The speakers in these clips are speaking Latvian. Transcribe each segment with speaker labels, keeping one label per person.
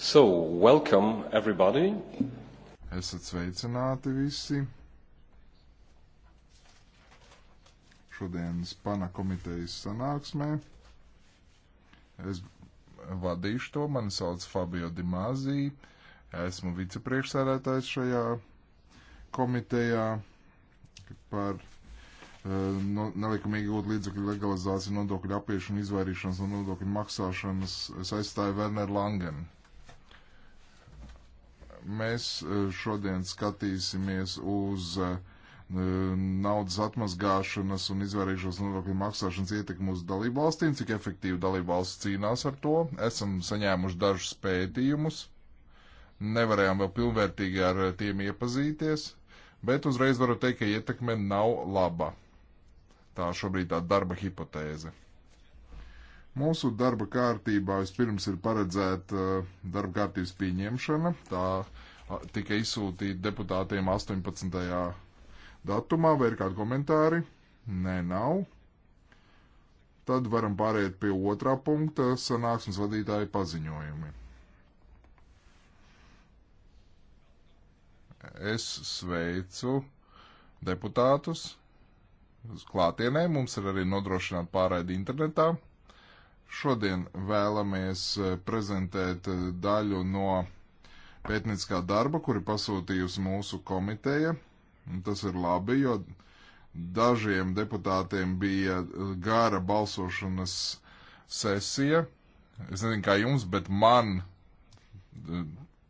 Speaker 1: So, welcome everybody. Esat sveicināti visi. Šodienas pana komitejas sanāksmē. Es vadīšu to, mani sauc Fabio Dimāzī. Esmu vicepriekšsēdētājs šajā komitejā par eh, no, nelikumīgi iegūt līdzekļu legalizāciju, nodokļu apiešanu, izvairīšanos no nodokļu maksāšanas. Es aizstāju Werneru Langenu mēs e, šodien skatīsimies uz e, naudas atmazgāšanas un izvairīšanas nodokļu maksāšanas ietekmu uz dalību valstīm, cik efektīvi dalību valsts cīnās ar to. Esam saņēmuši dažus pētījumus, nevarējām vēl pilnvērtīgi ar e, tiem iepazīties, bet uzreiz varu teikt, ka ietekme nav laba. Tā šobrīd tā darba hipotēze. Mūsu darba kārtībā vispirms ir paredzēta uh, darba kārtības pieņemšana. Tā tika izsūtīta deputātiem 18. datumā. Vai ir kādi komentāri? Nē, nav. Tad varam pāriet pie otrā punkta - sanāksmes vadītāja paziņojumi. Es sveicu deputātus. Uz klātienē mums ir arī nodrošināta pārraide internetā. Šodien vēlamies e, prezentēt e, daļu no pētnieciskā darba, kuri pasūtījusi mūsu komiteja. Tas ir labi, jo dažiem deputātiem bija e, gara balsošanas sesija. Es nezinu, kā jums, bet man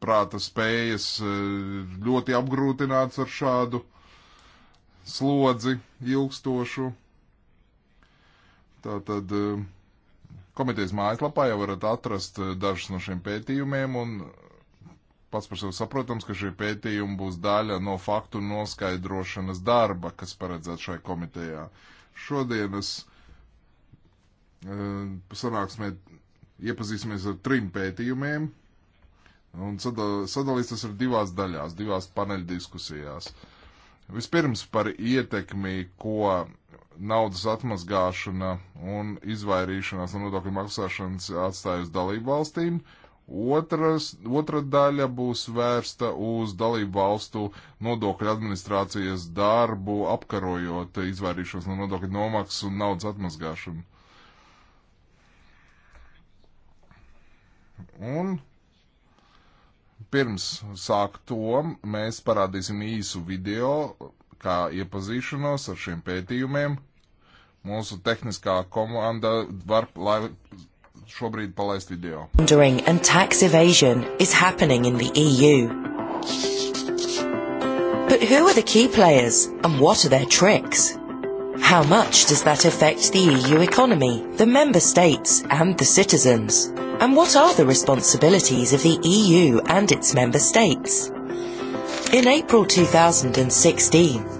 Speaker 1: prāta spējas ļoti apgrūtināts ar šādu slodzi ilgstošu. Tātad uh, Komitejas mājaslapā jau varat atrast eh, dažus no šiem pētījumiem, un pats par sevi saprotams, ka šie pētījumi būs daļa no faktu noskaidrošanas darba, kas paredzēts šai komitejā. Šodienas eh, sanāksmē iepazīsimies ar trim pētījumiem, un sadal, sadalīs tas ir divās daļās, divās paneļdiskusijās. Vispirms par ietekmi, ko naudas atmazgāšana un izvairīšanās no nodokļu maksāšanas atstājas dalību valstīm. Otras, otra daļa būs vērsta uz dalību valstu nodokļu administrācijas darbu, apkarojot izvairīšanos no nodokļu nomaksas un naudas atmazgāšanu. Un pirms sākt to, mēs parādīsim īsu video, kā iepazīšanos ar šiem pētījumiem. Mūsu tehniskā komanda var šobrīd palaist video.
Speaker 2: And tax evasion is happening in the EU. But who are the key players and what are their tricks? How much does that affect the EU economy, the member states and the citizens? And what are the responsibilities of the EU and its member states? In April 2016,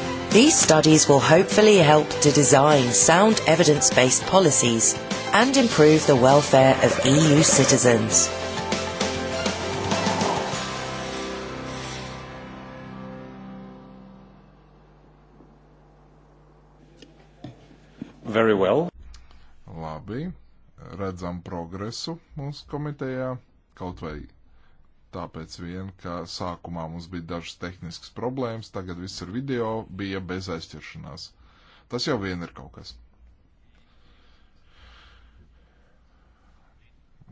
Speaker 2: These studies will hopefully help to design sound evidence-based policies and improve the welfare of EU citizens.
Speaker 1: Very well. Labi, redzam progresu mūsu komitejā, kaut vai tāpēc vien, ka sākumā mums bija dažas tehniskas problēmas, tagad viss ar video bija bez aizķeršanās. Tas jau vien ir kaut kas.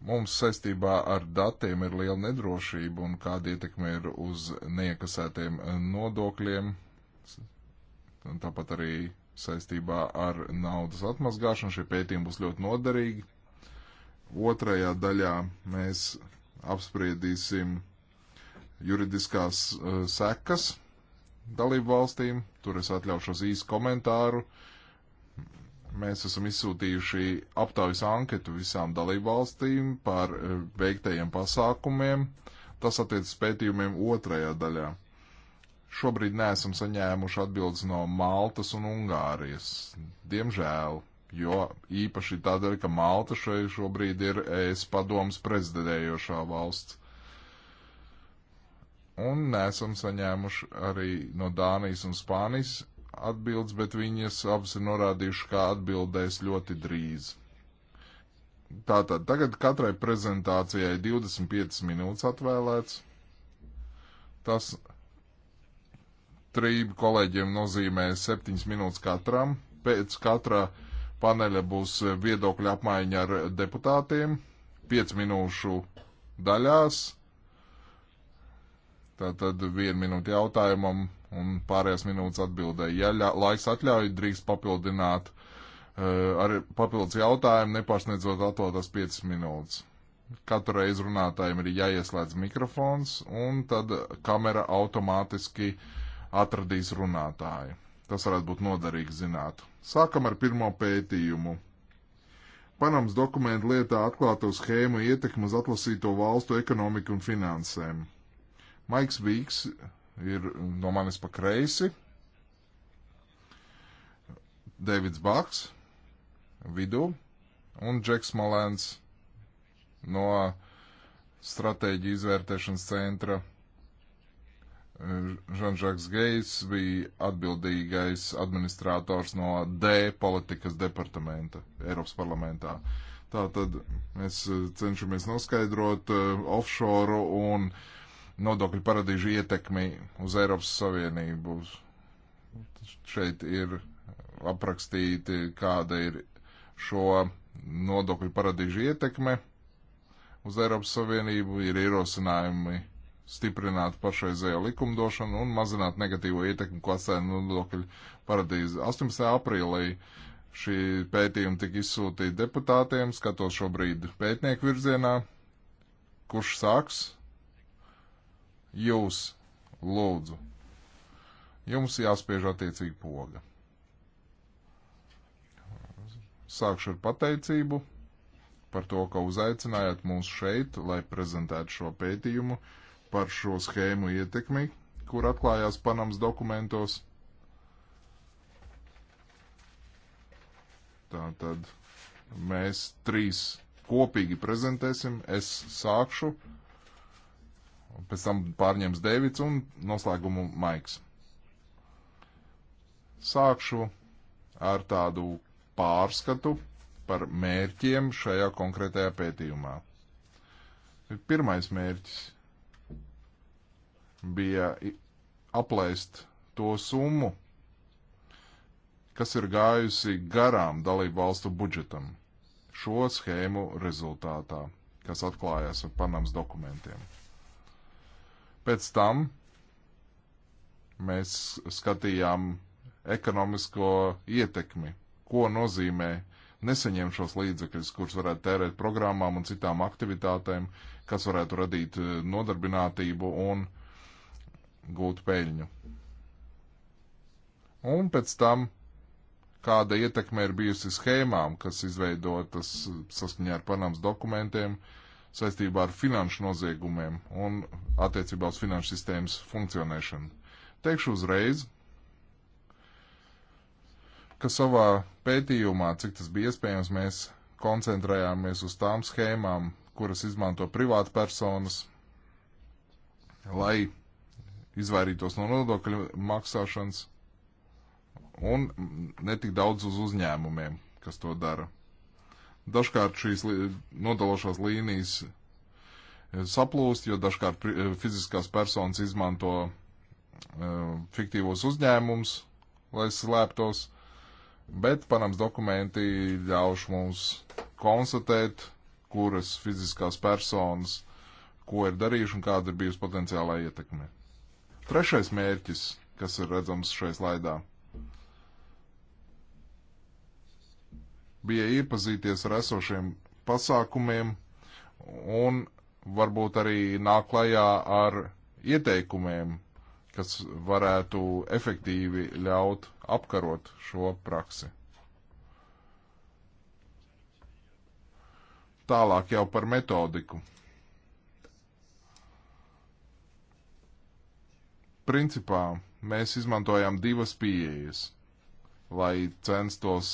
Speaker 1: Mums saistībā ar datiem ir liela nedrošība un kāda ietekme ir uz neiekasētiem nodokļiem, tāpat arī saistībā ar naudas atmazgāšanu. Šie pētījumi būs ļoti noderīgi. Otrajā daļā mēs apspriedīsim juridiskās uh, sekas dalību valstīm. Tur es atļaušos īsu komentāru. Mēs esam izsūtījuši aptaujas anketu visām dalību valstīm par uh, veiktajiem pasākumiem. Tas attiecas pētījumiem otrajā daļā. Šobrīd neesam saņēmuši atbildes no Maltas un Ungārijas. Diemžēl jo īpaši tādēļ, ka Malta šai šobrīd ir ES padomas prezidējošā valsts. Un nesam saņēmuši arī no Dānijas un Spānijas atbildes, bet viņas abas ir norādījuši, kā atbildēs ļoti drīz. Tātad tagad katrai prezentācijai 25 minūtes atvēlēts. Tas trību kolēģiem nozīmē 7 minūtes katram. Pēc katra uh, paneļa būs viedokļa apmaiņa ar deputātiem, 5 minūšu daļās. Tātad viena minūte jautājumam un pārējās minūtes atbildēji. Ja laiks atļauj, drīkst papildināt eh, ar papildus jautājumu, nepārsniedzot atlotās 5 minūtes. Katru reizi runātājiem ir jāieslēdz mikrofons, un tad kamera automātiski atradīs runātāju. Tas varētu būt noderīgi zināt. Sākam ar pirmo pētījumu. Panams dokumentu lietā atklāto schēmu ietekmu uz atlasīto valstu ekonomiku un finansēm. Maiks Vīks ir no manis pa kreisi. Davids Baks vidū un Džeks Malēns no stratēģiju izvērtēšanas centra Žanžaks Gejs bija atbildīgais administrators no D politikas departamenta Eiropas parlamentā. Tātad mēs eh, cenšamies noskaidrot eh, offshore un nodokļu paradīžu ietekmi uz Eiropas Savienību. Šeit ir aprakstīti, kāda ir šo nodokļu paradīžu ietekme uz Eiropas Savienību, ir ierosinājumi stiprināt pašreizējo likumdošanu un mazināt negatīvo ietekmi, ko atstāja nodokļu paradīze. 18. aprīlī šī pētījuma tika izsūtīta deputātiem, skatos šobrīd pētnieku virzienā. Kurš sāks? Jūs, lūdzu. Jums jāspiež attiecīgi poga. Sākšu ar pateicību par to, ka uzaicinājāt mūs šeit, lai prezentētu šo pētījumu. Uh, par šo schēmu ietekmi, kur atklājās Panamas dokumentos. Tā tad mēs trīs kopīgi prezentēsim. Es sākšu, pēc tam pārņems Deivids un noslēgumu Maiks. Sākšu ar tādu pārskatu par mērķiem šajā konkrētajā pētījumā. Pirmais mērķis bija aplēst to summu, kas ir gājusi garām dalību valstu budžetam šo schēmu rezultātā, kas atklājās ar Panamas dokumentiem. Pēc tam mēs skatījām ekonomisko ietekmi, ko nozīmē nesaņemt šos līdzekļus, kurus varētu tērēt programmām un citām aktivitātēm, kas varētu radīt eh, nodarbinātību un uh, gūtu peļņu. Un pēc tam, kāda ietekme ir bijusi schēmām, kas izveidotas saskaņā ar Panamas dokumentiem saistībā ar finanšu noziegumiem un attiecībā uz finanšu sistēmas funkcionēšanu. Teikšu uzreiz, ka savā pētījumā, cik tas bija iespējams, mēs koncentrējāmies uz tām schēmām, kuras izmanto privātpersonas, lai izvairītos no nodokļu maksāšanas un netik daudz uz uzņēmumiem, kas to dara. Dažkārt šīs nodalošās līnijas saplūst, jo dažkārt fiziskās personas izmanto uh, fiktīvos uzņēmumus, lai slēptos, bet panams dokumenti ļauš mums konstatēt, kuras fiziskās personas ko ir darījuši un kāda ir bijusi potenciālā ietekme. Trešais mērķis, kas ir redzams šai slaidā, bija iepazīties ar esošiem pasākumiem un varbūt arī nāk klajā ar ieteikumiem, kas varētu efektīvi ļaut apkarot šo praksi. Tālāk jau par metodiku. Principā mēs izmantojām divas pieejas, lai censtos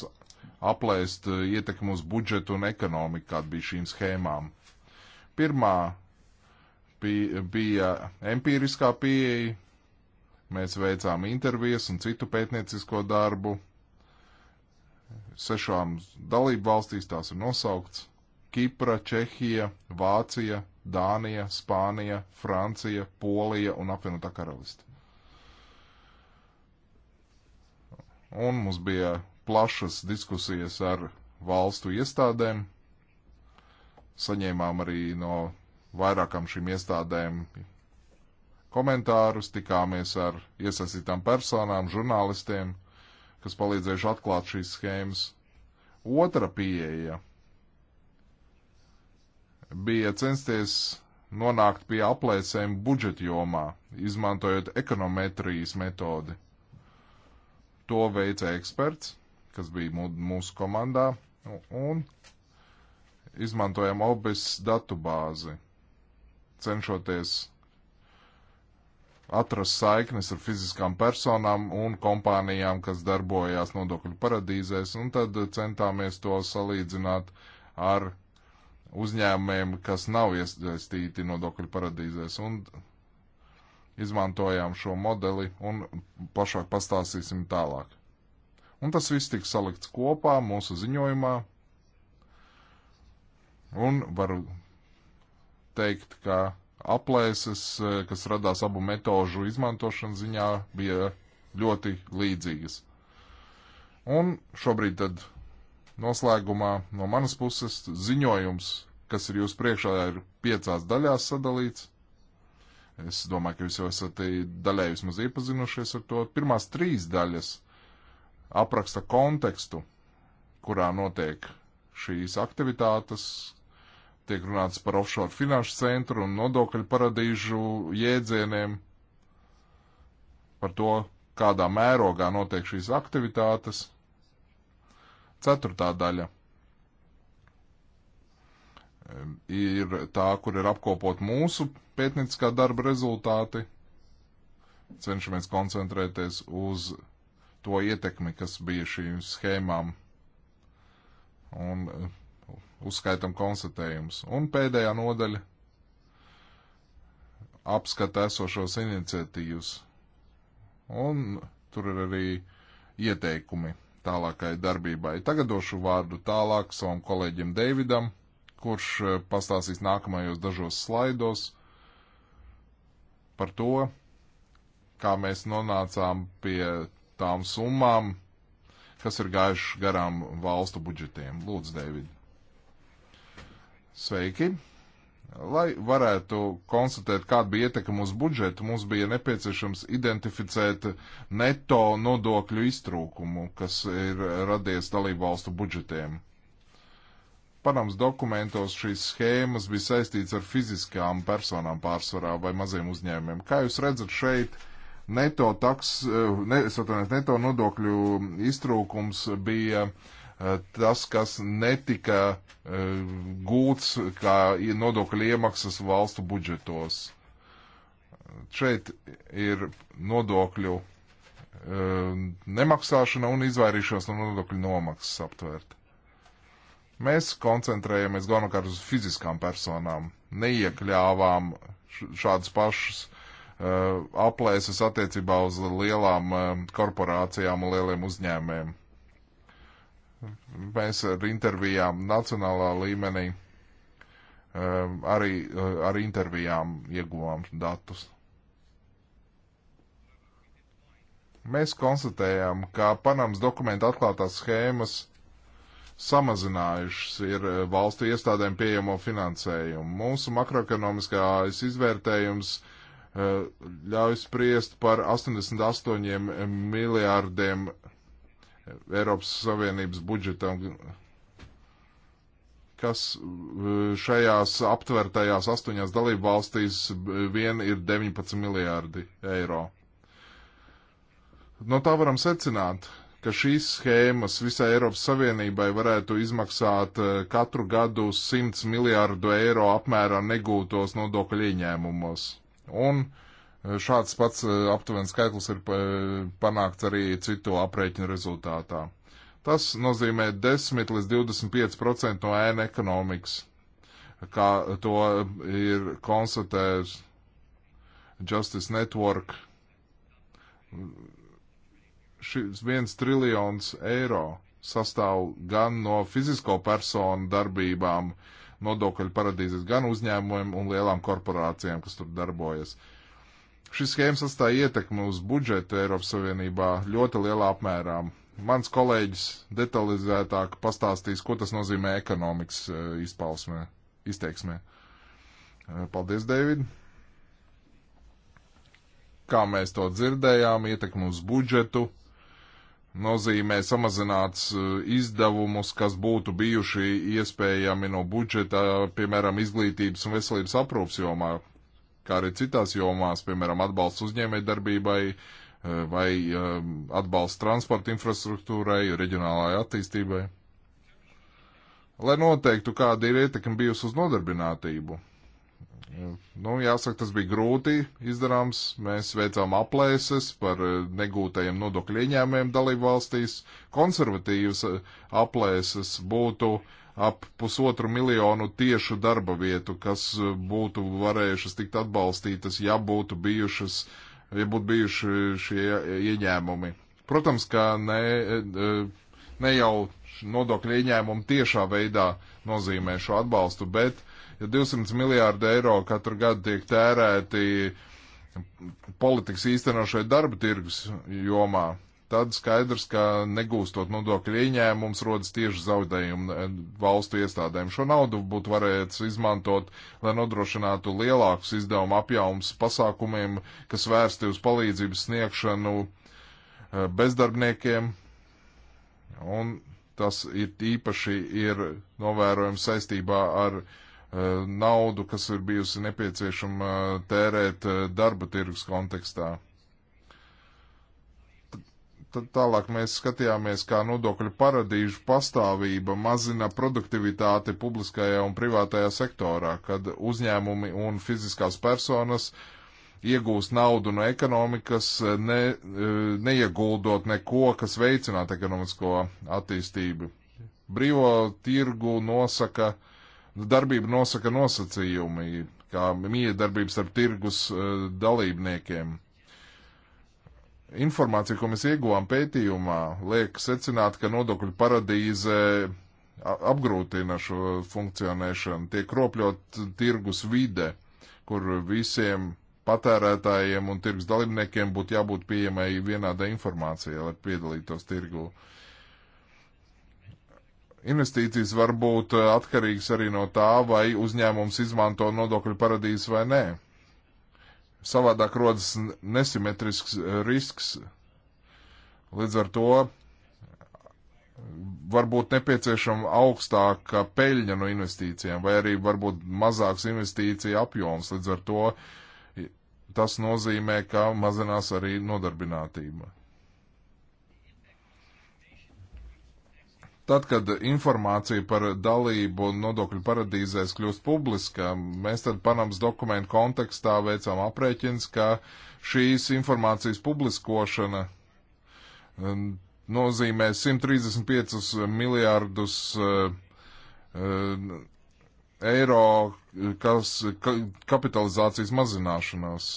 Speaker 1: aplēst eh, ietekmu uz budžetu un ekonomiku, kāda bija šīm schēmām. Pirmā bija empīriskā pieeja. Mēs veicām intervijas un citu pētniecisko darbu. Sešām dalību valstīs tās ir nosaukts - Kipra, Čehija, Vācija, Dānija, Spānija, Francija, Polija un apvienotā karaliste. un mums bija plašas diskusijas ar valstu iestādēm. Saņēmām arī no vairākām šīm iestādēm komentārus, tikāmies ar iesaistītām personām, žurnālistiem, kas palīdzējuši atklāt šīs schēmas. Otra pieeja bija censties nonākt pie aplēsēm budžeta jomā, izmantojot ekonometrijas metodi. To veica eksperts, kas bija mūsu komandā, un izmantojam obis datu bāzi, cenšoties atrast saiknes ar fiziskām personām un kompānijām, kas darbojās nodokļu paradīzēs, un tad centāmies to salīdzināt ar uzņēmumiem, kas nav iesaistīti nodokļu paradīzēs. Un izmantojām šo modeli un plašāk pastāstīsim tālāk. Un tas viss tiks salikts kopā mūsu ziņojumā. Un varu teikt, ka aplēses, kas radās abu metožu izmantošanas ziņā, bija ļoti līdzīgas. Un šobrīd tad noslēgumā no manas puses ziņojums, kas ir jūs priekšā, ir piecās daļās sadalīts. Es domāju, ka jūs jau esat daļai vismaz iepazinušies ar to. Pirmās trīs daļas apraksta kontekstu, kurā notiek šīs aktivitātes, tiek runāts par offshore finanšu centru un nodokļu paradīžu jēdzieniem, par to, kādā mērogā notiek šīs aktivitātes. Ceturtā daļa ir tā, kur ir apkopot mūsu pētnieciskā darba rezultāti. Cenšamies koncentrēties uz to ietekmi, kas bija šīm schēmām. Un eh, uzskaitam konstatējumus. Un pēdējā nodaļa apskata esošos iniciatīvas. Un tur ir arī ieteikumi tālākai darbībai. Tagad došu vārdu tālāk savam kolēģim Deividam kurš eh, pastāstīs nākamajos dažos slaidos par to, kā mēs nonācām pie tām summām, kas ir gājušas garām valstu budžetiem. Lūdzu, Dēvid. Sveiki! Lai varētu konstatēt, kāda bija ietekme uz budžetu, mums bija nepieciešams identificēt neto nodokļu iztrūkumu, kas ir radies dalību valstu budžetiem. Panams dokumentos šīs schēmas bija saistīts ar fiziskām personām pārsvarā vai maziem uzņēmumiem. Kā jūs redzat šeit, neto, taks, eh, ne, satunies, neto nodokļu iztrūkums bija eh, tas, kas netika eh, gūts kā nodokļu iemaksas valstu budžetos. Šeit ir nodokļu nemaksāšana un izvairīšanās no nodokļu nomaksas aptvērt. Mēs koncentrējamies galvenokārt uz fiziskām personām, neiekļāvām šādas pašas uh, aplēses attiecībā uz lielām uh, korporācijām un lieliem uzņēmējiem. Mēs ar intervijām nacionālā līmenī um, uh, arī ar intervijām ieguvām datus. Mēs konstatējām, ka Panamas dokumentu atklātās schēmas samazinājušas ir eh, valstu iestādēm pieejamo finansējumu. Mūsu makroekonomiskais izvērtējums eh, ļauj spriest par 88 miljārdiem eh, Eiropas Savienības budžetam, kas šajās aptvertajās astoņās dalību valstīs vien ir 19 miljārdi eiro. No tā varam secināt, ka šīs schēmas visai Eiropas Savienībai varētu izmaksāt eh, katru gadu 100 miljārdu eiro apmērā negūtos nodokļu ieņēmumos. Un eh, šāds pats eh, aptuvens skaitlis ir panākts arī citu aprēķinu rezultātā. Tas nozīmē 10 līdz 25% no ēna ekonomikas, kā to ir konstatējis Justice Network šis viens triljons eiro sastāv gan no fizisko personu darbībām, nodokļu paradīzes, gan uzņēmumiem un lielām korporācijām, kas tur darbojas. Šis schēma sastāja ietekmi uz budžetu Eiropas Savienībā ļoti lielā apmērā. Mans kolēģis detalizētāk pastāstīs, ko tas nozīmē ekonomikas e, izpausmē, izteiksmē. E, paldies, Deivid! Kā mēs to dzirdējām, ietekmi uz budžetu, nozīmē samazināts eh, izdevumus, kas būtu bijuši iespējami no budžeta, piemēram, izglītības un veselības aprūpas jomā, kā arī citās jomās, piemēram, atbalsts uzņēmējdarbībai eh, vai eh, atbalsts transporta infrastruktūrai, reģionālajai attīstībai. Lai noteiktu, kāda ir ietekme bijusi uz nodarbinātību Nu, jāsaka, tas bija grūti izdarāms. Mēs veicām aplēses par eh, negūtajiem nodokļu ieņēmējiem dalību valstīs. Konservatīvas eh, aplēses būtu ap pusotru miljonu tiešu darba vietu, kas eh, būtu varējušas tikt atbalstītas, ja būtu bijušas, ja būtu bijuši šie ieņēmumi. Protams, ka ne, ne jau nodokļu ieņēmumu tiešā veidā nozīmē šo atbalstu, bet uh, jo 200 miljārdi eiro katru gadu tiek tērēti politikas īstenošai darba tirgus jomā. Tad skaidrs, ka negūstot nodokļu ieņēmums rodas tieši zaudējumi eh, valstu iestādēm. Šo naudu būtu varēts izmantot, lai nodrošinātu lielākus izdevumu apjaums pasākumiem, kas vērsti uz palīdzības sniegšanu eh, bezdarbniekiem, un tas ir īpaši ir novērojams saistībā ar uh, Eh, naudu, kas ir bijusi nepieciešama tērēt eh, darba tirgus kontekstā. Tad tālāk mēs skatījāmies, kā nodokļu paradīžu pastāvība mazina produktivitāti publiskajā un privātajā sektorā, kad uzņēmumi un fiziskās personas iegūst naudu no ekonomikas, ne, eh, neieguldot neko, kas veicinātu ekonomisko attīstību. Brīvo tirgu nosaka uh, darbība nosaka nosacījumi, kā miedarbības ar tirgus eh, dalībniekiem. Informācija, ko mēs ieguvām pētījumā, liek secināt, ka nodokļu paradīze apgrūtina šo funkcionēšanu, tiek kropļot tirgus vide, kur visiem patērētājiem un tirgus dalībniekiem būtu jābūt pieejamai vienādai informācijai, lai piedalītos tirgu. Uh, Investīcijas var būt eh, atkarīgas arī no tā, vai uzņēmums izmanto nodokļu paradīzes vai nē. Savādāk rodas nesimetrisks eh, risks. Līdz ar to var būt nepieciešama augstāka peļņa no investīcijām, vai arī varbūt mazāks investīcija apjoms. Līdz ar to tas nozīmē, ka mazinās arī nodarbinātība. Tad, kad informācija par dalību nodokļu paradīzēs kļūst publiska, mēs tad Panamas dokumentu kontekstā veicām aprēķins, ka šīs informācijas publiskošana nozīmē 135 miljārdus e, e, eiro kas, ka, kapitalizācijas mazināšanos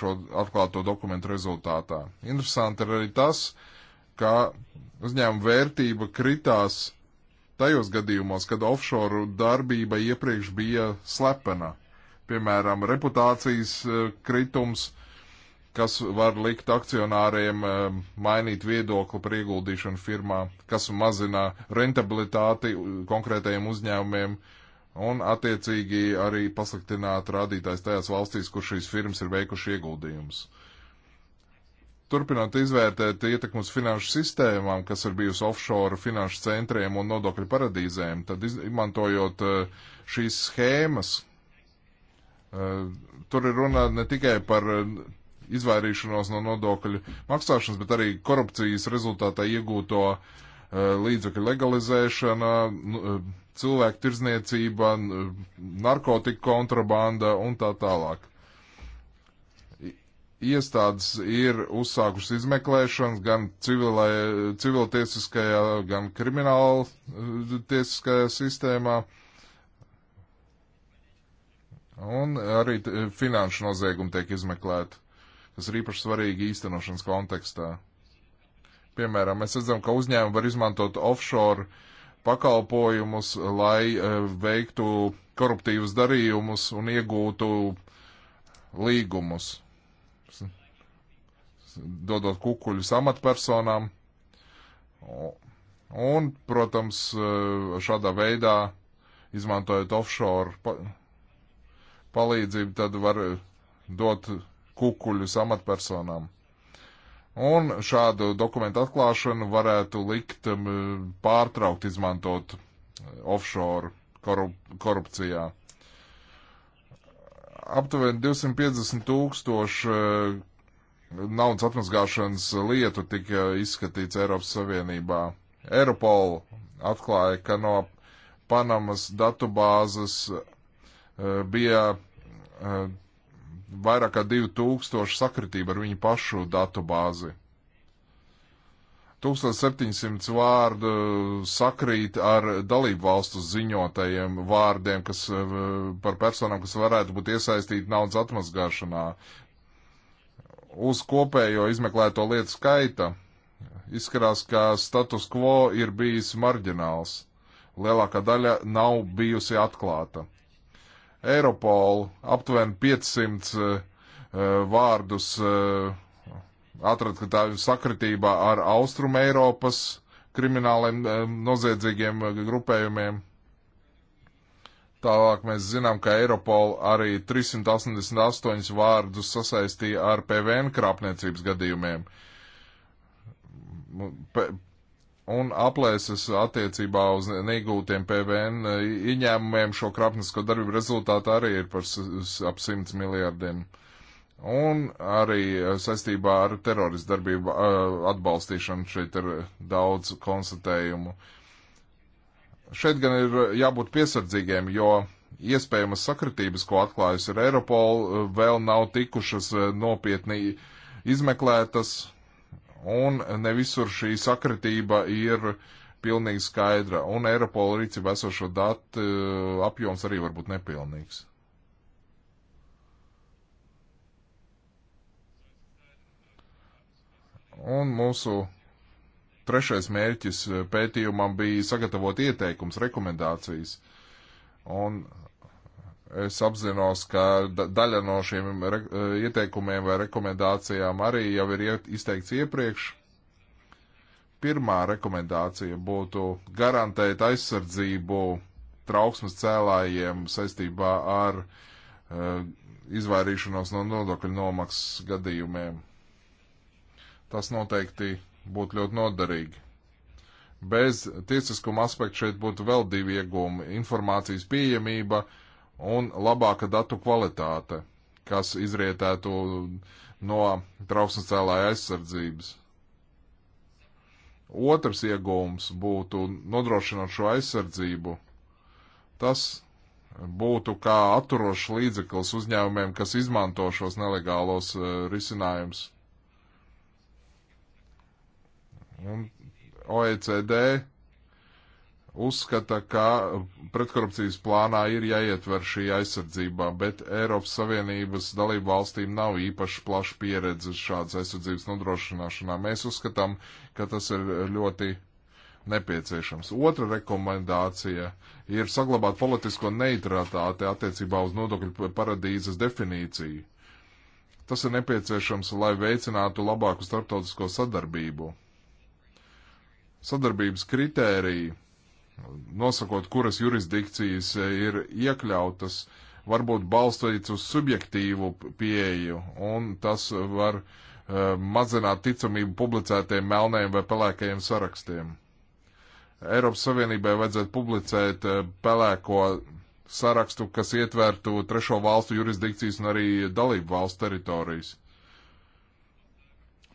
Speaker 1: šo atklāto dokumentu rezultātā. Interesanti ir arī tas, ka uzņēmuma vērtība kritās tajos gadījumos, kad offshore darbība iepriekš bija slepena. Piemēram, reputācijas e, kritums, kas var likt akcionāriem e, mainīt viedokli par ieguldīšanu firmā, kas mazina rentabilitāti konkrētajiem uzņēmumiem un attiecīgi arī pasliktināt rādītājs tajās valstīs, kur šīs firmas ir veikuši ieguldījumus. Uh, Turpinot izvērtēt ietekmus finanšu sistēmām, kas ir bijusi offshore finanšu centriem un nodokļu paradīzēm, tad izmantojot eh, šīs schēmas, eh, tur ir runa ne tikai par eh, izvairīšanos no nodokļu maksāšanas, bet arī korupcijas rezultātā iegūto līdzekļu legalizēšana, nu, cilvēku tirzniecība, narkotika kontrabanda un tā tālāk iestādes ir uzsākušas izmeklēšanas gan civilai, civiltiesiskajā, gan krimināla eh, tiesiskajā sistēmā. Un arī eh, finanšu noziegumi tiek izmeklēti, kas ir īpaši svarīgi īstenošanas kontekstā. Piemēram, mēs redzam, ka uzņēmumi var izmantot offshore pakalpojumus, lai eh, veiktu koruptīvus darījumus un iegūtu līgumus dodot kukuļus amatpersonām. Un, protams, e, šādā veidā, izmantojot offshore palīdzību, tad var dot kukuļus amatpersonām. Un šādu dokumentu atklāšanu varētu likt pārtraukt izmantot e, offshore korup korupcijā aptuveni 250 tūkstoši eh, naudas atmazgāšanas lietu tika izskatīts Eiropas Savienībā. Eiropol atklāja, ka no Panamas datubāzes eh, bija eh, vairāk kā 2000 sakritība ar viņu pašu datubāzi. 1700 vārdu sakrīt ar dalību valstu ziņotajiem vārdiem, kas eh, par personām, kas varētu būt iesaistīti naudas atmazgāšanā. Uz kopējo izmeklēto lietu skaita izskatās, ka status quo ir bijis marģināls. Lielākā daļa nav bijusi atklāta. Eiropol aptuveni 500 uh, eh, vārdus uh, atrat, ka tā ir sakritībā ar Austrum Eiropas krimināliem noziedzīgiem eh, grupējumiem. Tālāk mēs zinām, ka Eiropola arī 388 vārdus sasaistīja ar PVN krāpniecības gadījumiem. Pe un aplēses attiecībā uz negūtiem PVN eh, ieņēmumiem šo krāpniecisko darbību rezultātā arī ir par ap 100 miljārdiem eiro Un arī eh, saistībā ar teroristu darbību eh, atbalstīšanu šeit ir eh, daudz konstatējumu. Šeit gan ir jābūt piesardzīgiem, jo iespējamas sakritības, ko atklājusi ir Eiropola, vēl nav tikušas nopietni izmeklētas, un ne visur šī sakritība ir pilnīgi skaidra, un Eiropola rīcība esošo datu apjoms arī varbūt nepilnīgs. Un mūsu trešais mērķis eh, pētījumam bija sagatavot ieteikums, rekomendācijas. Un es apzinos, ka daļa no šiem eh, eh, ieteikumiem vai rekomendācijām arī jau ir izteikts iepriekš. Pirmā rekomendācija būtu garantēt aizsardzību trauksmes cēlājiem saistībā ar uh, izvairīšanos no nodokļu nomaksas gadījumiem Tas noteikti būtu ļoti noderīgi. Bez tiesiskuma aspekta šeit būtu vēl divi iegūmi - informācijas pieejamība un labāka datu kvalitāte, kas izrietētu no trauksmes cēlāja aizsardzības. Otrs iegūms būtu nodrošinot šo aizsardzību. Tas būtu kā atturošs līdzeklis uzņēmumiem, kas izmanto šos nelegālos uh, risinājumus. Un OECD uzskata, ka pretkorupcijas plānā ir jāietver šī aizsardzībā, bet Eiropas Savienības dalību valstīm nav īpaši plaša pieredze šādas aizsardzības nodrošināšanā. Mēs uzskatām, ka tas ir ļoti nepieciešams. Otra rekomendācija ir saglabāt politisko neutralitāti attiecībā uz nodokļu paradīzes definīciju. Tas ir nepieciešams, lai veicinātu labāku starptautisko sadarbību sadarbības kritēriji, nosakot, kuras jurisdikcijas ir iekļautas, varbūt balstīts uz subjektīvu pieeju, un tas var uh, mazināt ticamību publicētiem melnējiem vai pelēkajiem sarakstiem. Eiropas Savienībai vajadzētu publicēt uh, pelēko sarakstu, kas ietvertu trešo valstu jurisdikcijas un arī dalību valstu teritorijas.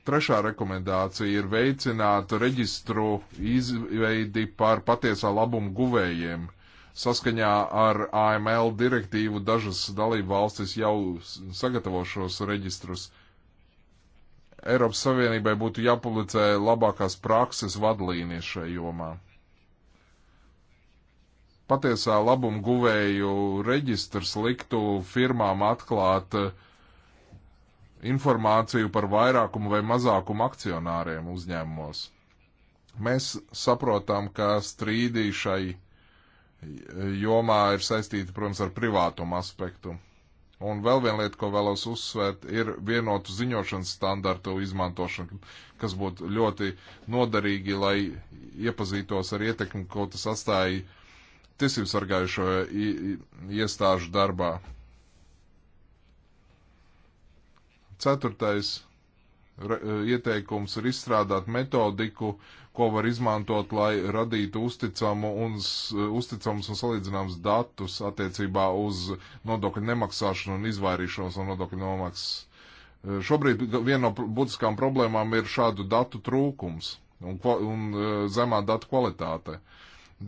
Speaker 1: Trešā rekomendācija ir veicināt reģistru izveidi par patiesā labumu guvējiem. Saskaņā ar AML direktīvu dažas dalību valstis jau sagatavo šos reģistrus. Eiropas Savienībai būtu jāpublicē labākās prakses vadlīnijas šajā jomā. Patiesā labuma guvēju reģistrs liktu firmām atklāt uh, informāciju par vairākumu vai mazākumu akcionāriem uzņēmumos. Mēs saprotam, ka strīdī šai jomā ir saistīti, protams, ar privātumu aspektu. Un vēl viena lieta, ko vēlos uzsvērt, ir vienotu ziņošanas standartu izmantošana, kas būtu ļoti noderīgi, lai iepazītos ar ietekmi, ko tas atstāja tiesību sargājušo iestāžu darbā. Ceturtais eh, ieteikums ir izstrādāt metodiku, ko var izmantot, lai radītu uzticamu un, eh, uzticams un salīdzināms datus attiecībā uz nodokļu nemaksāšanu un izvairīšanos no nodokļu nomaksas. Eh, šobrīd viena no būtiskām problēmām ir šādu datu trūkums un, un zemā datu kvalitāte.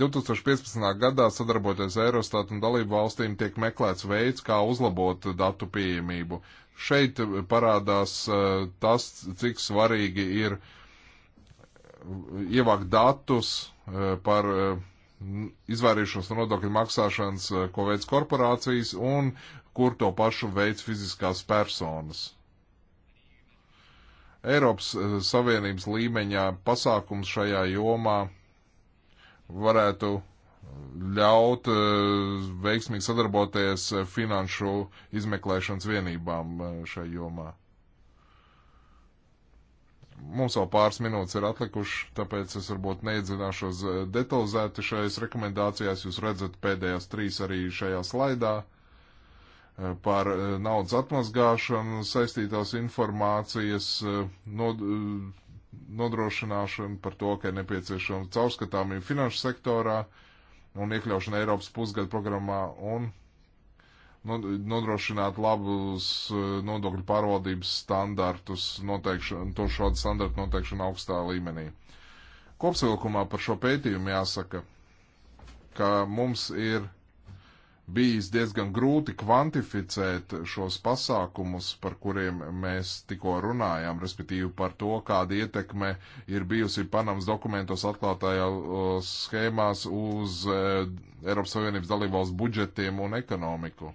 Speaker 1: 2015. gadā sadarboties Eurostat un dalību valstīm tiek meklēts veids, kā uzlabot datu pieejamību. Šeit parādās e, tas, cik svarīgi ir ievākt datus e, par e, izvairīšanos no nodokļu maksāšanas, ko veids korporācijas un kur to pašu veids fiziskās personas. Eiropas Savienības līmeņā pasākums šajā jomā varētu ļaut eh, veiksmīgi sadarboties eh, finanšu izmeklēšanas vienībām eh, šai jomā. Mums vēl pāris minūtes ir atlikuši, tāpēc es varbūt neiedzināšos detalizēti šajās rekomendācijās. Jūs redzat pēdējās trīs arī šajā slaidā par naudas atmazgāšanu saistītās informācijas nod, nodrošināšanu par to, ka ir nepieciešama caurskatāmība finanšu sektorā. Uh, un iekļaušana Eiropas pusgada programmā un nodrošināt labus eh, nodokļu pārvaldības standartus, noteikšanu, to šādu standartu noteikšanu augstā līmenī. Kopsavilkumā par šo pētījumu jāsaka, ka mums ir bijis diezgan grūti kvantificēt šos pasākumus, par kuriem mēs tikko runājām, respektīvi par to, kāda ietekme ir bijusi Panamas dokumentos atklātajās schēmās uz eh, Eiropas Savienības dalībvalsts budžetiem un ekonomiku.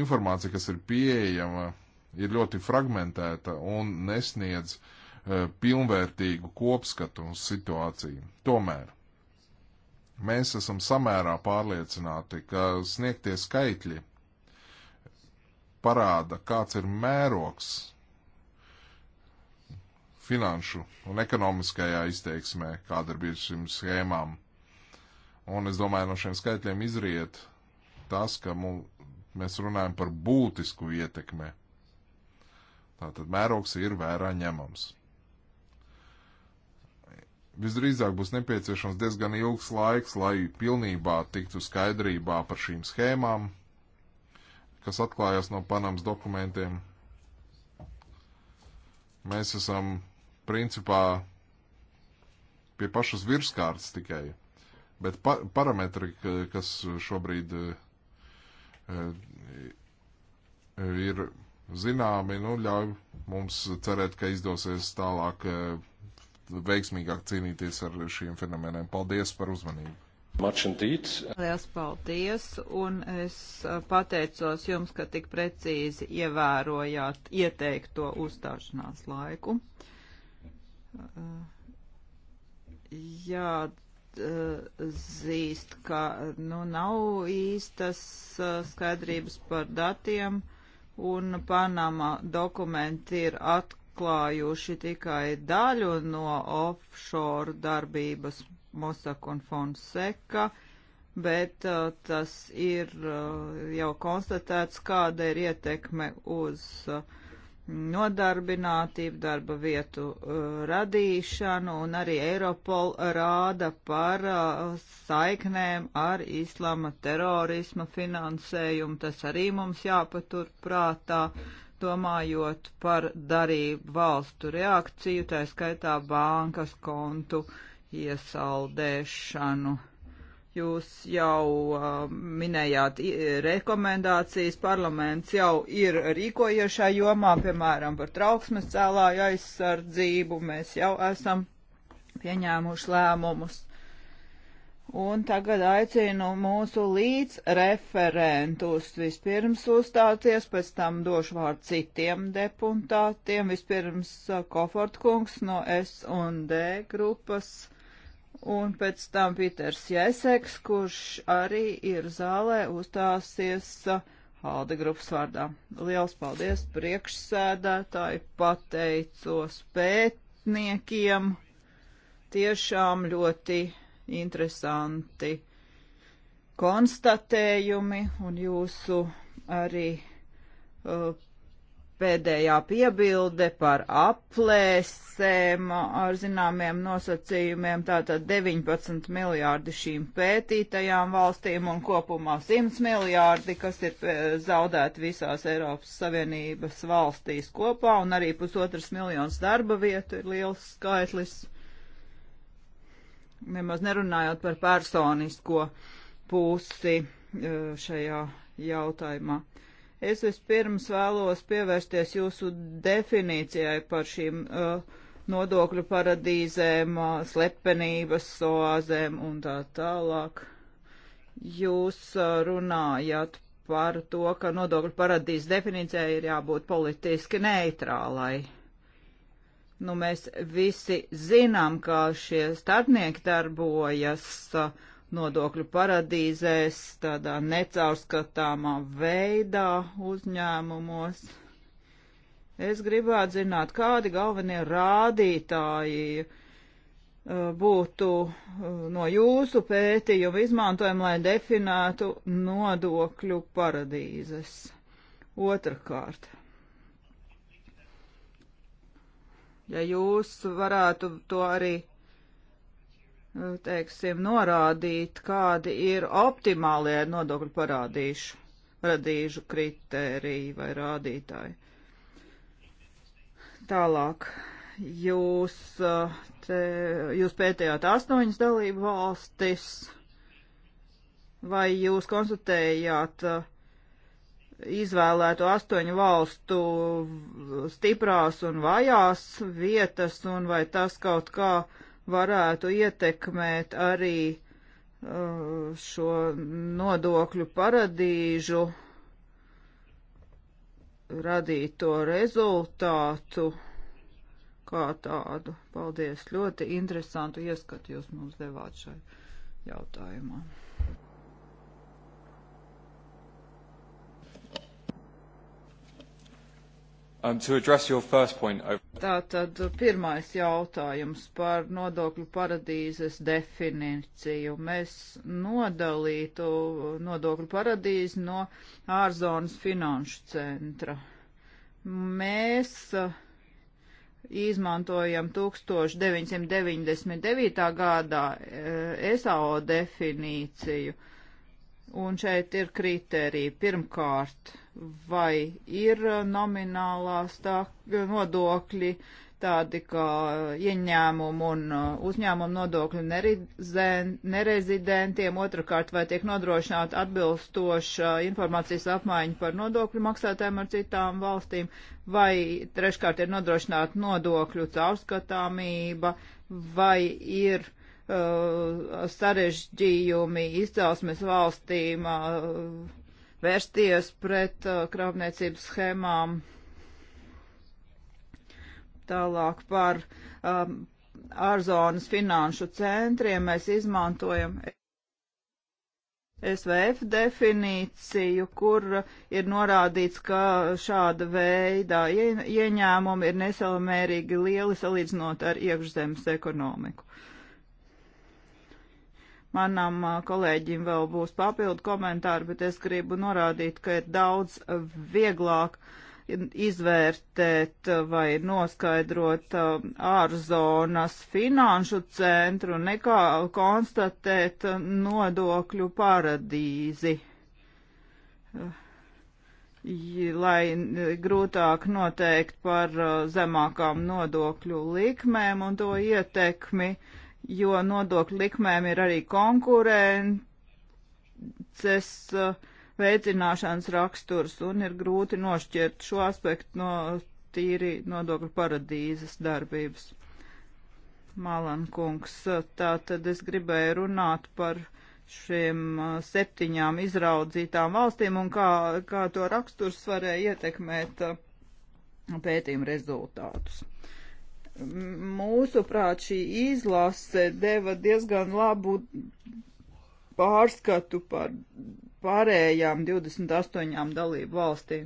Speaker 1: Informācija, kas ir pieejama, ir ļoti fragmentēta un nesniedz uh, pilnvērtīgu kopskatu uz situāciju. Tomēr Mēs esam samērā pārliecināti, ka sniegtie skaitļi parāda, kāds ir mērogs finanšu un ekonomiskajā izteiksmē, kāda ir bijusi šīm schēmām. Un es domāju, no šiem skaitļiem izriet tas, ka mums, mēs runājam par būtisku ietekmi. Tātad mērogs ir vērā ņemams visdrīzāk būs nepieciešams diezgan ilgs laiks, lai pilnībā tiktu skaidrībā par šīm schēmām, kas atklājās no Panamas dokumentiem. Mēs esam principā pie pašas virskārtas tikai, bet pa parametri, kas šobrīd eh, ir zināmi, nu, ļauj mums cerēt, ka izdosies tālāk eh, veiksmīgāk cīnīties ar šiem fenomeniem. Paldies par uzmanību! Lielas
Speaker 3: paldies, un es uh, pateicos jums, ka tik precīzi ievērojāt ieteikto uzstāšanās laiku. Uh, Jā, zīst, ka nu, nav īstas uh, skaidrības par datiem, un Panama dokumenti ir atklāti atklājuši tikai daļu no offshore darbības Mossack un Fonseca, bet uh, tas ir uh, jau konstatēts, kāda ir ietekme uz uh, nodarbinātību, darba vietu uh, radīšanu, un arī Eiropol rāda par uh, saiknēm ar islama terorisma finansējumu. Tas arī mums jāpatur prātā. Uh, domājot par darību valstu reakciju, tā skaitā bankas kontu iesaldēšanu. Jūs jau uh, minējāt rekomendācijas, parlaments jau ir rīkojies šajā jomā, piemēram, par trauksmes cēlāju aizsardzību. Mēs jau esam pieņēmuši lēmumus. Un tagad aicinu mūsu līdzreferentus vispirms uzstāties, pēc tam došu vārdu citiem deputātiem. Vispirms uh, Kofortkungs no S un D grupas, un pēc tam Piters Jēseks, kurš arī ir zālē, uzstāsies Halda uh, grupas vārdā. Liels paldies priekšsēdētāji, pateicos pētniekiem. Tiešām ļoti interesanti konstatējumi un jūsu arī uh, pēdējā piebilde par aplēsēm ar zināmiem nosacījumiem, tātad 19 miljārdi šīm pētītajām valstīm un kopumā 100 miljārdi, kas ir eh, zaudēti visās Eiropas Savienības valstīs kopā, un arī pusotras miljonas darba vietu ir liels skaitlis nemaz nerunājot par personisko pusi e, šajā jautājumā. Es vispirms vēlos pievērsties jūsu definīcijai par šīm uh, nodokļu paradīzēm, uh, slepenības oāzēm un tā tālāk. Jūs uh, runājat par to, ka nodokļu paradīzes definīcijai ir jābūt politiski neitrālai. Uh, Nu, mēs visi zinām, kā šie starpnieki darbojas nodokļu paradīzēs, tādā necaurskatāmā veidā uzņēmumos. Es gribētu zināt, kādi galvenie rādītāji būtu no jūsu pētījuma izmantojumi, lai definētu nodokļu paradīzes. Otrakārt, ja jūs varētu to arī, nu, teiksim, norādīt, kādi ir optimālie nodokļu parādīšu, radīžu kritēriji vai rādītāji. Tālāk, jūs, uh, te, jūs pētījāt astoņas dalību valstis, vai jūs konstatējāt uh, izvēlēto astoņu valstu stiprās un vajās vietas, un vai tas kaut kā varētu ietekmēt arī uh, šo nodokļu paradīžu radīto rezultātu kā tādu. Paldies, ļoti interesantu ieskatu jūs mums devāt šai jautājumā.
Speaker 4: Um, oh,
Speaker 3: Tātad uh, pirmais jautājums par nodokļu paradīzes definīciju. Mēs nodalītu uh, nodokļu paradīzi no ārzonas finanšu centra. Mēs uh, izmantojam 1999. gadā uh, SAO definīciju, un šeit ir kriteriji. Pirmkārt, vai ir uh, nominālā stāk, nodokļi, tādi kā ieņēmumu un uh, uzņēmumu nodokļu nerezidentiem, otrkārt, vai tiek nodrošināta atbilstoša informācijas apmaiņa par nodokļu maksātēm ar citām valstīm, vai treškārt ir nodrošināta nodokļu caurskatāmība, vai ir uh, sarežģījumi izcelsmes valstīm. Uh, vērsties pret uh, krāpniecības schēmām. Tālāk par um, ārzonas finanšu centriem mēs izmantojam SVF definīciju, kur ir norādīts, ka šāda veida ieņēmumi ir nesalamērīgi lieli salīdzinot ar iekšzemes ekonomiku. Uh, Manam kolēģim vēl būs papildu komentāri, bet es gribu norādīt, ka ir daudz vieglāk izvērtēt vai noskaidrot ārzonas finanšu centru nekā konstatēt nodokļu paradīzi lai grūtāk noteikt par zemākām nodokļu likmēm un to ietekmi jo nodokļu likmēm ir arī konkurences uh, veicināšanas raksturs un ir grūti nošķirt šo aspektu no tīri nodokļu paradīzes darbības. Malankungs, uh, tā tad es gribēju runāt par šiem uh, septiņām izraudzītām valstīm un kā, kā to raksturs varēja ietekmēt pētījuma rezultātus. Mūsuprāt, šī izlase deva diezgan labu pārskatu par pārējām 28 dalību valstīm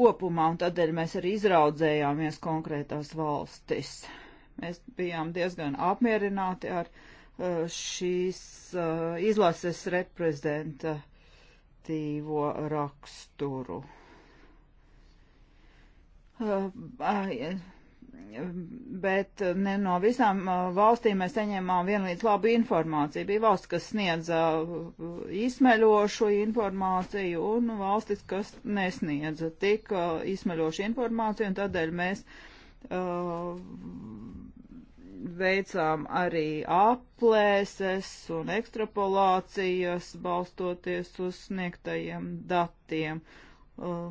Speaker 3: kopumā, un tādēļ mēs arī izraudzējāmies konkrētās valstis. Mēs bijām diezgan apmierināti ar uh, šīs uh, izlases reprezentatīvo raksturu. Uh, bet eh, ne no visām eh, valstīm mēs saņēmām vienlīdz labu informāciju. Bija valsts, kas sniedza eh, izsmeļošu informāciju un valstis, kas nesniedza tik izsmeļošu informāciju, un tādēļ mēs uh, veicām arī aplēses un ekstrapolācijas, balstoties uz sniegtajiem datiem uh,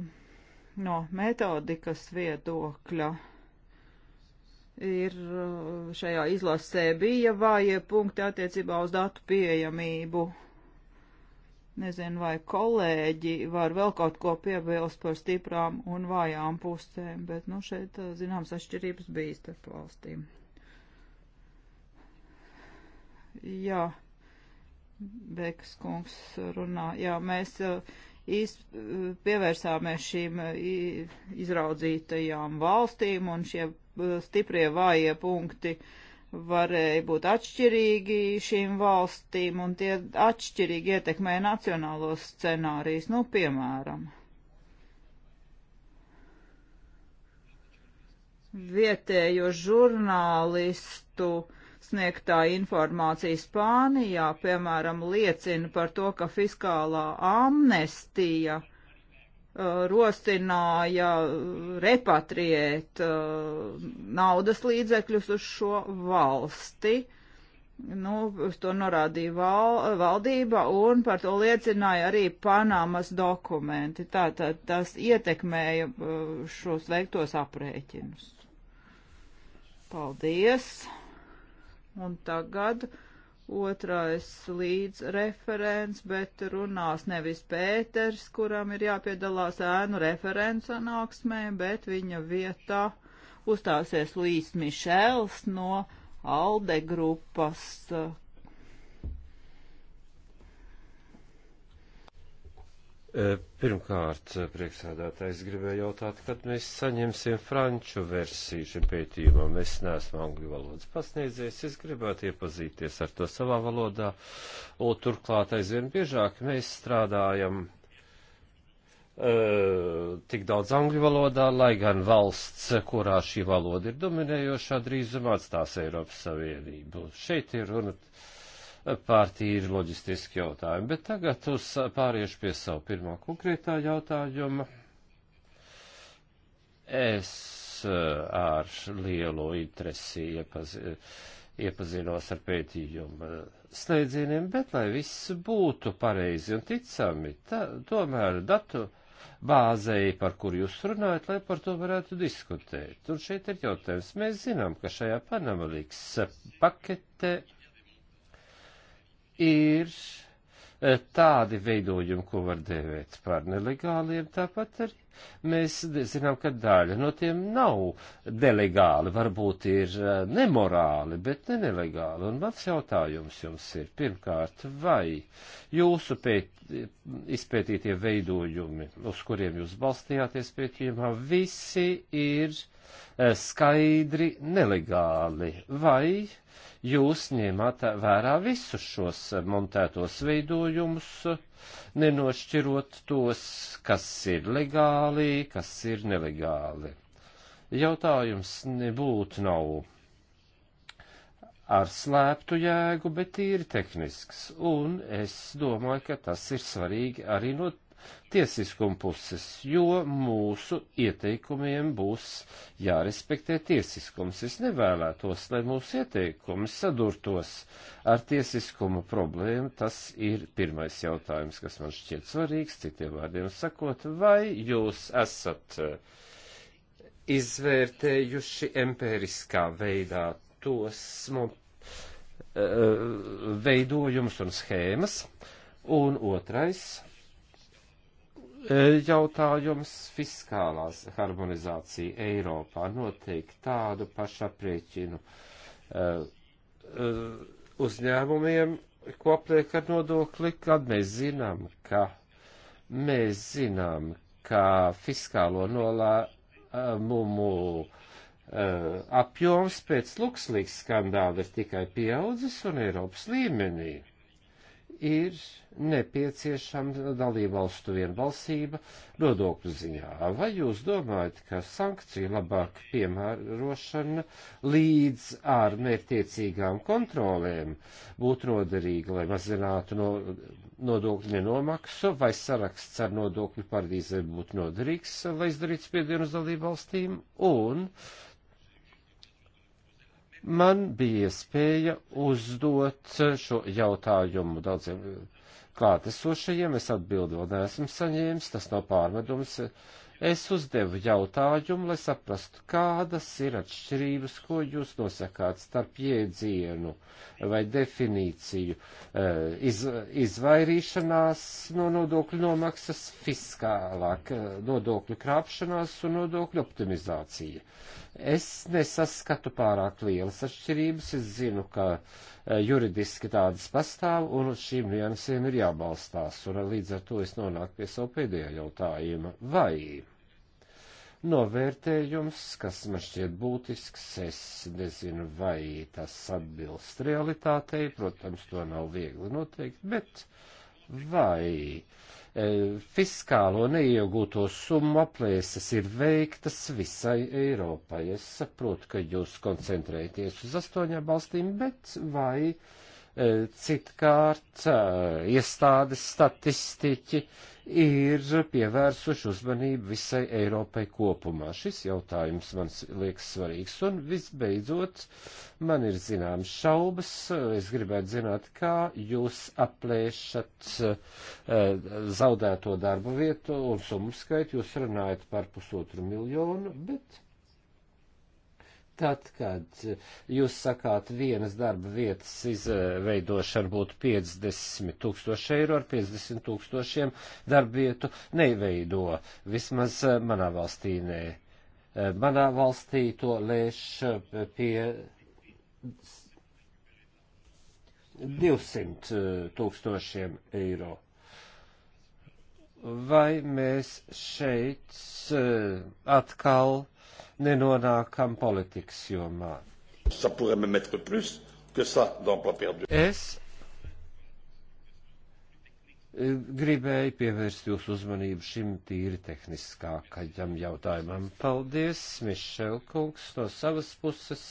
Speaker 3: no metodikas viedokļa. Uh, ir uh, šajā izlasē bija vāja punkti attiecībā uz datu pieejamību. Nezinu, vai kolēģi var vēl kaut ko piebilst par stiprām un vājām pusēm, bet, nu, šeit, uh, zināms, atšķirības bija starp valstīm. Jā, Bekas kungs runā, jā, mēs uh, iz, pievērsāmies šīm izraudzītajām valstīm un šie stiprie vājie punkti varēja būt atšķirīgi šīm valstīm, un tie atšķirīgi ietekmēja nacionālos scenārijus, nu, piemēram. Vietējo žurnālistu sniegtā informācija Spānijā, piemēram, liecina par to, ka fiskālā amnestija uh, Uh, rosināja repatriēt uh, naudas līdzekļus uz šo valsti. Nu, uz to norādīja val, valdība un par to liecināja arī Panamas dokumenti. Tātad tas ietekmēja uh, šos veiktos aprēķinus. Paldies! Un tagad. Uh, otrais līdz referents, bet runās nevis Pēters, kuram ir jāpiedalās ēnu referents sanāksmē, bet viņa vietā uzstāsies Līs Mišels no Alde grupas,
Speaker 4: Eh, pirmkārt, eh, priekšsēdētājs gribēja jautāt, kad mēs saņemsim franču versiju šim pētījumam. Es neesmu angļu valodas pasniedzējis, es gribētu iepazīties ar to savā valodā. Un turklāt aizvien biežāk mēs strādājam uh, tik daudz angļu valodā, lai gan valsts, kurā šī valoda ir dominējošā, drīzumā atstās Eiropas Savienību. Šeit ir runa. Uh, pār tīri loģistiski jautājumi. Bet tagad uz pāriešu pie savu pirmā konkrētā jautājuma. Es eh, ar lielu interesi iepazi, iepazinos ar pētījumu slēdzieniem, bet lai viss būtu pareizi un ticami, tā, tomēr datu bāzei, par kur jūs runājat, lai par to varētu diskutēt. Un šeit ir jautājums. Mēs zinām, ka šajā Panama līgas pakete ir eh, tādi veidojumi, ko var dēvēt par nelegāliem, tāpat arī Mēs zinām, ka daļa no tiem nav delegāli, varbūt ir e, nemorāli, bet ne nelegāli. Un mans jautājums jums ir pirmkārt, vai jūsu pēt, e, izpētītie veidojumi, uz kuriem jūs balstījāties pētījumā, visi ir e, skaidri nelegāli, vai jūs ņēmāt vērā visus šos montētos veidojumus, uh, nenošķirot tos, kas ir legāli, kas ir nelegāli. Jautājums nebūtu nav ar slēptu jēgu, bet tīri tehnisks, un es domāju, ka tas ir svarīgi arī no tiesiskuma puses, jo mūsu ieteikumiem būs jārespektē tiesiskums. Es nevēlētos, lai mūsu ieteikumi sadurtos ar tiesiskuma problēmu. Tas ir pirmais jautājums, kas man šķiet svarīgs, citiem vārdiem sakot, vai jūs esat eh, izvērtējuši empiriskā veidā tos mums eh, veidojumus un schēmas, un otrais E, jautājums fiskālās harmonizācija Eiropā noteikti tādu pašu aprieķinu uh, uh, uzņēmumiem, ko apliek ar nodokli, kad mēs zinām, ka mēs zinām, ka fiskālo nolēmumu uh, apjoms pēc lukslīgas skandāla ir tikai pieaudzis un Eiropas līmenī ir nepieciešama dalībvalstu vienbalsība nodokļu ziņā. Vai jūs domājat, ka sankciju labāk piemērošana līdz ar mērtiecīgām kontrolēm būtu noderīga, lai mazinātu no, nodokļu nenomaksu, vai saraksts ar nodokļu paradīzēm būtu noderīgs, lai izdarītu spiedienu uz dalībvalstīm? Un Man bija iespēja uzdot šo jautājumu daudziem klātesošajiem, es atbildi vēl neesmu saņēmis, tas nav pārmedums. Es uzdevu jautājumu, lai saprastu, kādas ir atšķirības, ko jūs nosakāt starp jēdzienu vai definīciju eh, iz, izvairīšanās no nodokļu nomaksas, fiskālāk eh, nodokļu krāpšanās un nodokļu optimizācija. Es nesaskatu pārāk lielas atšķirības, es zinu, ka eh, juridiski tādas pastāv, un uz šīm niansēm ir jābalstās, un eh, līdz ar to es nonāku pie savu pēdējo jautājumu. Vai novērtējums, kas man šķiet būtisks, es nezinu, vai tas atbilst realitātei, protams, to nav viegli noteikt, bet vai E, fiskālo neiegūto summu aplēses ir veiktas visai Eiropai. Es saprotu, ka jūs koncentrēties uz astoņām valstīm, bet vai e, citkārt e, iestādes statistiķi ir pievērsuši uzmanību visai Eiropai kopumā. Šis jautājums man liekas svarīgs. Un visbeidzot, man ir zināmas šaubas. Es gribētu zināt, kā jūs aplēšat uh, zaudēto darbu vietu un summu skaitu. Jūs runājat par pusotru miljonu, bet Tad, kad jūs sakāt, vienas darba vietas izveidošana būtu 50 tūkstoši eiro ar 50 tūkstošiem darba vietu, neveido. Vismaz eh, manā valstī nē. Eh, manā valstī to lēš eh, pie 200 tūkstošiem eiro. Vai mēs šeit atkal nenonākam politikas jomā. Es eh, gribēju pievērst jūsu uzmanību šim tīri tehniskākajam jautājumam. Paldies, Mišel Kungs, no savas puses.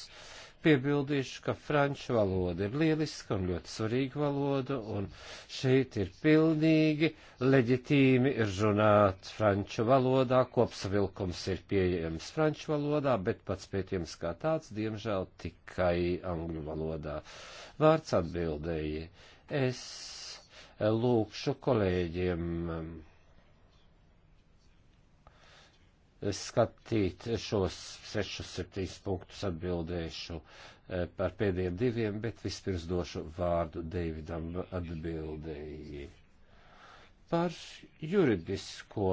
Speaker 4: Piebildīšu, ka franču valoda ir lieliska un ļoti svarīga valoda, un šeit ir pilnīgi leģitīmi runāt franču valodā, kopsavilkums ir pieejams franču valodā, bet pats pētījums kā tāds, diemžēl, tikai angļu valodā. Vārds atbildēji. Es lūkšu kolēģiem skatīt šos 6-7 punktus atbildēšu eh, par pēdējiem diviem, bet vispirms došu vārdu Deividam atbildēji. Par juridisko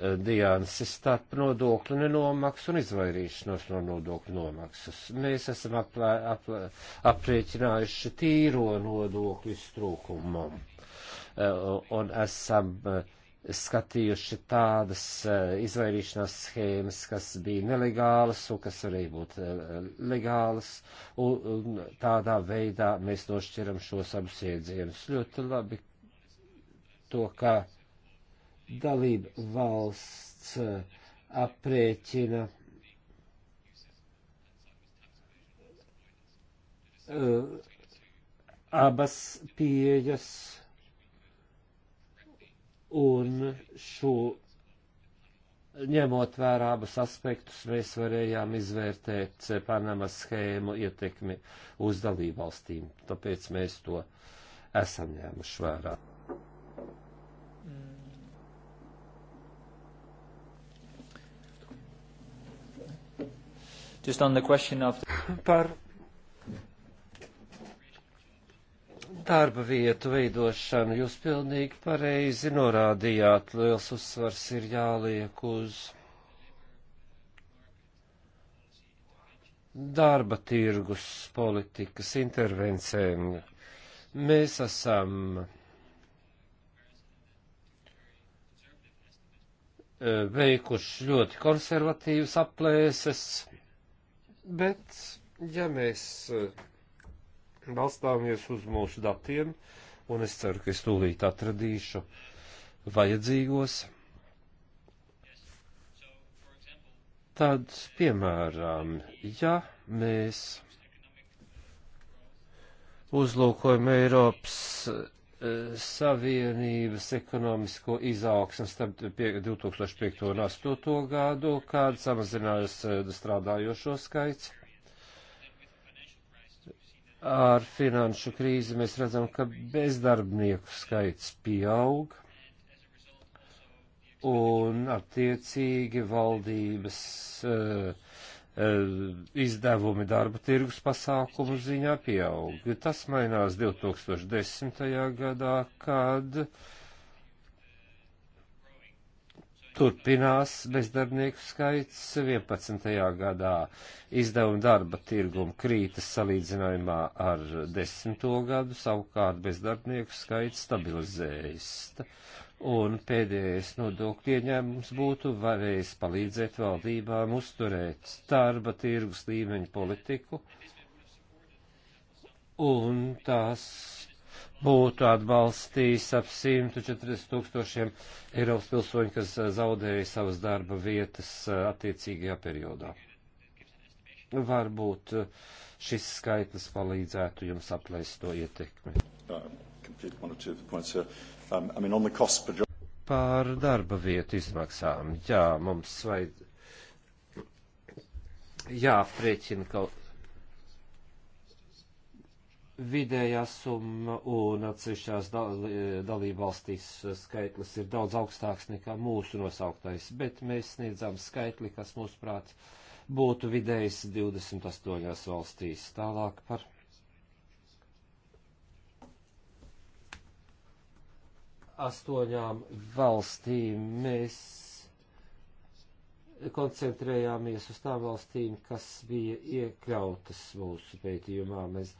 Speaker 4: diānses eh, starp nodokļu nenomaksu un izvairīšanos no nodokļu nomaksas. Mēs esam aplē, aplē, aprēķinājuši tīro nodokļu iztrūkumu eh, un esam uh, skatījuši tādas eh, izvairīšanās schēmas, kas bija nelegālas un kas varēja būt eh, legālas, un tādā veidā mēs nošķiram šos abus iedzienus. Ļoti labi to, ka dalība valsts eh, aprēķina abas pieejas un šo ņemot vērā abus aspektus, mēs varējām izvērtēt Panamas schēmu ietekmi uz dalībvalstīm. Tāpēc mēs to esam ņēmuši vērā. Just on the question of... Par darba vietu veidošanu. Jūs pilnīgi pareizi norādījāt, liels uzsvars ir jāliek uz darba tirgus politikas intervencēm. Mēs esam e, veikuši ļoti konservatīvas aplēses, bet ja mēs e, balstāmies uz mūsu datiem, un es ceru, ka es tūlīt atradīšu vajadzīgos. Tad, piemēram, ja mēs uzlūkojam Eiropas eh, Savienības ekonomisko izaugsmu starp 2005 un 2008 gadu, kāda samazinājās eh, strādājošo skaits ar finanšu krīzi mēs redzam, ka bezdarbnieku skaits pieaug un attiecīgi valdības uh, izdevumi darba tirgus pasākumu ziņā pieaug. Tas mainās 2010. gadā, kad uh, turpinās bezdarbnieku skaits 11. gadā. Izdevuma darba tirguma krītas salīdzinājumā ar 10. gadu, savukārt bezdarbnieku skaits stabilizējas. Un pēdējais nodokļu ieņēmums būtu varējis palīdzēt valdībām uzturēt darba tirgus līmeņu politiku, un tās būtu atbalstījis ap 140 tūkstošiem Eiropas pilsoņu, kas eh, zaudēja savas darba vietas eh, attiecīgajā periodā. Varbūt eh, šis skaitlis palīdzētu jums aplēst to ietekmi. Uh, um, Par darba vietu izmaksām. Jā, mums vajag jāaprēķina kaut vidējā summa un atsevišķās dal, dalībvalstīs skaitlis ir daudz augstāks nekā mūsu nosauktais, bet mēs sniedzām skaitli, kas mūsuprāt būtu vidējs 28 valstīs. Tālāk par. Astoņām valstīm mēs koncentrējāmies uz tām valstīm, kas bija iekļautas mūsu pētījumā. Mēs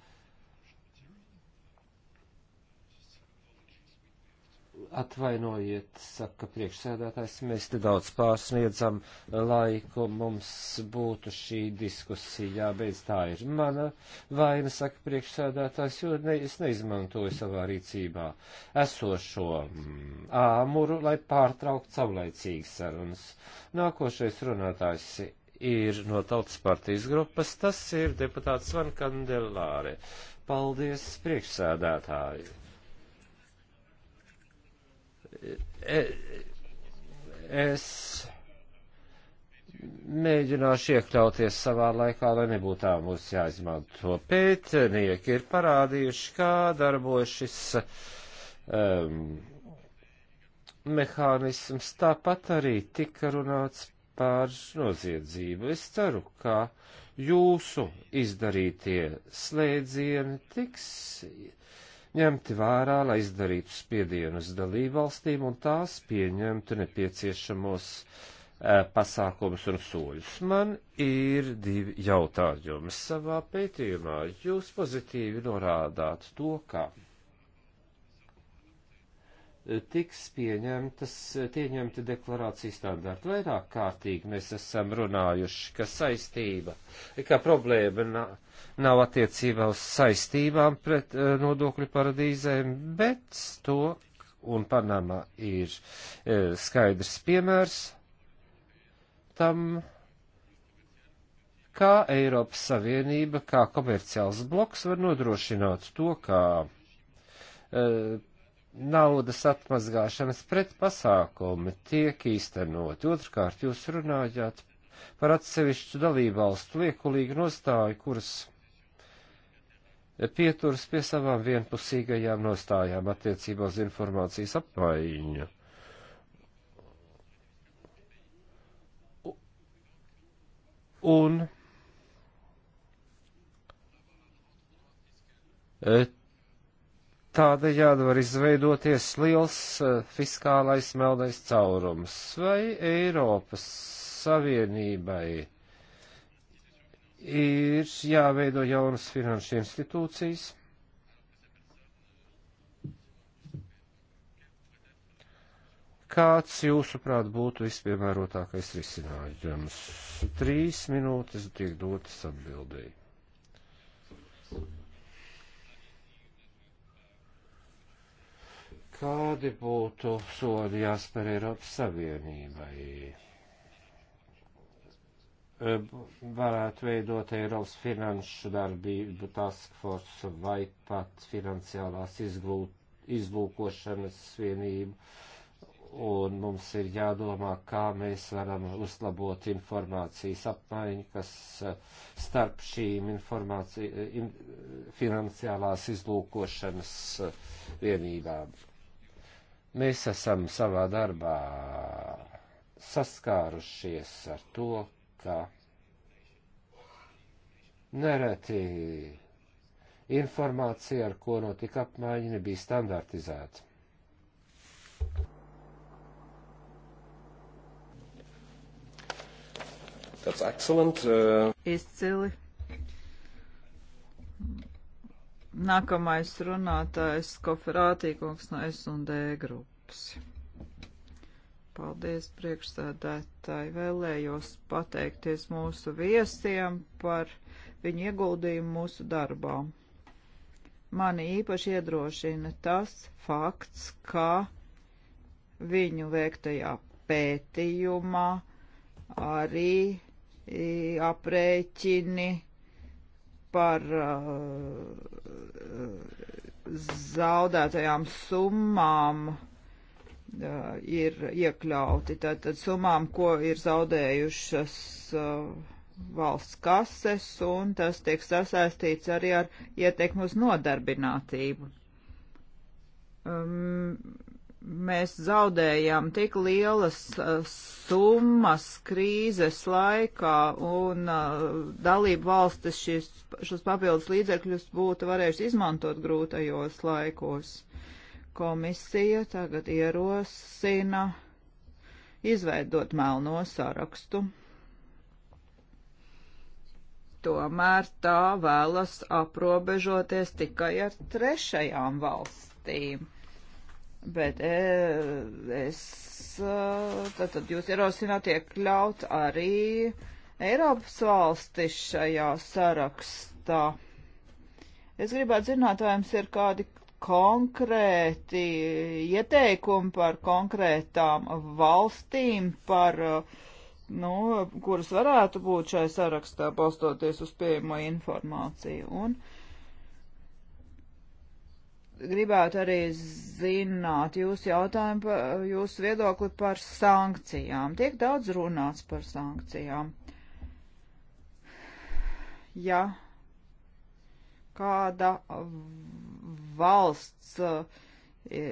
Speaker 4: Atvainojiet, saka priekšsēdētājs, mēs te daudz pārsniedzam laiku, mums būtu šī diskusija jābeidz. Tā ir mana vaina, saka priekšsēdētājs, jo ne, es neizmantoju savā rīcībā esošo mm, āmuru, lai pārtraukt savlaicīgas sarunas. Nākošais runātājs ir no Tautas partijas grupas, tas ir deputāts Van Kandelāre. Paldies, priekšsēdētāji! es mēģināšu iekļauties savā laikā, lai nebūtu tā mums jāizmanto. Pētnieki ir parādījuši, kā darbojas šis um, mehānisms. Tāpat arī tika runāts par noziedzību. Es ceru, ka jūsu izdarītie slēdzieni tiks ņemti vērā, lai izdarītu spiedienus dalībvalstīm un tās pieņemtu nepieciešamos e, pasākumus un soļus. Man ir divi jautājumi. Savā pētījumā jūs pozitīvi norādāt to, ka tiks pieņemtas, pieņemti deklarācijas standarti. Vairāk kārtīgi mēs esam runājuši, ka saistība, ka problēma nav nav attiecībā uz saistībām pret eh, nodokļu paradīzēm, bet to, un Panama ir eh, skaidrs piemērs tam, kā Eiropas Savienība, kā komerciāls bloks var nodrošināt to, kā e, naudas atmazgāšanas pretpasākumi tiek īstenoti. Otrkārt, jūs runājāt par atsevišķu dalībvalstu liekulīgu nostāju, kuras pieturas pie savām vienpusīgajām nostājām attiecībā uz informācijas apmaiņu. Un e, tādējādi var izveidoties liels e, fiskālais meldais caurums vai Eiropas Savienībai ir jāveido jaunas finanšu institūcijas. Kāds, jūsuprāt, būtu vispiemērotākais risinājums? Trīs minūtes tiek dotas atbildēji. Kādi būtu soļi jāspēr Eiropas Savienībai? varētu veidot Eiropas finanšu darbību task force vai pat finansiālās izglūt, izlūkošanas vienību. Un mums ir jādomā, kā mēs varam uzlabot informācijas apmaiņu, kas eh, starp šīm eh, in, finansiālās izlūkošanas eh, vienībām. Mēs esam savā darbā saskārušies ar to, ka nereti informācija, ar ko notika apmaiņa, nebija standartizēta. That's excellent. Uh... Izcili.
Speaker 3: Nākamais runātājs Koferātīkungs no S&D grupas. Paldies priekšsēdētāji. Vēlējos pateikties mūsu viesiem par viņu ieguldījumu mūsu darbā. Mani īpaši iedrošina tas fakts, ka viņu veiktajā pētījumā arī aprēķini par uh, zaudētajām summām uh, uh, ir iekļauti. Tātad summām, ko ir zaudējušas uh, valsts kases, un tas tiek sasaistīts arī ar ietekmu uz nodarbinātību. Um, mēs zaudējām tik lielas uh, summas krīzes laikā, un uh, dalību valstis šis, šos papildus līdzekļus būtu varējuši izmantot grūtajos laikos komisija tagad ierosina izveidot melno sarakstu. Tomēr tā vēlas aprobežoties tikai ar trešajām valstīm. Bet e, es, e, tad, tad jūs ierosināt iekļaut arī Eiropas valstis šajā sarakstā. Es gribētu zināt, vai jums ir kādi konkrēti ieteikumi par konkrētām valstīm, par, nu, kuras varētu būt šai sarakstā, balstoties uz pieejamo informāciju. Un gribētu arī zināt jūs jautājumu, jūs viedokli par sankcijām. Tiek daudz runāts par sankcijām. Jā. Ja kāda valsts e,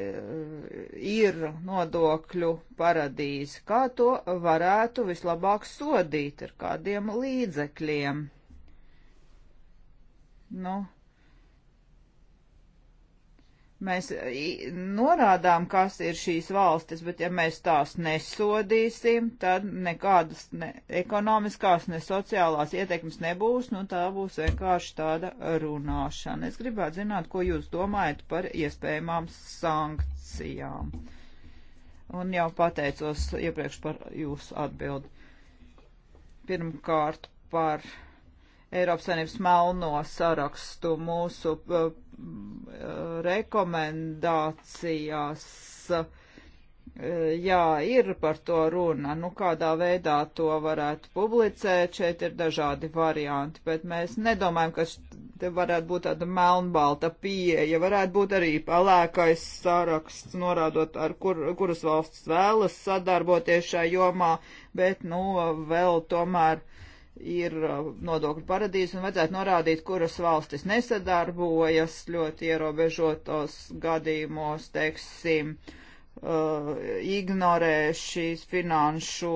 Speaker 3: ir nodokļu paradīze, kā to varētu vislabāk sodīt ar kādiem līdzekļiem. Nu, Mēs e, norādām, kas ir šīs valstis, bet ja mēs tās nesodīsim, tad nekādas ne ekonomiskās, ne sociālās ietekmes nebūs, nu tā būs vienkārši tāda runāšana. Es gribētu zināt, ko jūs domājat par iespējamām sankcijām. Un jau pateicos iepriekš par jūsu atbildi. Pirmkārt par Eiropas Savienības melno sarakstu mūsu uh, uh, rekomendācijās. Uh, jā, ir par to runa, nu kādā veidā to varētu publicēt, šeit ir dažādi varianti, bet mēs nedomājam, ka te varētu būt tāda melnbalta pieeja, varētu būt arī palēkais saraksts, norādot, ar kur, kuras valsts vēlas sadarboties šajā jomā, bet, nu, vēl tomēr uh, ir uh, nodokļu paradīze un vajadzētu norādīt, kuras valstis nesadarbojas ļoti ierobežotos gadījumos, teiksim, uh, ignorē šīs finanšu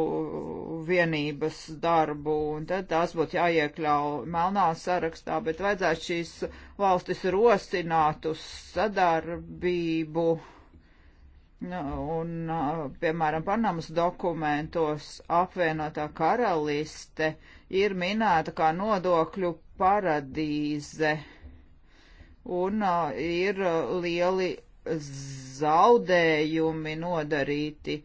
Speaker 3: vienības darbu, un tad tās būtu jāiekļau melnā sarakstā, bet vajadzētu šīs valstis rosināt uz sadarbību. Nu, un, uh, piemēram, Panamas dokumentos apvienotā karaliste ir minēta kā nodokļu paradīze un uh, ir lieli zaudējumi nodarīti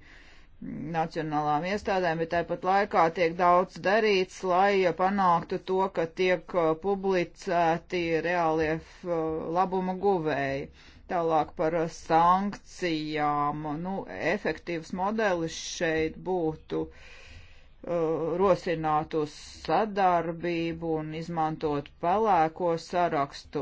Speaker 3: nacionālām iestādēm, bet tāpat laikā tiek daudz darīts, lai panāktu to, ka tiek publicēti reālie labuma guvēji. Tālāk par sankcijām. Nu, efektīvs modelis šeit būtu uh, Uh, rosināt uz sadarbību un izmantot pelēko sarakstu.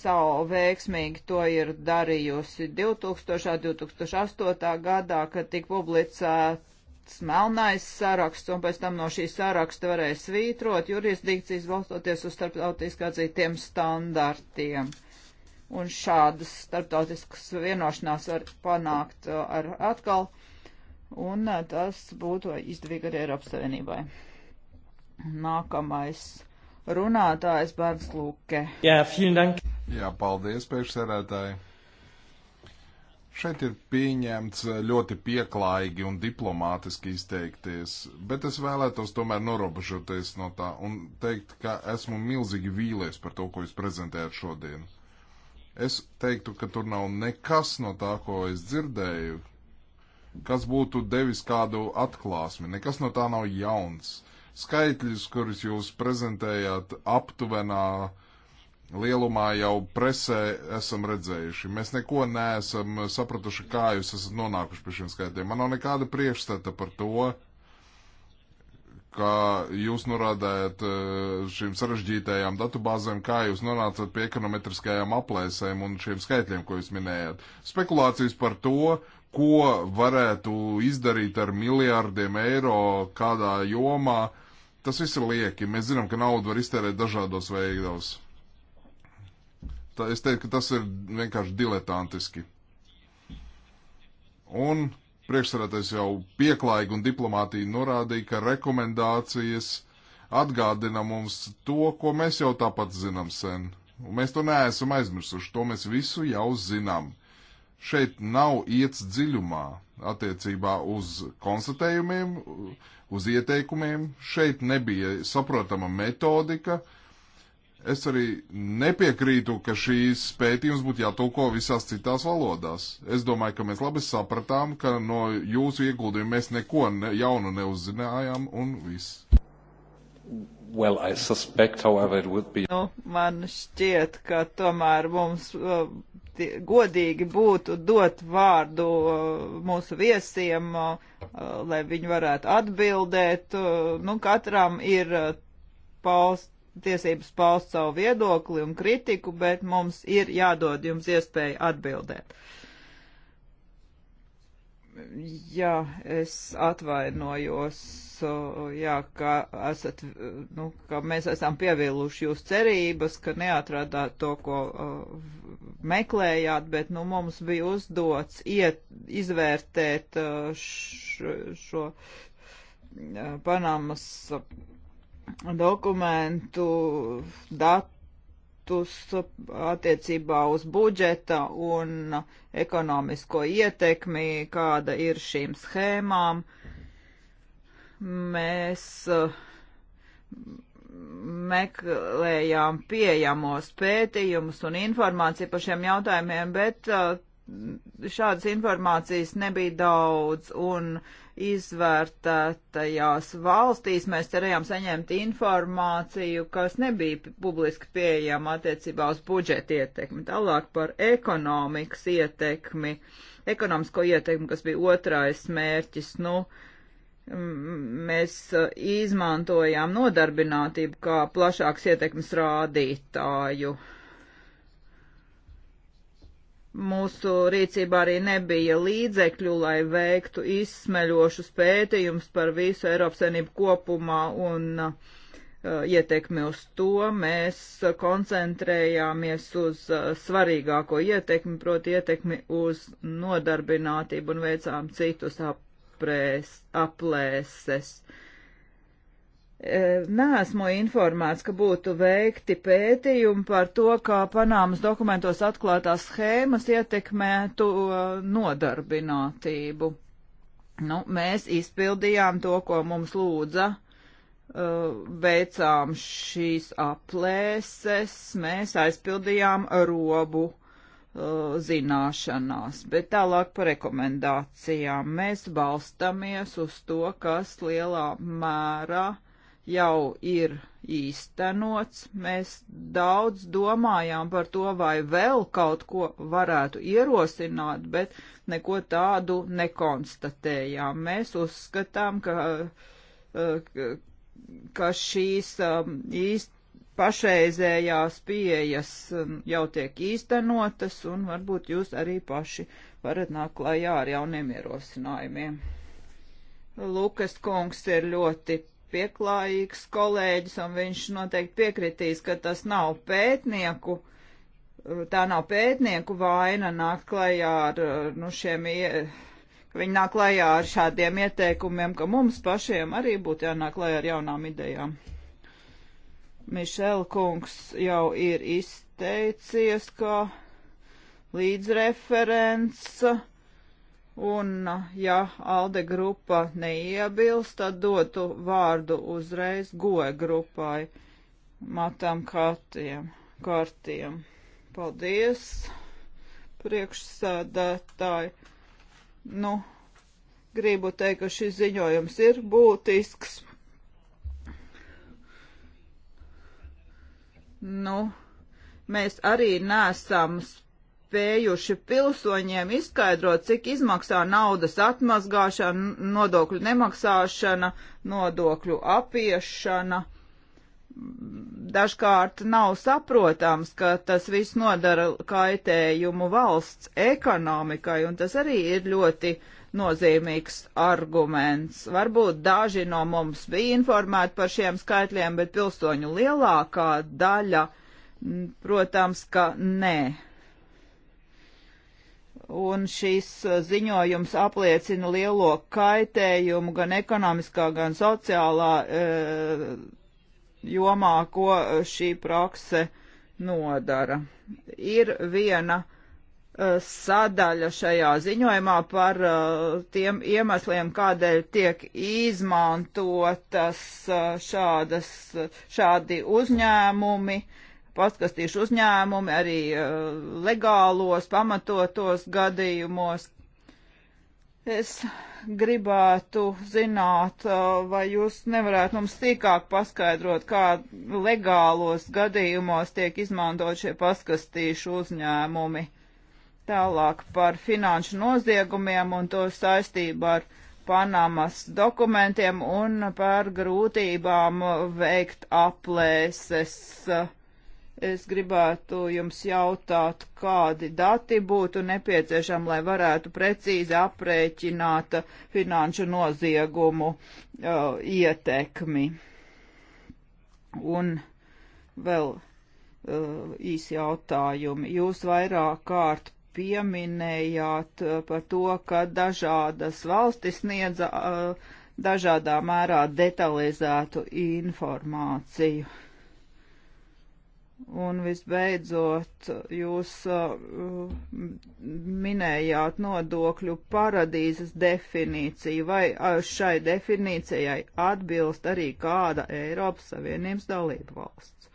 Speaker 3: SAO veiksmīgi to ir darījusi 2000. 2008. gadā, kad tika publicēts melnais saraksts, un pēc tam no šī saraksta varēja svītrot jurisdikcijas balstoties uz starptautiski atzītiem standartiem. Un šādas starptautiskas vienošanās var panākt uh, ar atkal uh, un eh, tas būtu izdevīgi arī Eiropas Savienībai. Nākamais runātājs Bērns Lūke. Jā,
Speaker 1: vielen dank. Jā, paldies, priekšsēdētāji. Šeit ir pieņemts eh, ļoti pieklājīgi un diplomātiski izteikties, bet es vēlētos tomēr norobežoties no tā un teikt, ka esmu milzīgi vīlies par to, ko jūs prezentējat šodien. Es teiktu, ka tur nav nekas no tā, ko es dzirdēju, kas būtu devis kādu atklāsmi. Nekas no tā nav jauns. Skaitļus, kurus jūs prezentējāt aptuvenā lielumā jau presē esam redzējuši. Mēs neko neesam sapratuši, kā jūs esat nonākuši pie šiem skaitļiem. Man nav nekāda priekšstata par to, kā jūs norādējat e, šīm sarežģītajām datubāzēm, kā jūs nonācat pie ekonometriskajām aplēsēm un šiem skaitļiem, ko jūs minējāt. Spekulācijas par to, ko varētu izdarīt ar miljārdiem eiro kādā jomā. Tas viss ir lieki. Mēs zinām, ka naudu var iztērēt dažādos veidos. Tā, es teiktu, ka tas ir vienkārši diletantiski. Un priekšsarētais jau pieklājīgi un diplomātīgi norādīja, ka rekomendācijas atgādina mums to, ko mēs jau tāpat zinām sen. Un mēs to neesam aizmirsuši, to mēs visu jau zinām šeit nav iets dziļumā attiecībā uz konstatējumiem, uz ieteikumiem. Šeit nebija saprotama metodika. Es arī nepiekrītu, ka šīs pētījums būtu jātulko visās citās valodās. Es domāju, ka mēs labi sapratām, ka no jūsu ieguldījuma mēs neko ne, jaunu neuzzinājām un viss. Well, I suspect, however, it would be. Nu,
Speaker 3: man šķiet, ka tomēr mums uh, ļoti godīgi būtu dot vārdu uh, mūsu viesiem, uh, uh, lai viņi varētu atbildēt. Nu, katram ir paust, tiesības paust savu viedokli un kritiku, bet mums ir jādod jums iespēja atbildēt. Uh, jā, es atvainojos, jā, ka esat, nu, ka mēs esam pieviluši jūs cerības, ka neatradāt to, ko uh, meklējāt, bet, nu, mums bija uzdots iet, izvērtēt uh, š, šo uh, Panamas dokumentu datu datus attiecībā uz budžeta un ekonomisko ietekmi, kāda ir šīm schēmām. Mēs eh, meklējām pieejamos pētījumus un informāciju par šiem jautājumiem, bet eh, šādas informācijas nebija daudz, un izvērtētajās valstīs mēs cerējām saņemt informāciju, kas nebija publiski pieejama attiecībā uz budžeta ietekmi. Tālāk par ekonomikas ietekmi, ekonomisko ietekmi, kas bija otrais mērķis, nu, mēs e, izmantojām nodarbinātību kā plašāks ietekmes rādītāju. Uh, mūsu rīcībā arī nebija līdzekļu, lai veiktu izsmeļošus pētījumus par visu Eiropas Savienību kopumā un uh, ietekmi uz to. Mēs koncentrējāmies uz uh, svarīgāko ietekmi, proti ietekmi uz nodarbinātību un veicām citus aprēs, aplēses. Uh, E, Nēsmu informēts, ka būtu veikti pētījumi par to, kā Panāmas dokumentos atklātās schēmas ietekmētu e, nodarbinātību. Nu, mēs izpildījām to, ko mums lūdza e, veicām šīs aplēses, mēs aizpildījām robu uh, zināšanās, bet tālāk par rekomendācijām. Mēs balstamies uz to, kas lielā mērā uh, jau ir īstenots. Mēs daudz domājām par to, vai vēl kaut ko varētu ierosināt, bet neko tādu nekonstatējām. Mēs uzskatām, ka, ka šīs um, īst, pašreizējās pieejas um, jau tiek īstenotas, un varbūt jūs arī paši varat nākt klajā ar jauniem ierosinājumiem. Lukas kungs ir ļoti pieklājīgs kolēģis, un viņš noteikti piekritīs, ka tas nav pētnieku, tā nav pētnieku vaina nākt klajā ar nu, šiem, ka viņi nāk klajā ar šādiem ieteikumiem, ka mums pašiem arī būtu jānāk klajā ar jaunām idejām. Mišela kungs jau ir izteicies, ka līdzreferents Un, ja ALDE grupa neiebilst, tad dotu vārdu uzreiz GOE grupai matām kārtiem. kārtiem. Paldies, priekšsādātāji. Nu, gribu teikt, ka šis ziņojums ir būtisks. Nu, mēs arī nesam spējīgi spējuši pilsoņiem izskaidrot, cik izmaksā naudas atmazgāšana, nodokļu nemaksāšana, nodokļu apiešana. Dažkārt nav saprotams, ka tas viss nodara kaitējumu valsts ekonomikai, un tas arī ir ļoti nozīmīgs arguments. Varbūt daži no mums bija informēti par šiem skaitļiem, bet pilsoņu lielākā daļa, protams, ka nē un šis uh, ziņojums apliecina lielo kaitējumu gan ekonomiskā, gan sociālā e, jomā, ko uh, šī prakse nodara. Ir viena e, sadaļa šajā ziņojumā par e, tiem iemesliem, kādēļ tiek izmantotas šādas, šādi uzņēmumi. E, postkastīšu uzņēmumi arī eh, legālos, pamatotos gadījumos. Es gribētu zināt, eh, vai jūs nevarētu mums sīkāk paskaidrot, kā legālos gadījumos tiek izmantot šie paskastīšu uzņēmumi. Tālāk par finanšu noziegumiem un to saistību ar Panamas dokumentiem un par grūtībām veikt aplēses. Uh, Es gribētu jums jautāt, kādi dati būtu nepieciešami, lai varētu precīzi aprēķināt finanšu noziegumu uh, ietekmi. Un vēl uh, īsi jautājumi. Jūs vairāk kārt pieminējāt uh, par to, ka dažādas valstis sniedza uh, dažādā mērā detalizētu informāciju Un visbeidzot, jūs uh, minējāt nodokļu paradīzes definīciju, vai uh, šai definīcijai atbilst arī kāda Eiropas Savienības dalība valsts?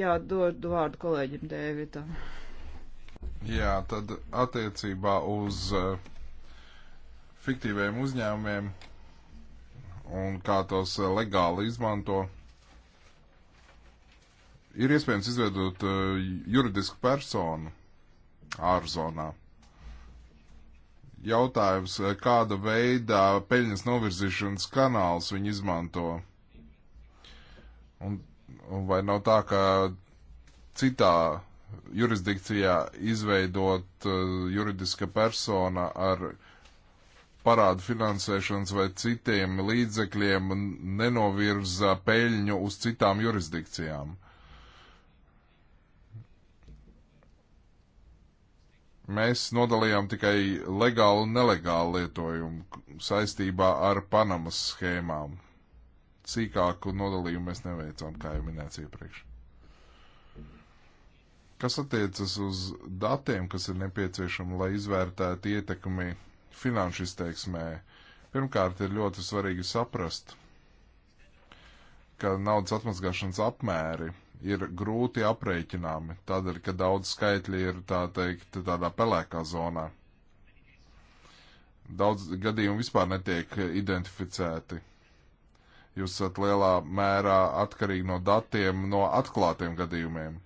Speaker 3: Jā, dod vārdu kolēģim Dēvidam.
Speaker 1: Jā, tad attiecībā uz uh, fiktīviem uzņēmumiem un kā tos eh, legāli izmanto. Ir iespējams izveidot eh, juridisku personu ārzonā. Jautājums, eh, kāda veidā peļņas novirzīšanas kanāls viņi izmanto? Un, un vai nav tā, ka citā jurisdikcijā izveidot uh, juridiska persona ar uh, parādu finansēšanas vai citiem līdzekļiem nenovirza peļņu uz citām jurisdikcijām. Mēs nodalījām tikai legālu un nelegālu lietojumu saistībā ar Panamas schēmām. Cīkāku nodalījumu mēs neveicām, kā jau minēts iepriekš. Kas attiecas uz datiem, kas ir nepieciešami, lai izvērtētu ietekmi finanšu izteiksmē. Pirmkārt, ir ļoti svarīgi saprast, ka naudas atmazgāšanas apmēri ir grūti aprēķināmi, tādēļ, ka daudz skaitļi ir tā teikt tādā pelēkā zonā. Daudz gadījumu vispār netiek identificēti. Jūs esat lielā mērā atkarīgi no datiem, no atklātiem gadījumiem,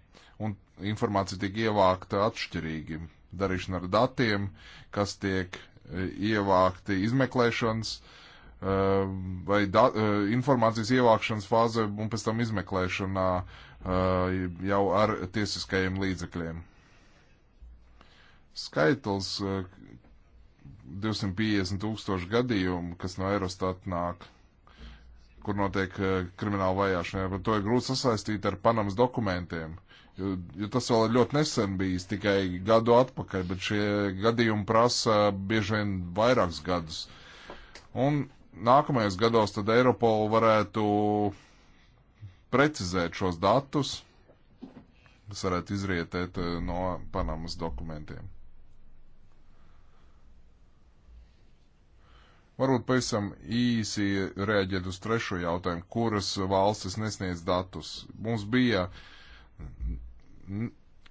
Speaker 1: un informācija tiek ievākta atšķirīgi. Darīšana ar datiem, kas tiek ievākti izmeklēšanas eh, vai da, eh, informācijas ievākšanas fāzē un pēc tam izmeklēšanā eh, jau ar tiesiskajiem līdzekļiem. Skaitlis 250 tūkstoši gadījumu, kas no Eurostat nāk, kur notiek krimināla vajāšana, bet to ir grūti sasaistīt ar Panamas dokumentiem Jo, jo tas vēl ir ļoti nesen bijis, tikai gadu atpakaļ, bet šie gadījumi prasa bieži vien vairākus gadus. Un nākamajos gados tad Eiropola varētu precizēt šos datus, kas varētu izrietēt eh, no Panamas dokumentiem. Varbūt pavisam īsi rēģēt uz trešo jautājumu, kuras valstis nesniedz datus. Mums bija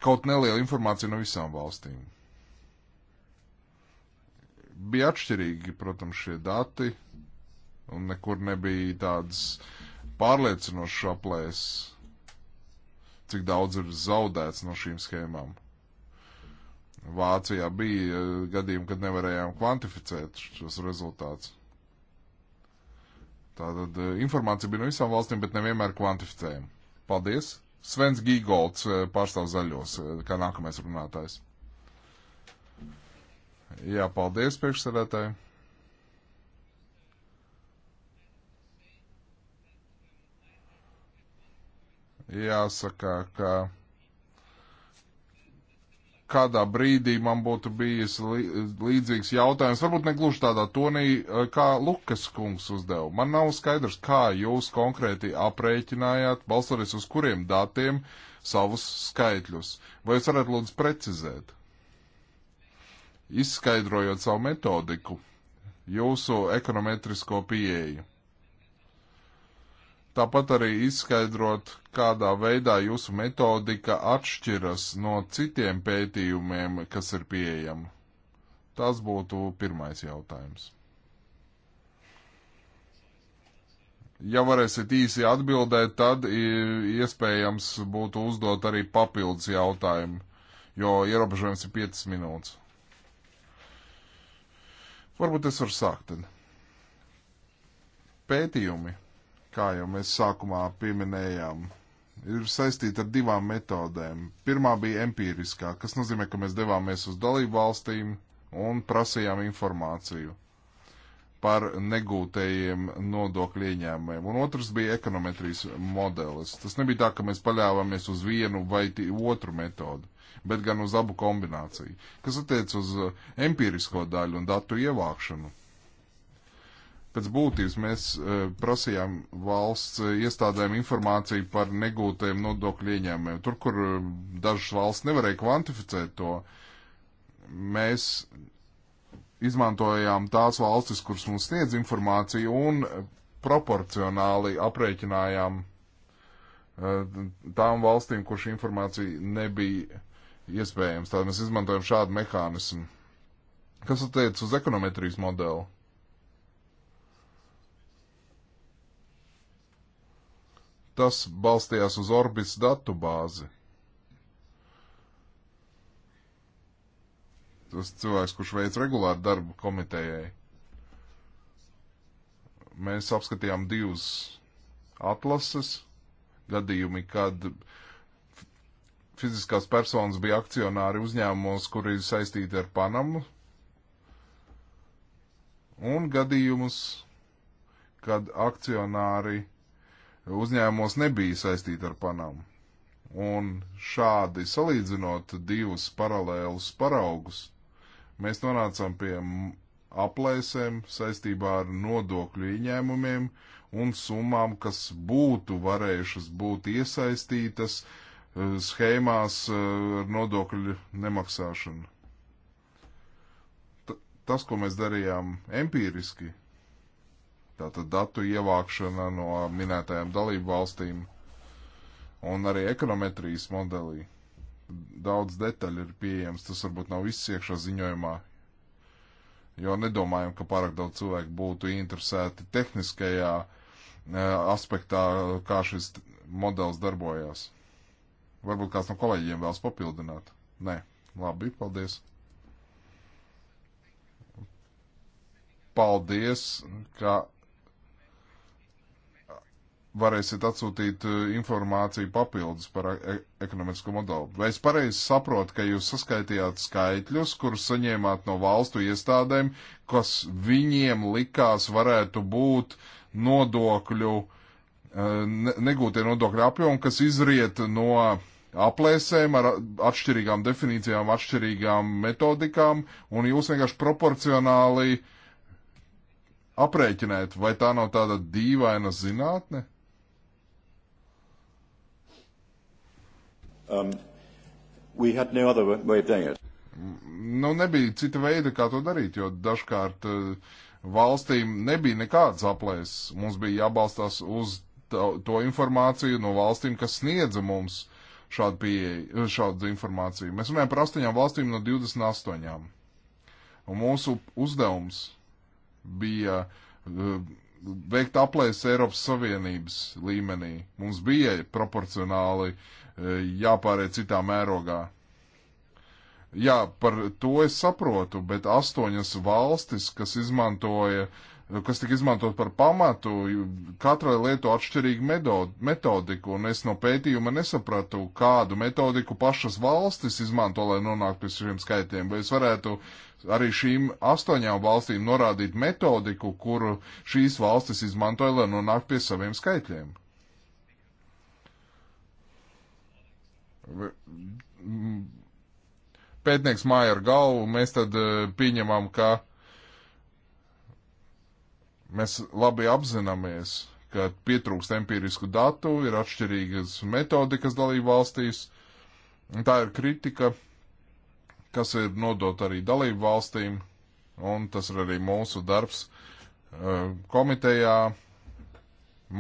Speaker 1: kaut neliela informācija no visām valstīm. Bija atšķirīgi, protams, šie dati, un nekur nebija tādas pārliecinošas aplēs, cik daudz ir zaudēts no šīm schēmām. Vācijā bija gadījumi, kad nevarējām kvantificēt šos rezultātus. Tātad eh, informācija bija no visām valstīm, bet nevienmēr kvantificējama. Paldies! Svens Gīgolds eh, pārstāv zaļos, eh, kā nākamais runātājs. Jā, paldies priekšsēdētāji. Jāsaka, ka kādā brīdī man būtu bijis līdzīgs jautājums, varbūt ne gluži tādā tonī, eh, kā Lukas kungs uzdeva. Man nav skaidrs, kā jūs konkrēti aprēķinājāt, balstoties uz kuriem datiem, savus skaitļus. Vai jūs varat lūdzu precizēt? Izskaidrojot savu metodiku, jūsu ekonometrisko pieeju. Tāpat arī izskaidrot, kādā veidā jūsu metodika atšķiras no citiem pētījumiem, kas ir pieejami. Tas būtu pirmais jautājums. Ja varēsiet īsi atbildēt, tad iespējams būtu uzdot arī papildus jautājumu, jo ierobežojums ir 5 minūtes. Varbūt es varu sākt tad. Pētījumi kā jau mēs sākumā pieminējām, ir saistīta ar divām metodēm. Pirmā bija empiriskā, kas nozīmē, ka mēs devāmies uz dalību valstīm un prasījām informāciju par negūtajiem nodokļu ieņēmumiem. Un otrs bija ekonometrijas modelis. Tas nebija tā, ka mēs paļāvāmies uz vienu vai otru metodu, bet gan uz abu kombināciju, kas attiec uz empirisko daļu un datu ievākšanu Pēc būtības mēs eh, prasījām valsts eh, iestādēm informāciju par negūtajiem nodokļu ieņēmumiem. Tur, kur eh, dažas valsts nevarēja kvantificēt to, mēs izmantojām tās valstis, kuras mums sniedz informāciju un proporcionāli aprēķinājām tām valstīm, kur šī informācija nebija iespējams. Tātad mēs izmantojam šādu mehānismu. Kas attiec uz ekonometrijas modeli? Tas balstījās uz Orbis datu bāzi. Tas cilvēks, kurš veic regulāru darbu komitejai. Mēs apskatījām divas atlases gadījumi, kad fiziskās personas bija akcionāri uzņēmumos, kuri ir saistīti ar Panamu, un gadījumus, kad akcionāri uzņēmumos nebija saistīti ar Panamu. Un šādi salīdzinot divus paralēlus paraugus, mēs nonācām pie aplēsēm saistībā ar nodokļu ieņēmumiem un summām, kas būtu varējušas būt iesaistītas uh, schēmās uh, ar nodokļu nemaksāšanu. T tas, ko mēs darījām empīriski, Tātad datu ievākšana no minētajām dalību valstīm un arī ekonometrijas modelī. Daudz detaļu ir pieejams, tas varbūt nav viss iekšā ziņojumā, jo nedomājam, ka pārāk daudz cilvēku būtu interesēti tehniskajā eh, aspektā, kā šis modelis darbojās. Varbūt kāds no kolēģiem vēlas papildināt? Nē, labi, paldies. Paldies, ka varēsiet atsūtīt eh, informāciju papildus par e-, e ekonomisko modeli. Vai es pareizi saprotu, ka jūs saskaitījāt skaitļus, kurus saņēmāt no valstu iestādēm, kas viņiem likās varētu būt nodokļu, eh, ne, negūtie nodokļu apjomi, kas izriet no aplēsēm ar atšķirīgām definīcijām, atšķirīgām metodikām, un jūs vienkārši proporcionāli aprēķināt, vai tā nav tāda dīvaina zinātne? Um, we had no other way of doing it. Nu, nebija cita veida, kā to darīt, jo dažkārt uh, valstīm nebija nekādas aplēses. Mums bija jābalstās uz to, to informāciju no valstīm, kas sniedza mums šādu, pieeju, uh, šādu informāciju. Mēs runājam par astoņām valstīm no 28. Un mūsu uzdevums bija uh, veikt aplēses Eiropas Savienības līmenī. Mums bija proporcionāli uh, jāpārēj citā mērogā. Jā, par to es saprotu, bet astoņas valstis, kas izmantoja, kas tika izmantot par pamatu, katrai lieto atšķirīgu metodiku, un es no pētījuma nesapratu, kādu metodiku pašas valstis izmanto, lai nonāktu pie šiem skaitiem. Vai es varētu arī šīm astoņām valstīm norādīt metodiku, kuru šīs valstis izmantoja, lai nonāktu pie saviem skaitļiem? pētnieks māja ar galvu, mēs tad e, pieņemam, ka mēs labi apzināmies, ka pietrūkst empirisku datu, ir atšķirīgas metodikas dalību valstīs. Tā ir kritika, kas ir nodot arī dalību valstīm, un tas ir arī mūsu darbs e, komitejā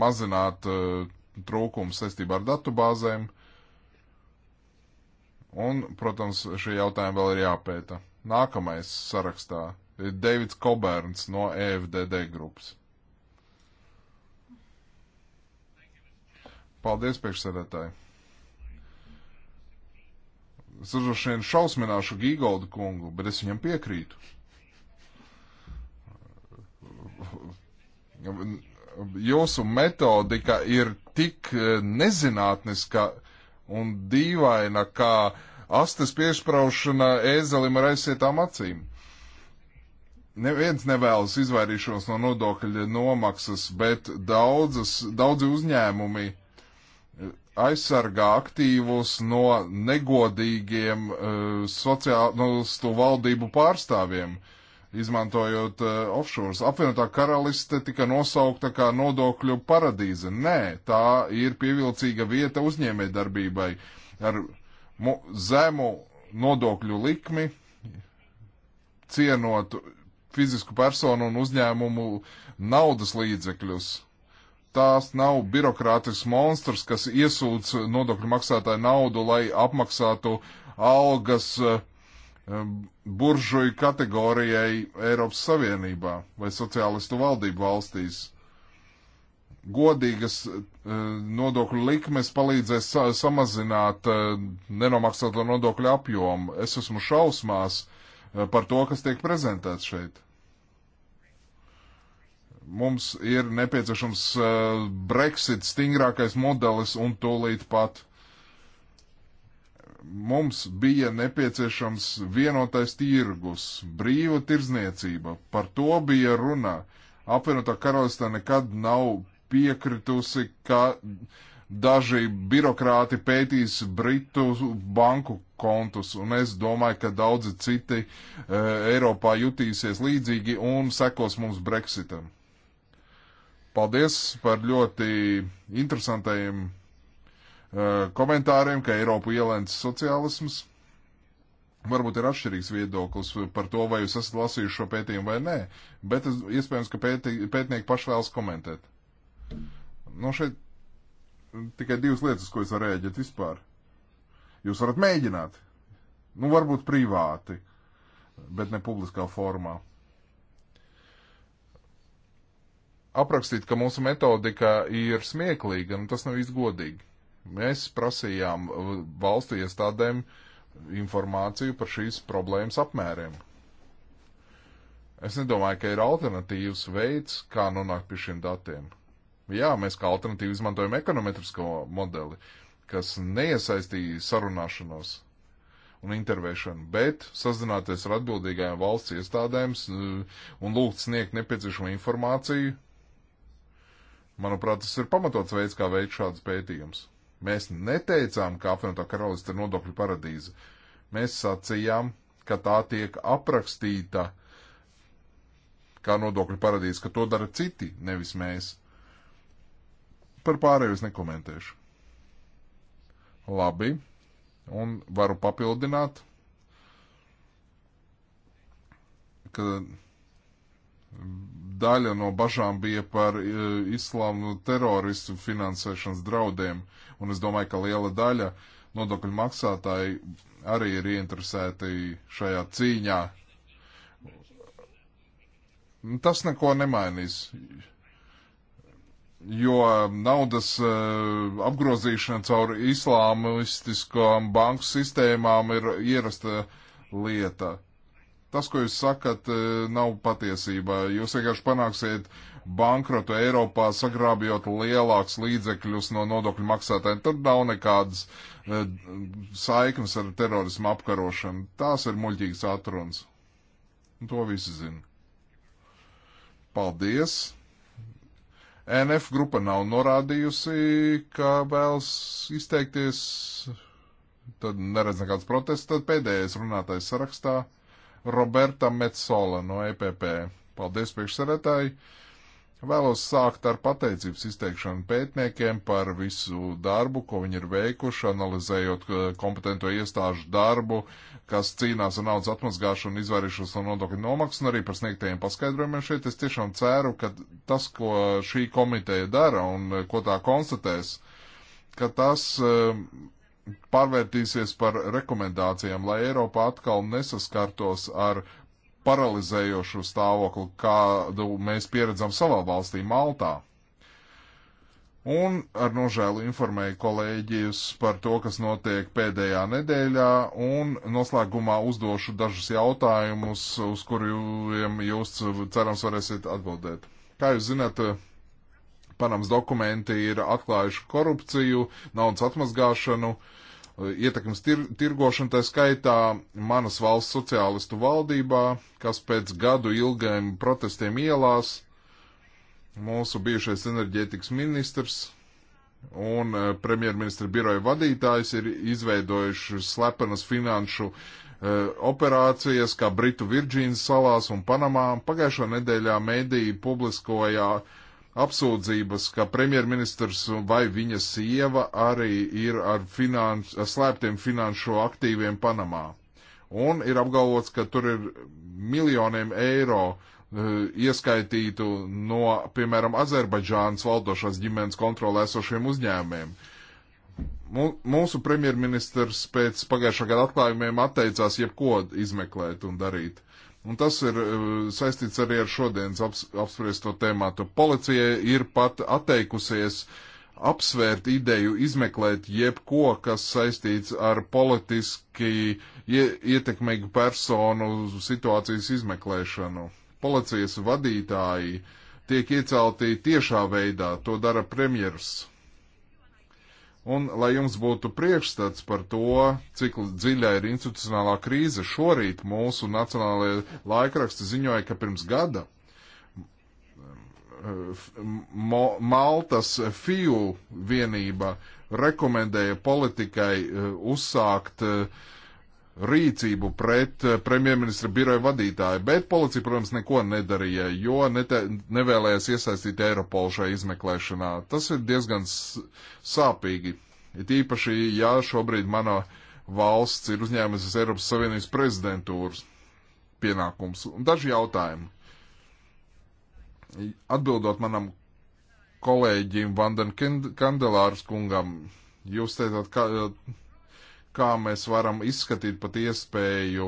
Speaker 1: mazināt e, trūkumus saistībā ar datubāzēm. bāzēm Un, protams, šie jautājumi vēl ir jāpēta. Nākamais sarakstā ir Deivids Koberns no EFDD grupas. Paldies, priekšsēdētāji! Es droši vien šausmināšu Gigoldu kungu, bet es viņam piekrītu. Jūsu metodika ir tik eh, nezinātniska, ka un dīvaina, kā astes piešpraušana ēzelim ar aizsietām acīm. Neviens nevēlas izvairīšanos no nodokļa nomaksas, bet daudzas, daudzi uzņēmumi aizsargā aktīvus no negodīgiem uh, eh, sociālistu valdību pārstāvjiem. Uh, izmantojot uh, eh, offshore. Apvienotā karaliste tika nosaukta kā nodokļu paradīze. Nē, tā ir pievilcīga vieta uzņēmē darbībai ar zemu nodokļu likmi, cienot fizisku personu un uzņēmumu naudas līdzekļus. Tās nav birokrātisks monstrs, kas iesūc nodokļu maksātāju naudu, lai apmaksātu algas uh, Um, buržuju kategorijai Eiropas Savienībā vai sociālistu valdību valstīs. Godīgas uh, nodokļu likmes palīdzēs sa samazināt uh, nenomaksāto nodokļu apjomu. Es esmu šausmās uh, par to, kas tiek prezentēts šeit. Mums ir nepieciešams Brexit stingrākais modelis un tūlīt pat mums bija nepieciešams vienotais tirgus, brīva tirzniecība. Par to bija runa. Apvienotā karalistē nekad nav piekritusi, ka daži birokrāti pētīs Britu banku kontus, un es domāju, ka daudzi citi e, Eiropā jutīsies līdzīgi un sekos mums Brexitam. Paldies par ļoti interesantajiem Eh, komentāriem, ka Eiropu ielēns sociālisms. Varbūt ir atšķirīgs viedoklis par to, vai jūs esat lasījuši šo pētījumu vai nē, bet es, iespējams, ka pēti, pētnieki paši vēlas komentēt. Nu, šeit tikai divas lietas, ko es varu rēģēt vispār. Jūs varat mēģināt, nu, varbūt privāti, bet ne publiskā formā. Aprakstīt, ka mūsu metodika ir smieklīga, nu, tas nav izgodīgi. Mēs prasījām uh, valstu iestādēm informāciju par šīs problēmas apmēriem. Es nedomāju, ka ir alternatīvs veids, kā nonākt pie šiem datiem. Jā, mēs kā alternatīvu izmantojam ekonometrisko modeli, kas neiesaistīja sarunāšanos un intervēšanu, bet sazināties ar atbildīgajām valsts iestādēm un lūgt sniegt nepieciešamo informāciju. Manuprāt, tas ir pamatots veids, kā veikt šādus pētījumus. Mēs neteicām, ka apvienotā karalista ir nodokļu paradīze. Mēs sacījām, ka tā tiek aprakstīta kā nodokļu paradīze, ka to dara citi, nevis mēs. Par pārējo es nekomentēšu. Labi, un varu papildināt, ka daļa no bažām bija par e, islāmu teroristu finansēšanas draudiem Un es domāju, ka liela daļa nodokļu maksātāji arī ir ieinteresēti šajā cīņā. Tas neko nemainīs, jo naudas eh, apgrozīšana caur islāmistiskām banku sistēmām ir ierasta lieta Tas, ko jūs sakat, e, nav patiesība. Jūs vienkārši panāksiet bankrotu Eiropā, sagrābjot lielākus līdzekļus no nodokļu maksātājiem. Tur nav nekādas e, saiknes ar terorismu apkarošanu. Tās ir muļķīgas atrunas. Un to visi zina. Paldies! NF grupa nav norādījusi, ka vēlas izteikties. Tad neredz nekāds protests. Tad pēdējais runātais sarakstā Roberta Metzola no EPP. Paldies, priekšsarētāji! Vēlos sākt ar pateicības izteikšanu pētniekiem par visu darbu, ko viņi ir veikuši, analizējot eh, kompetento iestāžu darbu, kas cīnās ar naudas atmazgāšanu, izvairīšanos no nodokļu nomaksas un arī par sniegtajiem paskaidrojumiem šeit. Es tiešām ceru, ka tas, ko šī komiteja dara un eh, ko tā konstatēs, ka tas eh, pārvērtīsies par rekomendācijām, lai Eiropa atkal nesaskartos ar paralizējošu stāvokli, kādu mēs pieredzam savā valstī, Maltā. Un ar nožēlu informēju kolēģijus par to, kas notiek pēdējā nedēļā, un noslēgumā uzdošu dažus jautājumus, uz kuriem jūs cerams varēsiet atbildēt. Kā jūs zināt, Panams dokumenti ir atklājuši korupciju, naudas atmazgāšanu, ietekmes tir tirgošanu, tā skaitā manas valsts sociālistu valdībā, kas pēc gadu ilgiem protestiem ielās mūsu bijušais enerģētikas ministrs un eh, premjerministra biroja vadītājs ir izveidojuši slepenas finanšu uh, operācijas, kā Britu Virģīnas salās un Panamā. Pagājušā nedēļā mēdīji publiskoja uh, apsūdzības, ka premjerministrs vai viņa sieva arī ir ar finans, slēptiem finanšu aktīviem Panamā. Un ir apgalvots, ka tur ir miljoniem eiro eh, ieskaitītu no, piemēram, Azerbaidžānas valdošās ģimenes kontrolē esošiem uzņēmumiem. Mūsu premjerministrs pēc pagājušā gada atklājumiem atteicās jebko izmeklēt un darīt. Un tas ir e, saistīts arī ar šodienas aps, apspriesto tēmātu. Policija ir pat atteikusies apsvērt ideju, izmeklēt jebko, kas saistīts ar politiski ie, ietekmīgu personu situācijas izmeklēšanu. Policijas vadītāji tiek iecelti tiešā veidā, to dara premjers. Un, lai jums būtu priekšstats par to, cik dziļa ir institucionālā krīze, šorīt mūsu nacionālajie laikraksti ziņoja, ka pirms gada eh, Mo Maltas FIU vienība rekomendēja politikai eh, uzsākt uh, rīcību pret eh, premjerministra biroja vadītāju, bet policija, protams, neko nedarīja, jo nete, nevēlējās iesaistīt Eiropolu šai izmeklēšanā. Tas ir diezgan sāpīgi. It īpaši, ja šobrīd mana valsts ir uzņēmusies Eiropas Savienības prezidentūras pienākums. Daži jautājumi. Atbildot manam kolēģim Vandan Kandelārs kungam, jūs teicāt, ka kā mēs varam izskatīt pat iespēju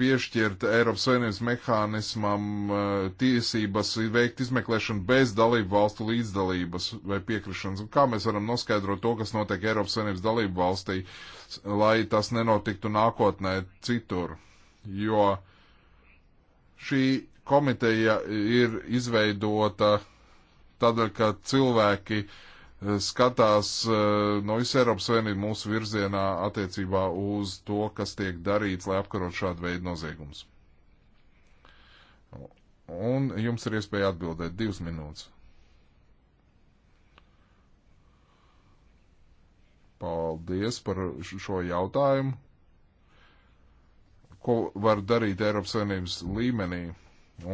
Speaker 1: piešķirt Eiropas Savienības mehānismam eh, tiesības veikt izmeklēšanu bez dalību valstu līdzdalības vai piekrišanas, un kā mēs varam noskaidrot to, kas notiek Eiropas Savienības dalību valstī, lai tas nenotiktu nākotnē citur. Jo šī komiteja ir izveidota tādēļ, ka cilvēki uh, skatās eh, no visas Eiropas Savienības mūsu virzienā attiecībā uz to, kas tiek darīts, lai apkarot šādu veidu noziegumus. Un jums ir iespēja atbildēt divas minūtes. Paldies par šo jautājumu. Ko var darīt Eiropas Savienības līmenī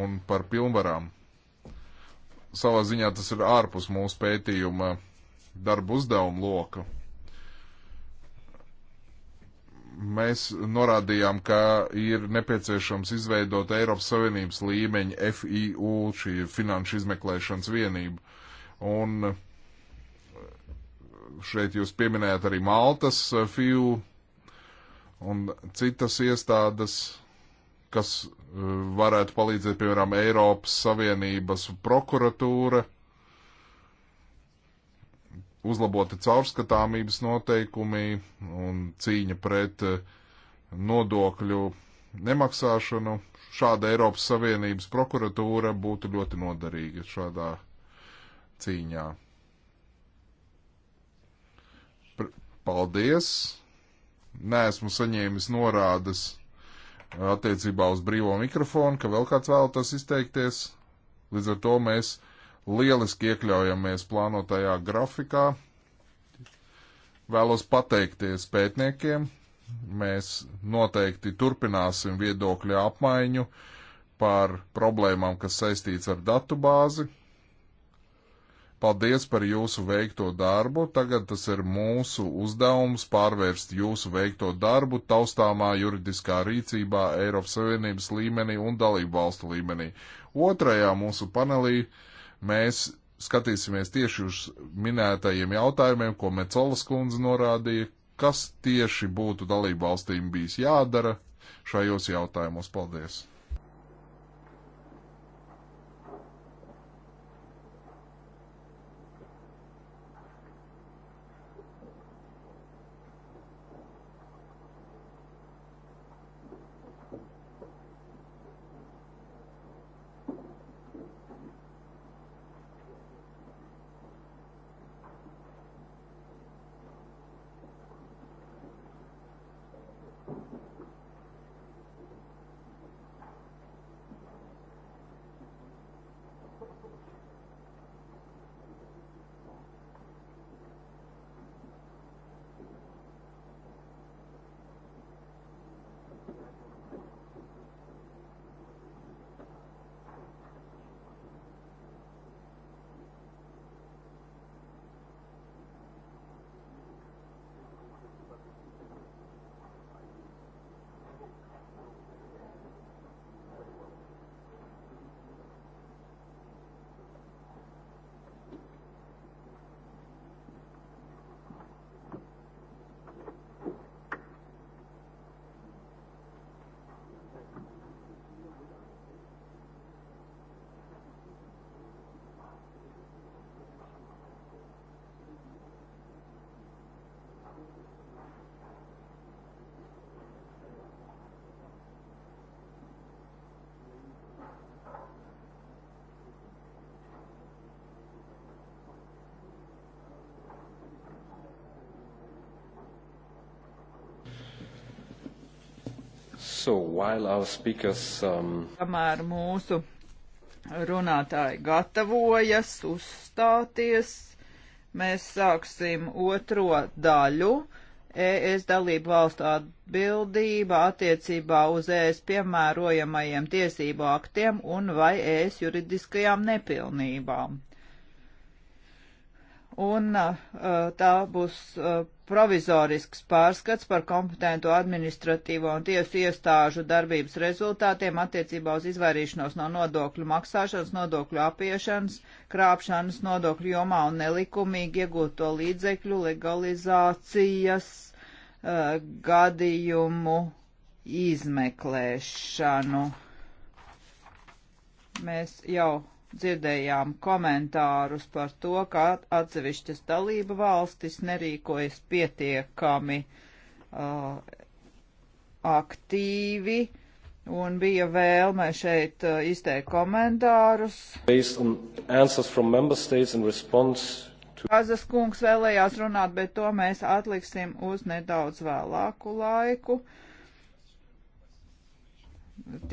Speaker 1: un par pilnvarām? Savā ziņā tas ir ārpus mūsu pētījuma darba uzdevumu loku. Mēs norādījām, ka ir nepieciešams izveidot Eiropas Savienības līmeņa FIU, šī finanšu izmeklēšanas vienību. Un šeit jūs pieminējat arī Maltas FIU un citas iestādes, kas eh, varētu palīdzēt, piemēram, Eiropas Savienības prokuratūra uzlaboti caurskatāmības noteikumi un cīņa pret eh, nodokļu nemaksāšanu. Šāda Eiropas Savienības prokuratūra būtu ļoti noderīga šādā cīņā. Paldies! Nesmu saņēmis norādes eh, attiecībā uz brīvo mikrofonu, ka vēl kāds vēlaties izteikties. Līdz ar to mēs lieliski iekļaujamies plānotajā grafikā. Vēlos pateikties pētniekiem. Mēs noteikti turpināsim viedokļu apmaiņu par problēmām, kas saistīts ar datu bāzi. Paldies par jūsu veikto darbu. Tagad tas ir mūsu uzdevums pārvērst jūsu veikto darbu taustāmā juridiskā rīcībā Eiropas Savienības līmenī un dalību valstu līmenī. Otrajā mūsu panelī Mēs skatīsimies tieši uz minētajiem jautājumiem, ko Mecolas kundze norādīja, kas tieši būtu dalību valstīm bijis jādara šajos jautājumos. Paldies!
Speaker 4: While our speakers, um...
Speaker 3: Kamēr mūsu runātāji gatavojas uzstāties, mēs sāksim otro daļu. ES dalību valstu atbildība attiecībā uz ES piemērojamajiem tiesību aktiem un vai ES juridiskajām nepilnībām un uh, tā būs uh, provizorisks pārskats par kompetentu administratīvo un tiesu iestāžu darbības rezultātiem attiecībā uz izvairīšanos no nodokļu maksāšanas, nodokļu apiešanas, krāpšanas nodokļu jomā un nelikumīgi iegūto līdzekļu legalizācijas uh, gadījumu izmeklēšanu. Mēs jau dzirdējām komentārus par to, ka atsevišķas dalība valstis nerīkojas pietiekami uh, aktīvi, un bija vēlme šeit uh, izteikt komentārus. To... Kazas kungs vēlējās runāt, bet to mēs atliksim uz nedaudz vēlāku laiku. Uh,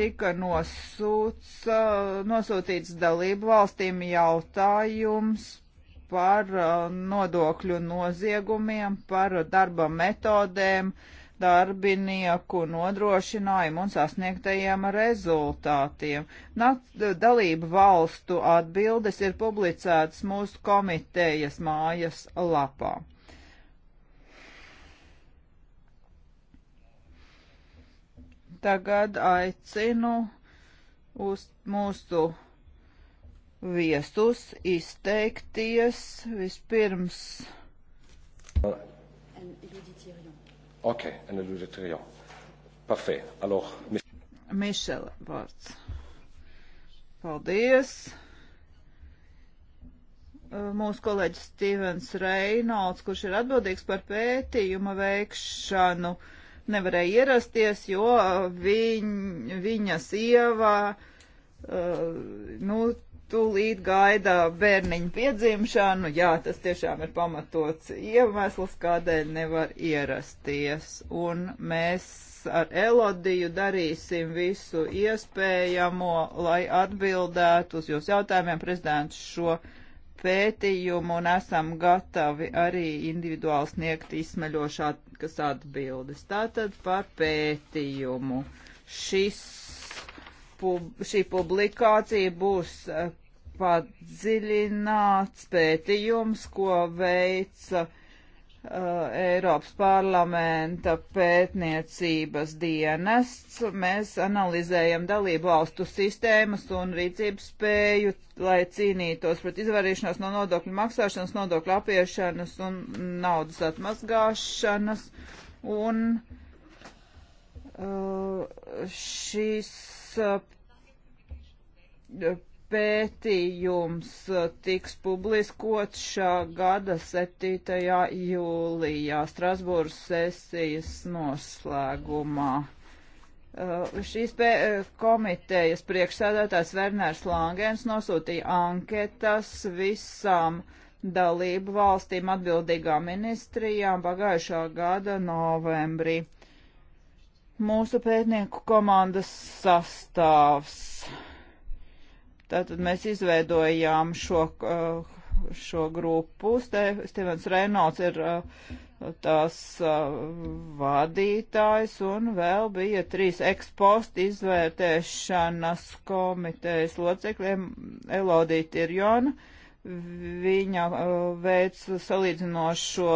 Speaker 3: tika nosūts, nosūtīts dalību valstīm jautājums par uh, nodokļu noziegumiem, par darba metodēm, darbinieku nodrošinājumu un sasniegtajiem rezultātiem. Nat dalību valstu atbildes ir publicētas mūsu komitejas mājas lapā. Tagad aicinu uz mūsu viesus izteikties vispirms.
Speaker 4: Ok, un eluditrion. Parfait. Alors, mis...
Speaker 3: Mišela vārds. Paldies. Mūsu kolēģis Stīvens Reinolds, kurš ir atbildīgs par pētījuma veikšanu. Uh, nevarēja ierasties, jo viņ, viņa sieva, uh, nu, tūlīt gaida bērniņu piedzimšanu. Jā, tas tiešām ir pamatots iemesls, kādēļ nevar ierasties. Un mēs ar Elodiju darīsim visu iespējamo, lai atbildētu uz jūsu jautājumiem. Prezidents šo jautājumu pētījumu un esam gatavi arī individuāli sniegt izsmeļošākas atbildes. Tātad par pētījumu. Šis, pub, šī publikācija būs eh, padziļināts pētījums, ko veica Uh, Eiropas parlamenta pētniecības dienests. Mēs analizējam dalību valstu sistēmas un rīcības spēju, lai cīnītos pret izvarīšanos no nodokļu maksāšanas, nodokļu apiešanas un naudas atmazgāšanas. Un uh, šis uh, pētījums uh, tiks publiskots šā gada 7. jūlijā Strasbūras sesijas noslēgumā. Uh, šīs uh, komitejas priekšsēdētājs Werners Langens nosūtīja anketas visām dalību valstīm atbildīgām ministrijām pagājušā gada novembrī. Mūsu pētnieku komandas sastāvs Tātad mēs izveidojām šo, uh, šo grupu. Stevens Reynolds ir uh, tās uh, vadītājs un vēl bija trīs ekspostu izvērtēšanas komitejas locekļiem Elodija Tirjona. Viņa veic salīdzinošo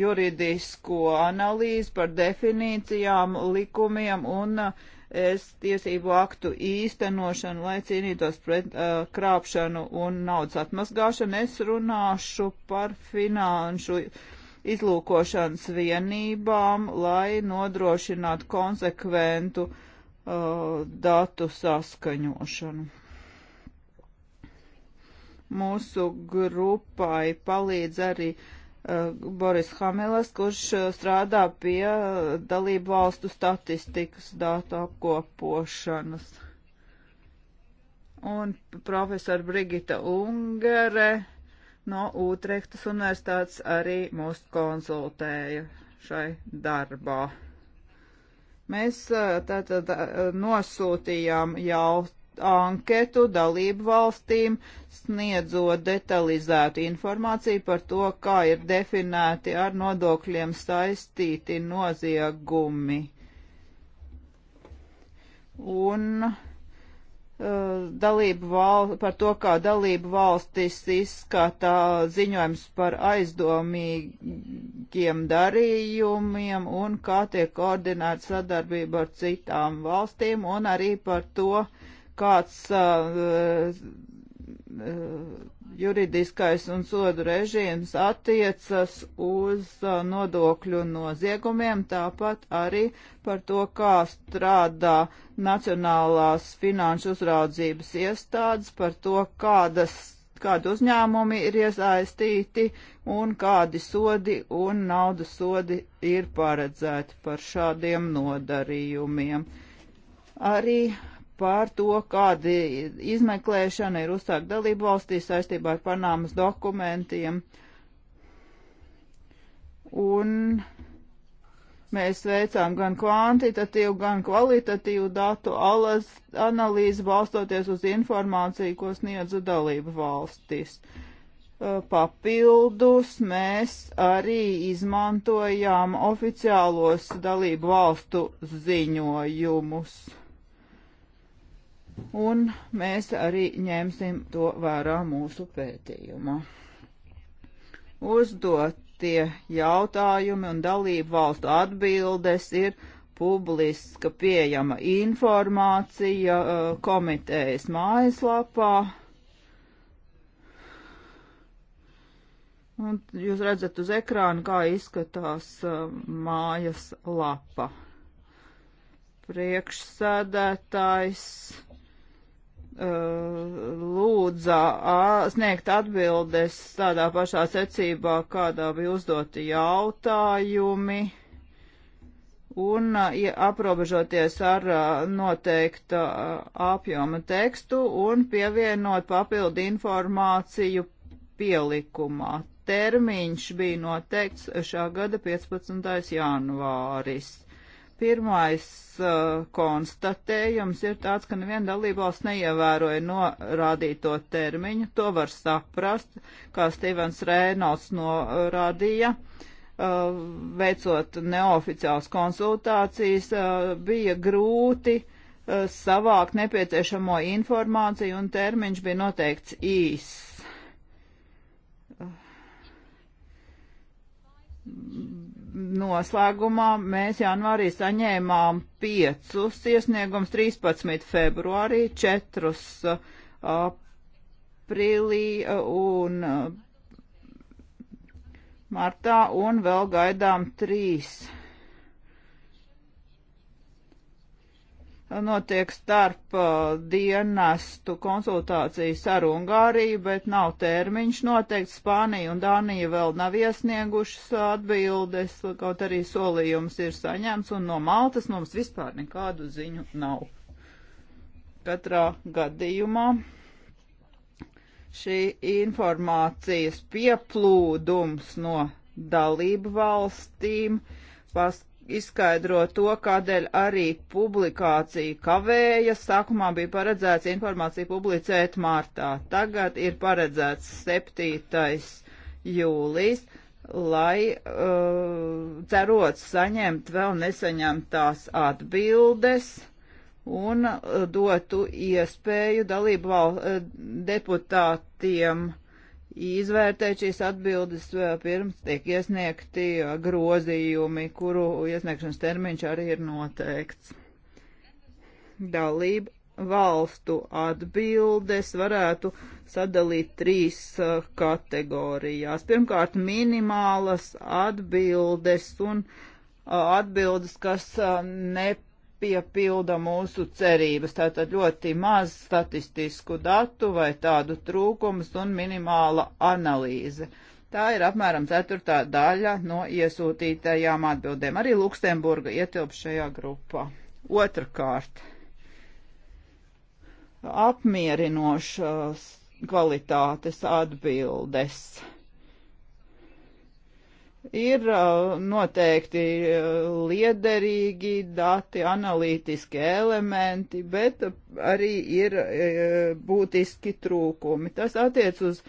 Speaker 3: juridisko analīzi par definīcijām, likumiem un uh, es tiesību aktu īstenošanu, lai cīnītos pret uh, krāpšanu un naudas atmazgāšanu. Es runāšu par finanšu izlūkošanas vienībām, lai nodrošinātu konsekventu uh, datu saskaņošanu. Mūsu grupai palīdz arī uh, Uh, Boris Hamelas, kurš uh, strādā pie uh, dalību valstu statistikas datu apkopošanas. Un profesora Brigita Ungere no Utrehtas universitātes arī mūs konsultēja šai darbā. Mēs tātad nosūtījām jautājumu anketu dalību valstīm, sniedzot detalizētu informāciju par to, kā ir definēti ar nodokļiem saistīti noziegumi. Un uh, dalību val, par to, kā dalību valstis izskatā ziņojums par aizdomīgiem darījumiem un kā tiek koordinēta sadarbība ar citām valstīm un arī par to, uh, kāds uh, juridiskais un sodu režīms attiecas uz nodokļu noziegumiem, tāpat arī par to, kā strādā Nacionālās finanšu uzraudzības iestādes, par to, kādas, kādi uzņēmumi ir iesaistīti un kādi sodi un naudas sodi ir paredzēti par šādiem nodarījumiem. Arī par to, kāda izmeklēšana ir uzsākt dalību valstī saistībā ar Panāmas dokumentiem. Un mēs veicām gan kvantitatīvu, gan kvalitatīvu datu analīzi, balstoties uz informāciju, ko sniedza dalību valstis. Uh, papildus mēs arī izmantojām oficiālos dalību valstu ziņojumus un mēs arī ņemsim to vērā mūsu pētījumā. Uzdotie jautājumi un dalību valstu atbildes ir publiska pieejama informācija uh, komitejas mājaslapā. Un jūs redzat uz ekrāna, kā izskatās uh, mājas lapa. Priekšsēdētājs Uh, lūdza sniegt atbildes tādā pašā secībā, kādā bija uzdoti jautājumi, un ja aprobežoties ar noteikta apjoma tekstu un pievienot papildu informāciju pielikumā. Termiņš bija noteikts šā gada 15. janvāris. Pirmais uh, konstatējums ir tāds, ka neviena dalībvalsts neievēroja norādīto termiņu. To var saprast, kā Stevens Rēnolds norādīja. Uh, veicot neoficiāls konsultācijas, uh, bija grūti uh, savākt nepieciešamo informāciju un termiņš bija noteikts īss. Uh, noslēgumā mēs janvārī saņēmām piecus iesniegums 13. februārī, četrus uh, aprīlī uh, un uh, martā un vēl gaidām trīs notiek starp uh, dienestu konsultācijas ar Ungāriju, bet nav termiņš noteikts. Spānija un Dānija vēl nav iesniegušas atbildes, kaut arī solījums ir saņemts, un no Maltas mums vispār nekādu ziņu nav. Katrā gadījumā šī informācijas pieplūdums no dalību valstīm pas, izskaidro to, kādēļ arī publikācija kavēja. Sākumā bija paredzēts informāciju publicēt martā. Tagad ir paredzēts 7. jūlijas, lai uh, cerot saņemt vēl nesaņemtās atbildes un uh, dotu iespēju dalību val, uh, deputātiem izvērtēt šīs atbildes eh, pirms tiek iesniegti eh, grozījumi, kuru iesniegšanas termiņš arī ir noteikts. Dalību valstu atbildes varētu sadalīt trīs eh, kategorijās. Pirmkārt, minimālas atbildes un atbildes, kas ne jāpiepilda mūsu cerības. Tātad ļoti maz statistisku datu vai tādu trūkumus un minimāla analīze. Tā ir apmēram ceturtā daļa no iesūtītajām atbildēm. Arī Luksemburga ietilp šajā grupā. Otrakārt, apmierinošas kvalitātes atbildes ir uh, noteikti uh, liederīgi dati, analītiski elementi, bet uh, arī ir būtiski trūkumi. Tas attiec uz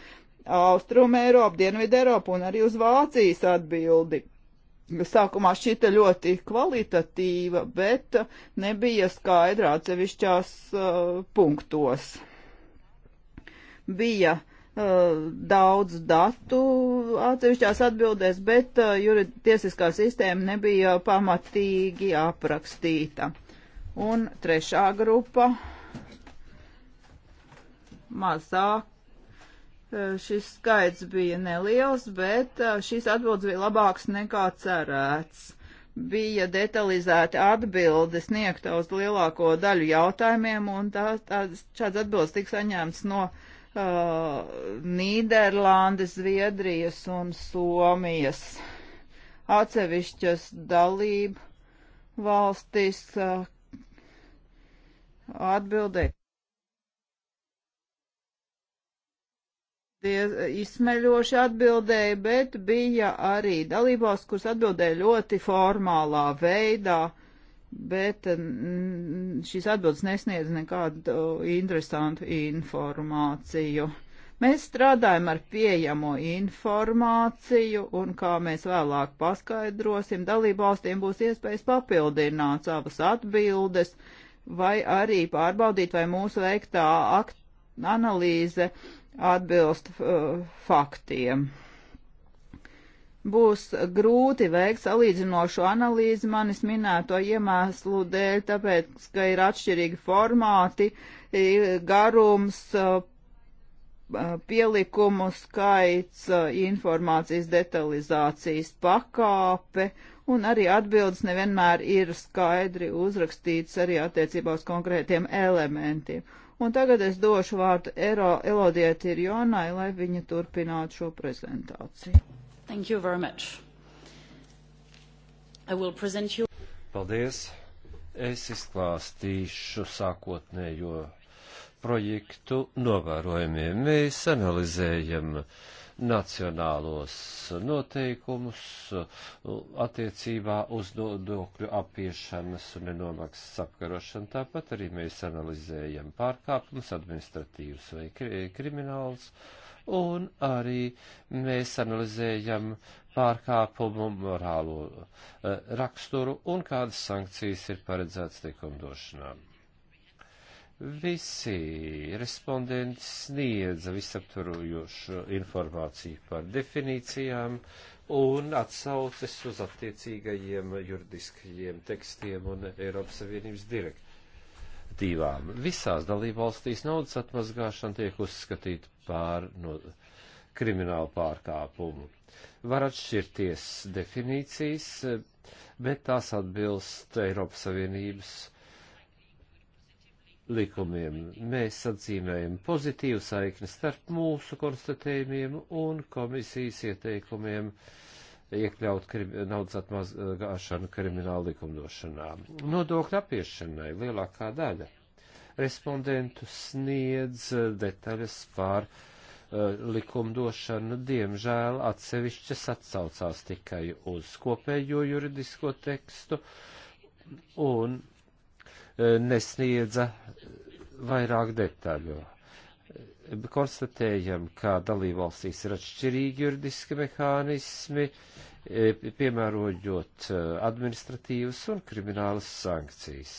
Speaker 3: Austrum Eiropu, Dienvidu Eiropu un arī uz Vācijas atbildi. Sākumā šķita ļoti kvalitatīva, bet nebija skaidra atsevišķās uh, punktos. Bija uh, Uh, daudz datu atsevišķās atbildēs, bet uh, juridiskā sistēma nebija pamatīgi aprakstīta. Un trešā grupa mazāk. Uh, šis skaits bija neliels, bet šīs atbildes bija labāks nekā cerēts. Bija detalizēti atbildes sniegta uz lielāko daļu jautājumiem, un tā, tā, šāds atbildes tika saņemts no uh, uh, Nīderlandes, Zviedrijas un Somijas atsevišķas dalību valstis uh, atbildēja. izsmeļoši atbildēja, bet bija arī dalībās, kuras atbildēja ļoti formālā veidā. Uh, bet šīs atbildes nesniedz nekādu uh, interesantu informāciju. Mēs strādājam ar pieejamo informāciju, un kā mēs vēlāk paskaidrosim, dalībvalstīm būs iespējas papildināt savas atbildes, vai arī pārbaudīt, vai mūsu veiktā analīze atbilst uh, faktiem būs grūti veikt salīdzinošu analīzi manis minēto iemeslu dēļ, tāpēc, ka ir atšķirīgi formāti, garums, pielikumu skaits, informācijas detalizācijas pakāpe, un arī atbildes nevienmēr ir skaidri uzrakstīts arī attiecībā uz konkrētiem elementiem. Un tagad es došu vārdu Elodijai Tirjonai, lai viņa turpinātu šo prezentāciju. Thank you very much.
Speaker 2: I will present you.
Speaker 4: Paldies. Es izklāstīšu sākotnējo projektu novērojumiem. Mēs analizējam nacionālos noteikumus uh, attiecībā uz nodokļu apiešanas un nenomaksas apkarošanu. Tāpat arī mēs analizējam pārkāpumus, administratīvus vai kriminālus. Uh, un arī mēs analizējam pārkāpumu morālo uh, raksturu un kādas sankcijas ir paredzētas likumdošanā. Visi respondenti sniedza visaptvarojošu informāciju par definīcijām un atsauces uz attiecīgajiem juridiskajiem tekstiem un Eiropas Savienības direktīvu iniciatīvām. Visās dalībvalstīs naudas atmazgāšana tiek uzskatīta par no, kriminālu pārkāpumu. Var atšķirties definīcijas, bet tās atbilst Eiropas Savienības likumiem. Mēs atzīmējam pozitīvu saikni starp mūsu konstatējumiem un komisijas ieteikumiem uh, iekļaut krim, naudas atmazgāšanu krimināla likumdošanā. Nodokļu apiešanai lielākā daļa respondentu sniedz eh, detaļas par uh, likumdošanu, diemžēl atsevišķas atsaucās tikai uz kopējo juridisko tekstu un uh, nesniedza vairāk detaļu konstatējam, ka dalībvalstīs ir atšķirīgi juridiski mehānismi, e, piemērojot e, administratīvas un kriminālas sankcijas.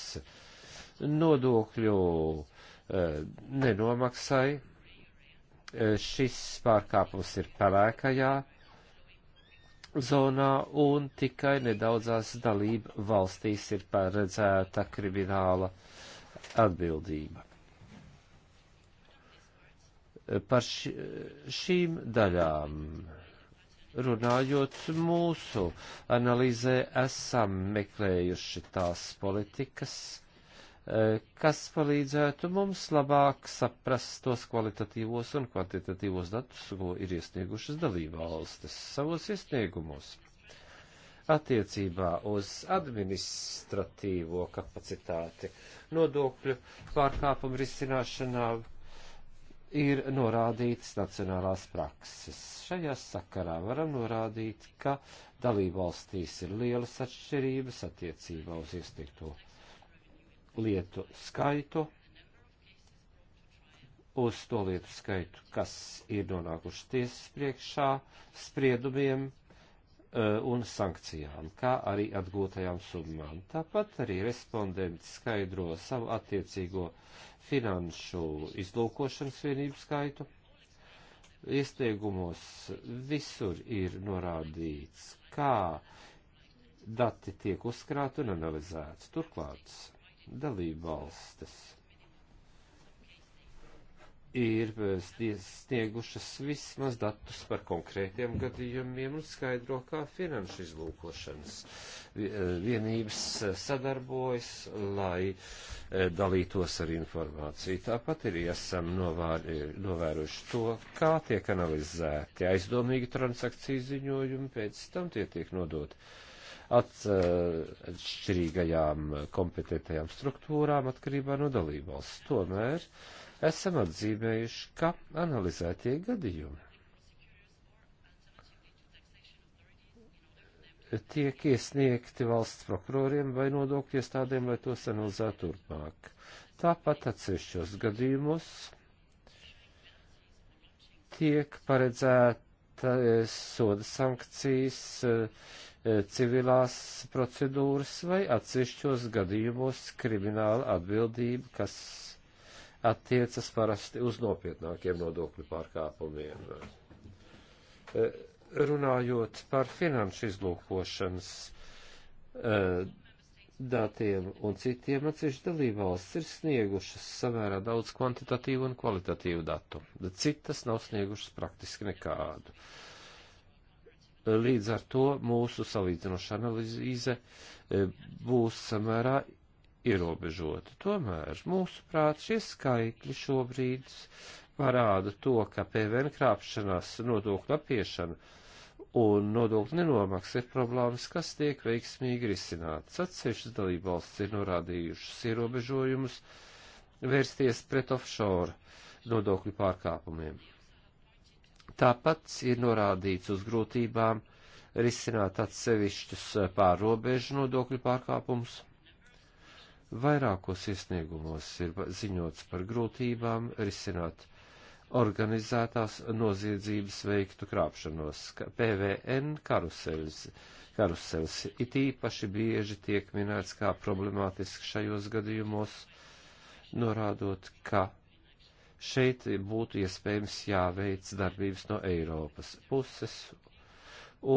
Speaker 4: Nodokļu e, nenomaksai šis pārkāpums ir pelēkajā zonā un tikai nedaudzās dalību valstīs ir paredzēta krimināla atbildība. Par ši, šīm daļām runājot mūsu analīzē, esam meklējuši tās politikas, e, kas palīdzētu mums labāk saprast tos kvalitatīvos un kvantitatīvos datus, ko ir iesniegušas dalībvalstis savos iesniegumos. Attiecībā uz administratīvo kapacitāti nodokļu pārkāpumu risināšanā ir norādītas nacionālās prakses. Šajā sakarā varam norādīt, ka dalībvalstīs ir lielas atšķirības attiecībā uz iestikto lietu skaitu, uz to lietu skaitu, kas ir nonākuši tiesas priekšā, spriedumiem Eh, un sankcijām, kā arī atgūtajām summām. Tāpat arī respondenti skaidro savu attiecīgo finanšu izlūkošanas vienību skaitu. Iestiegumos visur ir norādīts, kā dati tiek uzkrāt un analizēts. Turklāt dalībvalstis ir e, sniegušas vismaz datus par konkrētiem gadījumiem un skaidro, kā finanšu izlūkošanas e, vienības e, sadarbojas, lai dalītos ar informāciju. Tāpat ir esam novērojuši to, kā tiek analizēti aizdomīgi transakciju ziņojumi, pēc tam tie tiek nodoti atšķirīgajām kompetentajām struktūrām atkarībā no dalībvalsts. Tomēr, uh, esam atzīmējuši, ka analizētie gadījumi tiek iesniegti valsts prokuroriem vai nodokļu iestādēm, lai tos analizētu turpmāk. Tāpat atsevišķos gadījumos tiek paredzēta eh, soda sankcijas, eh, civilās procedūras vai atsevišķos gadījumos krimināla atbildība, kas attiecas parasti uz nopietnākiem nodokļu pārkāpumiem. E, runājot par finanšu izlūkošanas e, datiem un citiem atsevišķi dalībvalsts ir sniegušas samērā daudz kvantitatīvu un kvalitatīvu datu, bet citas nav sniegušas praktiski nekādu. Līdz ar to mūsu salīdzinoša analīze e, būs samērā ierobežota. Tomēr, mūsuprāt, šie skaitļi šobrīd parāda to, ka PVN krāpšanās nodokļu apiešana un nodokļu nenomaksa ir problēmas, kas tiek veiksmīgi risinātas. Atsevišķas dalībvalstis ir norādījušas ierobežojumus vērsties pret offshore nodokļu pārkāpumiem. Tāpat ir norādīts uz grūtībām risināt atsevišķus pārrobežu nodokļu pārkāpumus Vairākos iesniegumos ir ziņots par grūtībām risināt organizētās noziedzības veiktu krāpšanos. PVN karuseļs, karuseļs it īpaši bieži tiek minēts kā problemātiski šajos gadījumos, norādot, ka šeit būtu iespējams jāveic darbības no Eiropas puses,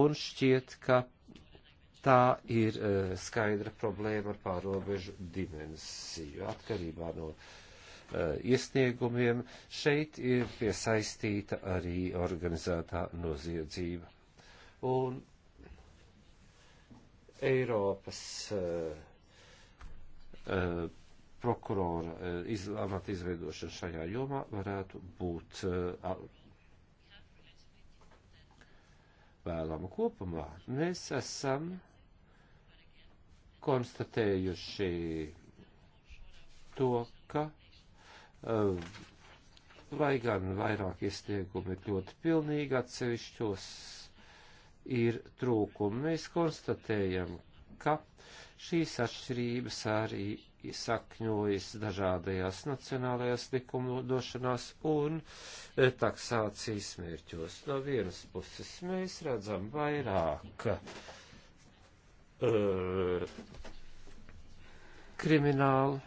Speaker 4: un šķiet, ka Tā ir e, skaidra problēma ar pārobežu dimensiju atkarībā no e, iesniegumiem. Šeit ir piesaistīta arī organizētā noziedzība. Un Eiropas uh, uh, prokurora uh, iz, amata izveidošana šajā jomā varētu būt vēlama kopumā. Mēs esam. Uh, konstatējuši to, ka um, lai gan vairāk iesniegumi ir ļoti pilnīgi atsevišķos, ir trūkumi. Mēs konstatējam, ka šīs atšķirības arī sakņojas dažādajās nacionālajās likumdošanās un eh, taksācijas mērķos. No vienas puses mēs redzam vairāk Uh, kriminālu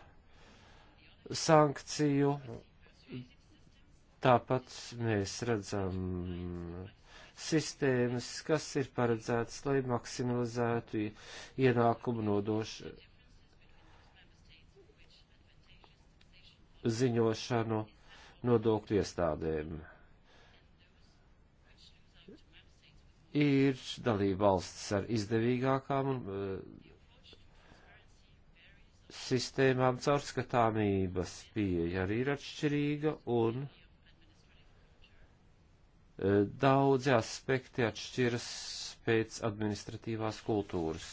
Speaker 4: sankciju. Tāpat mēs redzam sistēmas, kas ir paredzētas, lai maksimalizētu ienākumu nodošu ziņošanu nodokļu iestādēm. ir dalība valsts ar izdevīgākām un, uh, sistēmām caurskatāmības pieeja arī ir atšķirīga un uh, daudzi aspekti atšķiras pēc administratīvās kultūras.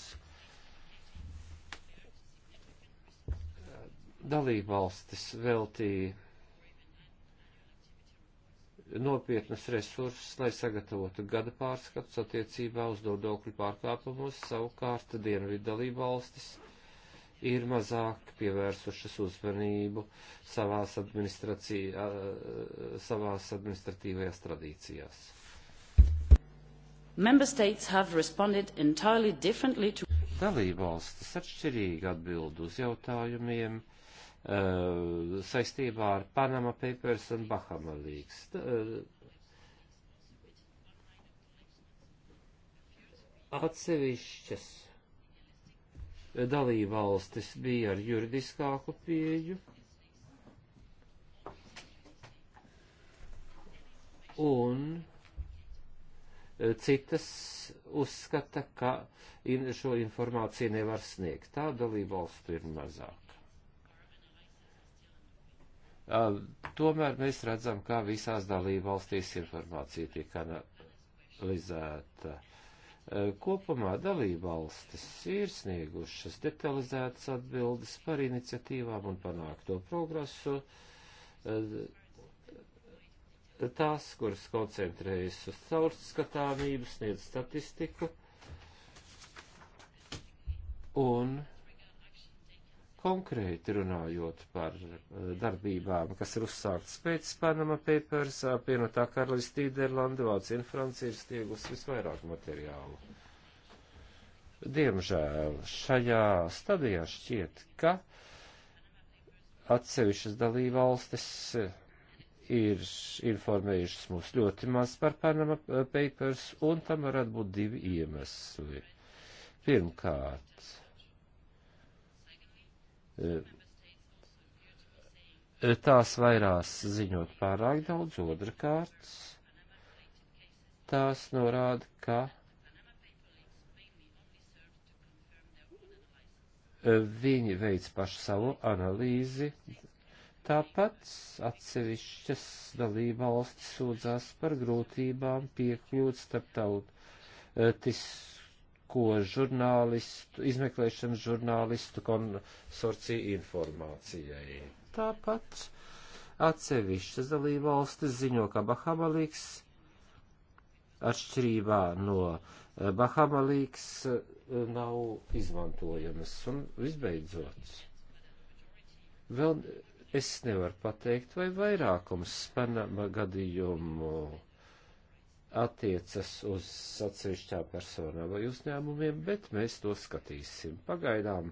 Speaker 4: Dalība valstis veltīja nopietnas resursus, lai sagatavotu gada pārskatus attiecībā uz nodokļu pārkāpumus, savukārt dienvidu dalību valstis ir mazāk pievērsušas uzmanību savās, savās administratīvajās tradīcijās.
Speaker 2: To...
Speaker 4: Dalībvalstis atšķirīgi atbild uz jautājumiem Eh, saistībā ar Panama Papers un Bahama Leaks. Eh, atsevišķas dalībvalstis bija ar juridiskāku pieju, un eh, citas uzskata, ka šo informāciju nevar sniegt. Tā dalībvalstu ir mazāk. Tomēr mēs redzam, kā visās dalību valstīs informācija tiek analizēta. Kopumā dalību valstis ir sniegušas detalizētas atbildes par iniciatīvām un panākto progresu. Tās, kuras koncentrējas uz caurskatāmību, sniedz statistiku un konkrēti runājot par eh, darbībām, kas ir uzsāktas pēc Panama Papers, apvienotā karalistī, Nīderlanda, Vācija un Francija ir stiegusi visvairāk materiālu. Diemžēl šajā stadijā šķiet, ka atsevišķas dalībvalstis eh, ir informējušas mūs ļoti maz par Panama eh, Papers, un tam varētu būt divi iemesli. Pirmkārt, E, tās vairās ziņot pārāk daudz, otrkārt, tās norāda, ka e, viņi veids pašu savu analīzi, tāpat atsevišķas dalībvalstis sūdzās par grūtībām piekļūt starptautisku apko žurnālistu, izmeklēšanas žurnālistu konsorciju informācijai. Tāpat atsevišķas dalībvalstis ziņo, ka Bahamalīks atšķirībā no eh, Bahamalīks eh, nav izmantojamas. Un visbeidzot, vēl es nevaru pateikt, vai vairākums spanama gadījumu attiecas uz atsevišķām personām vai uzņēmumiem, bet mēs to skatīsim. Pagaidām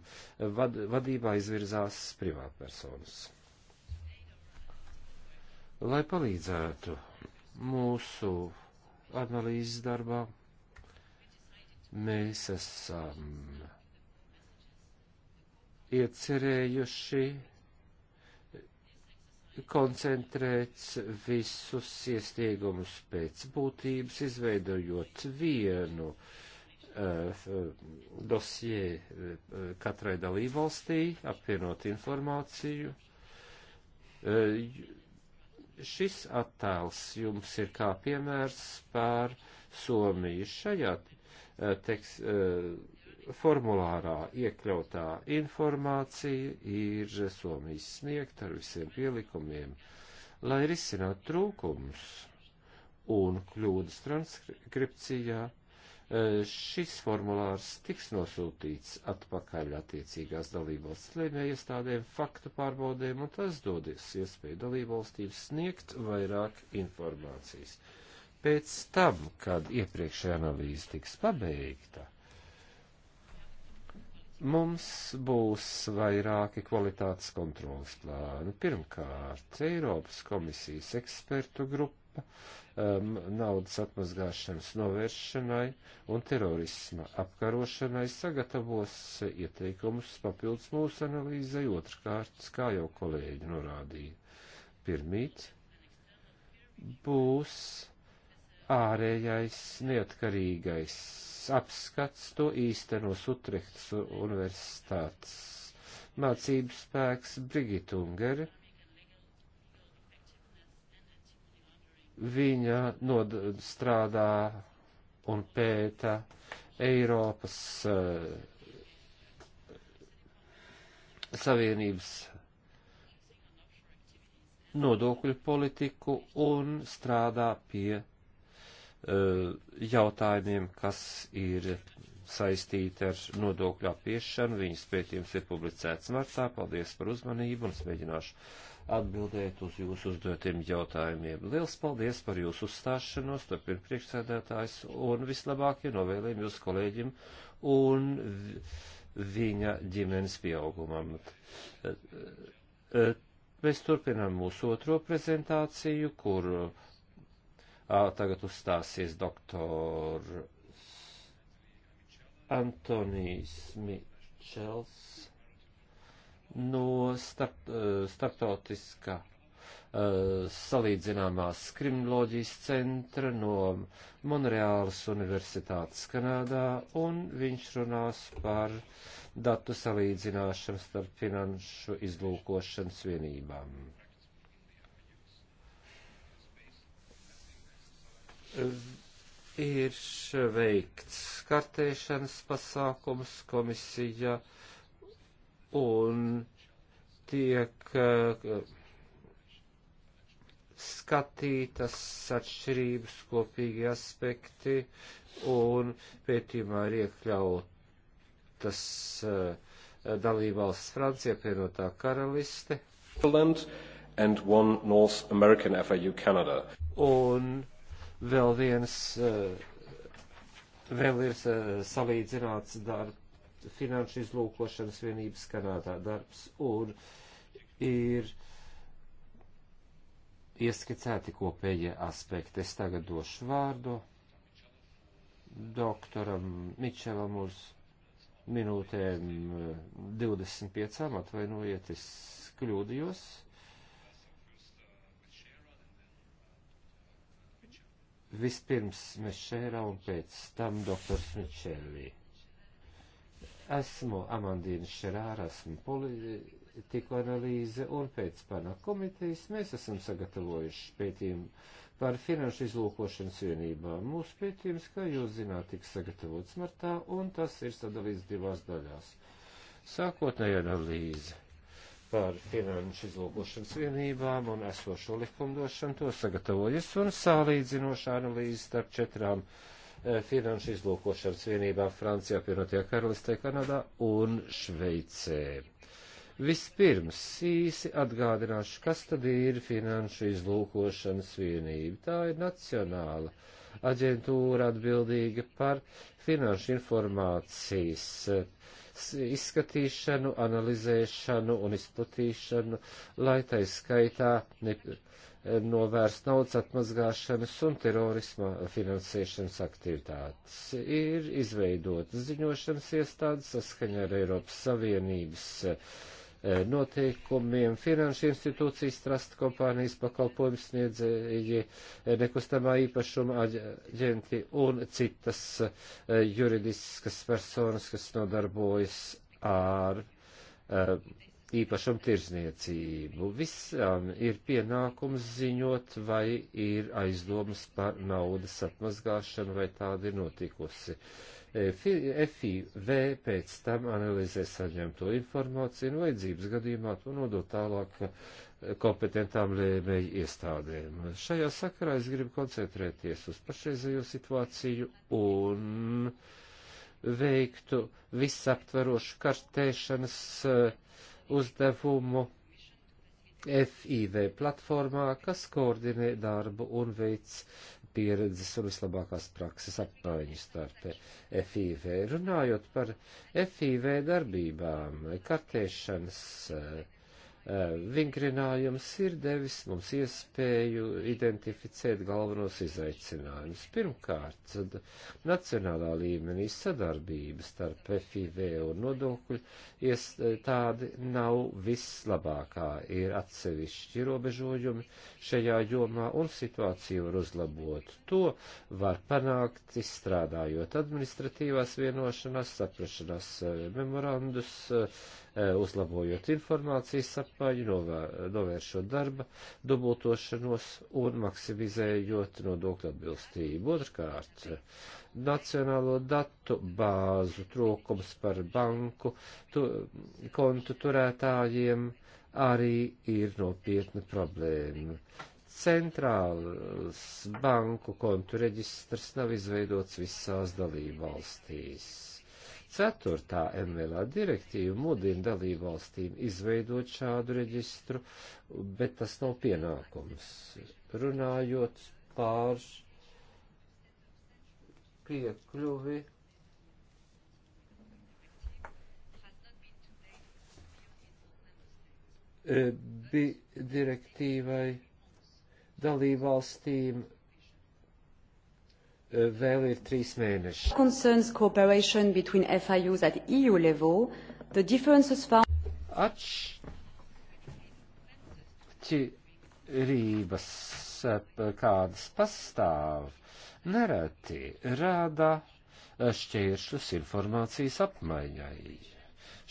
Speaker 4: vad, vadībā izvirzās privātpersonas. Lai palīdzētu mūsu analīzes darbā, mēs esam iecerējuši koncentrēts visus iesniegumus pēc būtības, izveidojot vienu uh, dosie uh, katrai dalībvalstī, apvienot informāciju. Uh, šis attēls jums ir kā piemērs par Somiju. Šajā tekst, formulārā iekļautā informācija ir Somijas sniegta ar visiem pielikumiem, lai risinātu trūkumus un kļūdas transkripcijā. E, šis formulārs tiks nosūtīts atpakaļ attiecīgās dalībvalsts lēmējiestādēm faktu pārbaudēm, un tas dodies iespēju dalībvalstīm sniegt vairāk informācijas. Pēc tam, kad iepriekšējā analīze tiks pabeigta, Mums būs vairāki kvalitātes kontrolas plāni. Pirmkārt, Eiropas komisijas ekspertu grupa um, naudas atmazgāšanas novēršanai un terorisma apkarošanai sagatavos ieteikumus papildus mūsu analīzai. Otrkārt, kā jau kolēģi norādīja, pirmīt būs ārējais neatkarīgais apskats to īstenos Utrehtas universitātes mācības spēks Brigita Ungere. Viņa nod, strādā un pēta Eiropas uh, Savienības nodokļu politiku un strādā pie Eh, jautājumiem, kas ir saistīti ar nodokļu apiešanu. Viņas pētījums ir publicēts martā. Paldies par uzmanību un es mēģināšu atbildēt uz jūsu uzdotiem jautājumiem. Liels paldies par jūsu uzstāšanos, turpin priekšsēdētājs, un vislabākie novēlējumi jūsu kolēģim un viņa ģimenes pieaugumam. Eh, eh, mēs turpinām mūsu otro prezentāciju, kur Tagad uzstāsies doktor Antonijs Mičels no start, eh, startautiskā eh, salīdzināmās kriminoloģijas centra no Monreālas Universitātes Kanādā, un viņš runās par datu salīdzināšanu starp finanšu izlūkošanas vienībām. ir veikts kartēšanas pasākums komisija un tiek eh, skatītas atšķirības kopīgi aspekti un pētījumā ir iekļautas eh, dalībvalsts Francija, pienotā karaliste. And one North American FAU Canada. Un vēl viens, eh, vēl ir eh, salīdzināts darbs, finanšu izlūkošanas vienības Kanādā darbs, un ir ieskicēti kopējie aspekti. Es tagad došu vārdu doktoram Mičelam uz minūtēm 25, eh, atvainojiet, es kļūdījos. Vispirms Mešēra un pēc tam doktors Mičēlī. Esmu Amandīna Šerāra, esmu politiku analīze un pēc pana komitejas mēs esam sagatavojuši pētījumu par finanšu izlūkošanas vienībām. Mūsu pētījums, kā jūs zināt, tika sagatavots martā un tas ir sadalīts divās daļās. Sākotnēja analīze par finanšu izlūkošanas vienībām un esošo likumdošanu. To sagatavojas un sālīdzinoša analīze starp četrām e, finanšu izlūkošanas vienībām Francijā, Pienotajā Karalistē, Kanādā un Šveicē. Vispirms īsi atgādināšu, kas tad ir finanšu izlūkošanas vienība. Tā ir nacionāla aģentūra atbildīga par finanšu informācijas eh, izskatīšanu, analizēšanu un izplatīšanu, lai tai skaitā novērst naudas atmazgāšanas un terorisma finansēšanas aktivitātes. Ir izveidotas ziņošanas iestādes saskaņā ar Eiropas Savienības uh, Eh, noteikumiem, finanšu institūcijas, trust kompānijas, pakalpojums sniedzēji, eh, nekustamā īpašuma aģenti un citas eh, juridiskas personas, kas nodarbojas ar īpašumu tirzniecību. Visām ir pienākums ziņot, vai ir aizdomas par naudas atmazgāšanu, vai tāda ir notikusi. Uh, FIV pēc tam analizē saņemto informāciju un vajadzības gadījumā to nodot tālāk kompetentām lēmēju iestādēm. Šajā sakarā es gribu koncentrēties uz pašreizējo situāciju un veiktu visaptverošu kartēšanas eh, uzdevumu FIV platformā, kas koordinē darbu un veids pieredzes un vislabākās prakses apmaiņu starp FIV. Runājot par FIV darbībām, e, kartēšanas uh, Eh, vingrinājums ir devis mums iespēju identificēt galvenos izaicinājumus. Pirmkārt, nacionālā līmenī sadarbība starp FIV un nodokļu iestādi nav vislabākā, ir atsevišķi ierobežojumi šajā jomā un situāciju var uzlabot. To var panākt izstrādājot administratīvās vienošanās, saprašanās eh, memorandus, uh, Eh, uzlabojot informācijas apmaiņu, novēr, novēršot darba dubultošanos un maksimizējot nodokļu atbilstību. Otrkārt, nacionālo datu bāzu trūkums par banku tu, kontu turētājiem arī ir nopietna problēma centrāls banku kontu reģistrs nav izveidots visās dalībvalstīs. Ceturtā MLA direktīva mudina dalībvalstīm izveidot šādu reģistru, bet tas nav pienākums. Runājot pār piekļuvi.
Speaker 2: Eh, bi
Speaker 4: direktīvai dalībvalstīm vēl ir trīs mēneši.
Speaker 1: Concerns cooperation between FIUs at
Speaker 3: EU level, the differences found...
Speaker 4: Atšķirības, kādas pastāv, nereti rāda šķēršļus informācijas apmaiņai.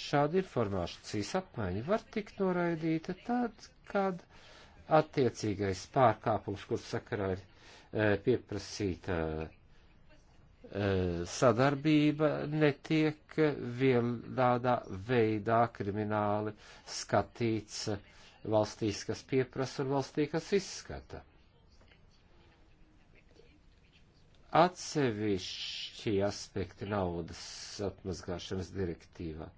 Speaker 4: Šāda informācijas apmaiņa var tikt noraidīta tad, kad attiecīgais pārkāpums, kur sakarā ir Eh, pieprasīta eh, eh, sadarbība netiek vienādā veidā krimināli skatīts valstīs, kas pieprasa un valstī, kas izskata. Atsevišķi aspekti naudas atmazgāšanas direktīvā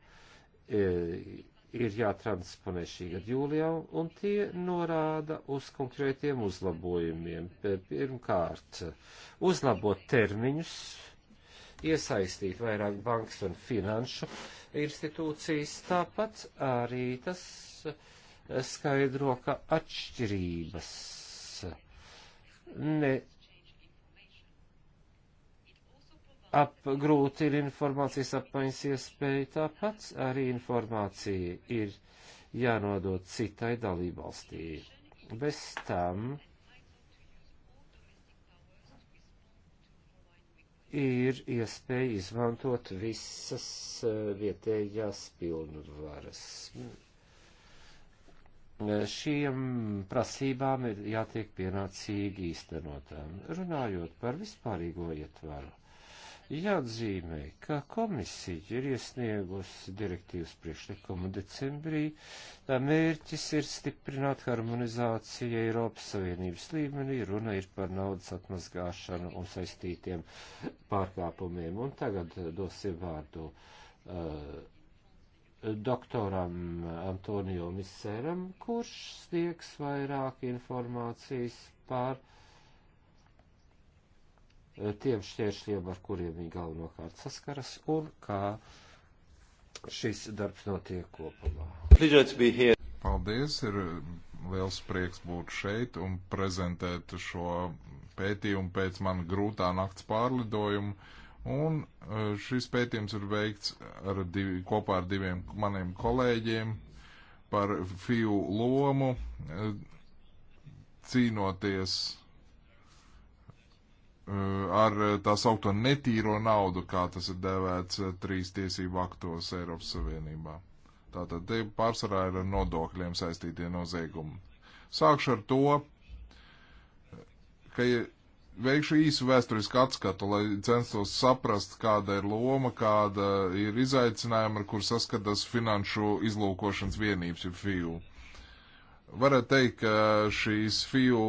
Speaker 4: ir jātransponē šī gada jūlijā, un tie norāda uz konkrētiem uzlabojumiem. Pirmkārt, uzlabot termiņus, iesaistīt vairāk bankas un finanšu institūcijas, tāpat arī tas skaidro, ka atšķirības ne apgrūti ir informācijas apmaiņas iespēja, tāpat arī informācija ir jānodot citai dalībvalstī. Bez tam ir iespēja izmantot visas eh, vietējās pilnvaras. Šiem prasībām ir jātiek pienācīgi īstenotām. Runājot par vispārīgo ietvaru Jāatzīmē, ka komisija ir iesniegusi direktīvas priekšlikumu decembrī. Tā mērķis ir stiprināt harmonizāciju Eiropas Savienības līmenī, runa ir par naudas atmazgāšanu un saistītiem pārkāpumiem. Un tagad dosim vārdu uh, doktoram Antonio Miseram, kurš sniegs vairāk informācijas par uh, Eh, tiem šķēršļiem, ar kuriem viņi galvenokārt saskaras, un kā šis darbs notiek kopumā.
Speaker 1: Paldies, ir eh, liels prieks būt šeit un prezentēt šo pētījumu pēc man grūtā nakts pārlidojuma. Un eh, šis pētījums ir veikts ar divi, kopā ar diviem maniem kolēģiem par FIU lomu cīnoties Uh, ar tā saukto netīro naudu, kā tas ir devēts uh, trīs tiesību aktos Eiropas Savienībā. Tātad te pārsvarā ir ar nodokļiem saistītie noziegumi. Sākšu ar to, ka veikšu īsu vēsturisku atskatu, lai censtos saprast, kāda ir loma, kāda ir izaicinājuma, ar kur saskatās finanšu izlūkošanas vienības, ja FIU. Varētu teikt, ka šīs FIU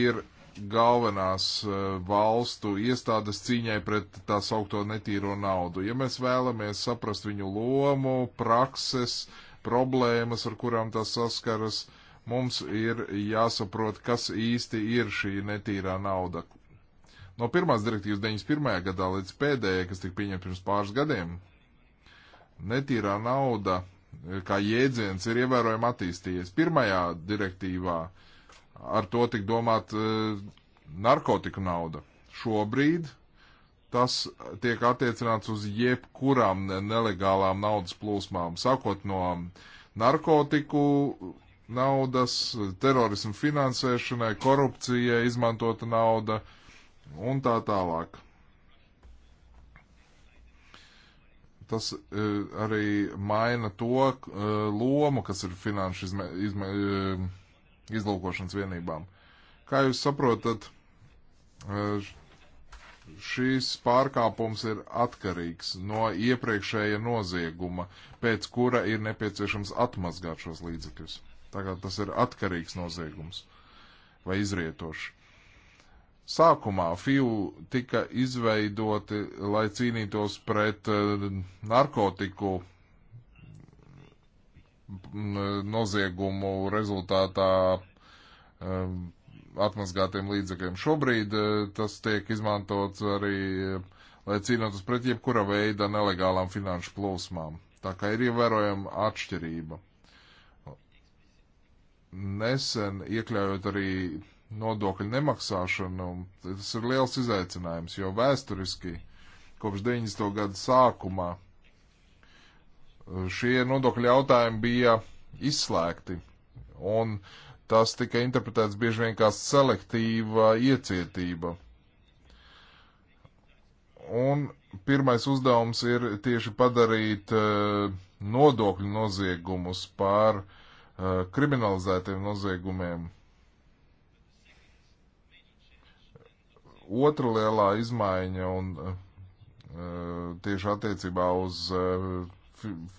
Speaker 1: ir galvenās eh, valstu iestādes cīņai pret tā saukto netīro naudu. Ja mēs vēlamies saprast viņu lomu, prakses, problēmas, ar kurām tas saskaras, mums ir jāsaprot, kas īsti ir šī netīrā nauda. No pirmās direktīvas 91. gadā līdz pēdējai, kas tika pieņemta pirms pāris gadiem, netīrā nauda eh, kā jēdziens ir ievērojami attīstījies. Pirmajā direktīvā uh, ar to tik domāt e, narkotiku nauda. Šobrīd tas tiek attiecināts uz jebkurām nelegālām naudas plūsmām, sakot no narkotiku naudas, terorismu finansēšanai, korupcijai izmantota nauda un tā tālāk. Tas uh, arī maina to uh, lomu, kas ir finanšu izme, izme, uh, izlūkošanas vienībām. Kā jūs saprotat, eh, šīs pārkāpums ir atkarīgs no iepriekšēja nozieguma, pēc kura ir nepieciešams atmazgāt šos līdzekļus. Tagad tas ir atkarīgs noziegums vai izrietošs. Sākumā FIU tika izveidoti, lai cīnītos pret eh, narkotiku noziegumu rezultātā um, atmazgātiem līdzekļiem. Šobrīd uh, tas tiek izmantots arī, uh, lai cīnītos pret jebkura veida nelegālām finanšu plūsmām. Tā kā ir ievērojama atšķirība. Nesen iekļaujot arī nodokļu nemaksāšanu, tas ir liels izaicinājums, jo vēsturiski kopš 90. gada sākumā šie nodokļu jautājumi bija izslēgti. Un tas tika interpretēts bieži vien kā selektīva iecietība. Un pirmais uzdevums ir tieši padarīt e, nodokļu noziegumus pār e, kriminalizētiem noziegumiem. Otra lielā izmaiņa un e, tieši attiecībā uz uh,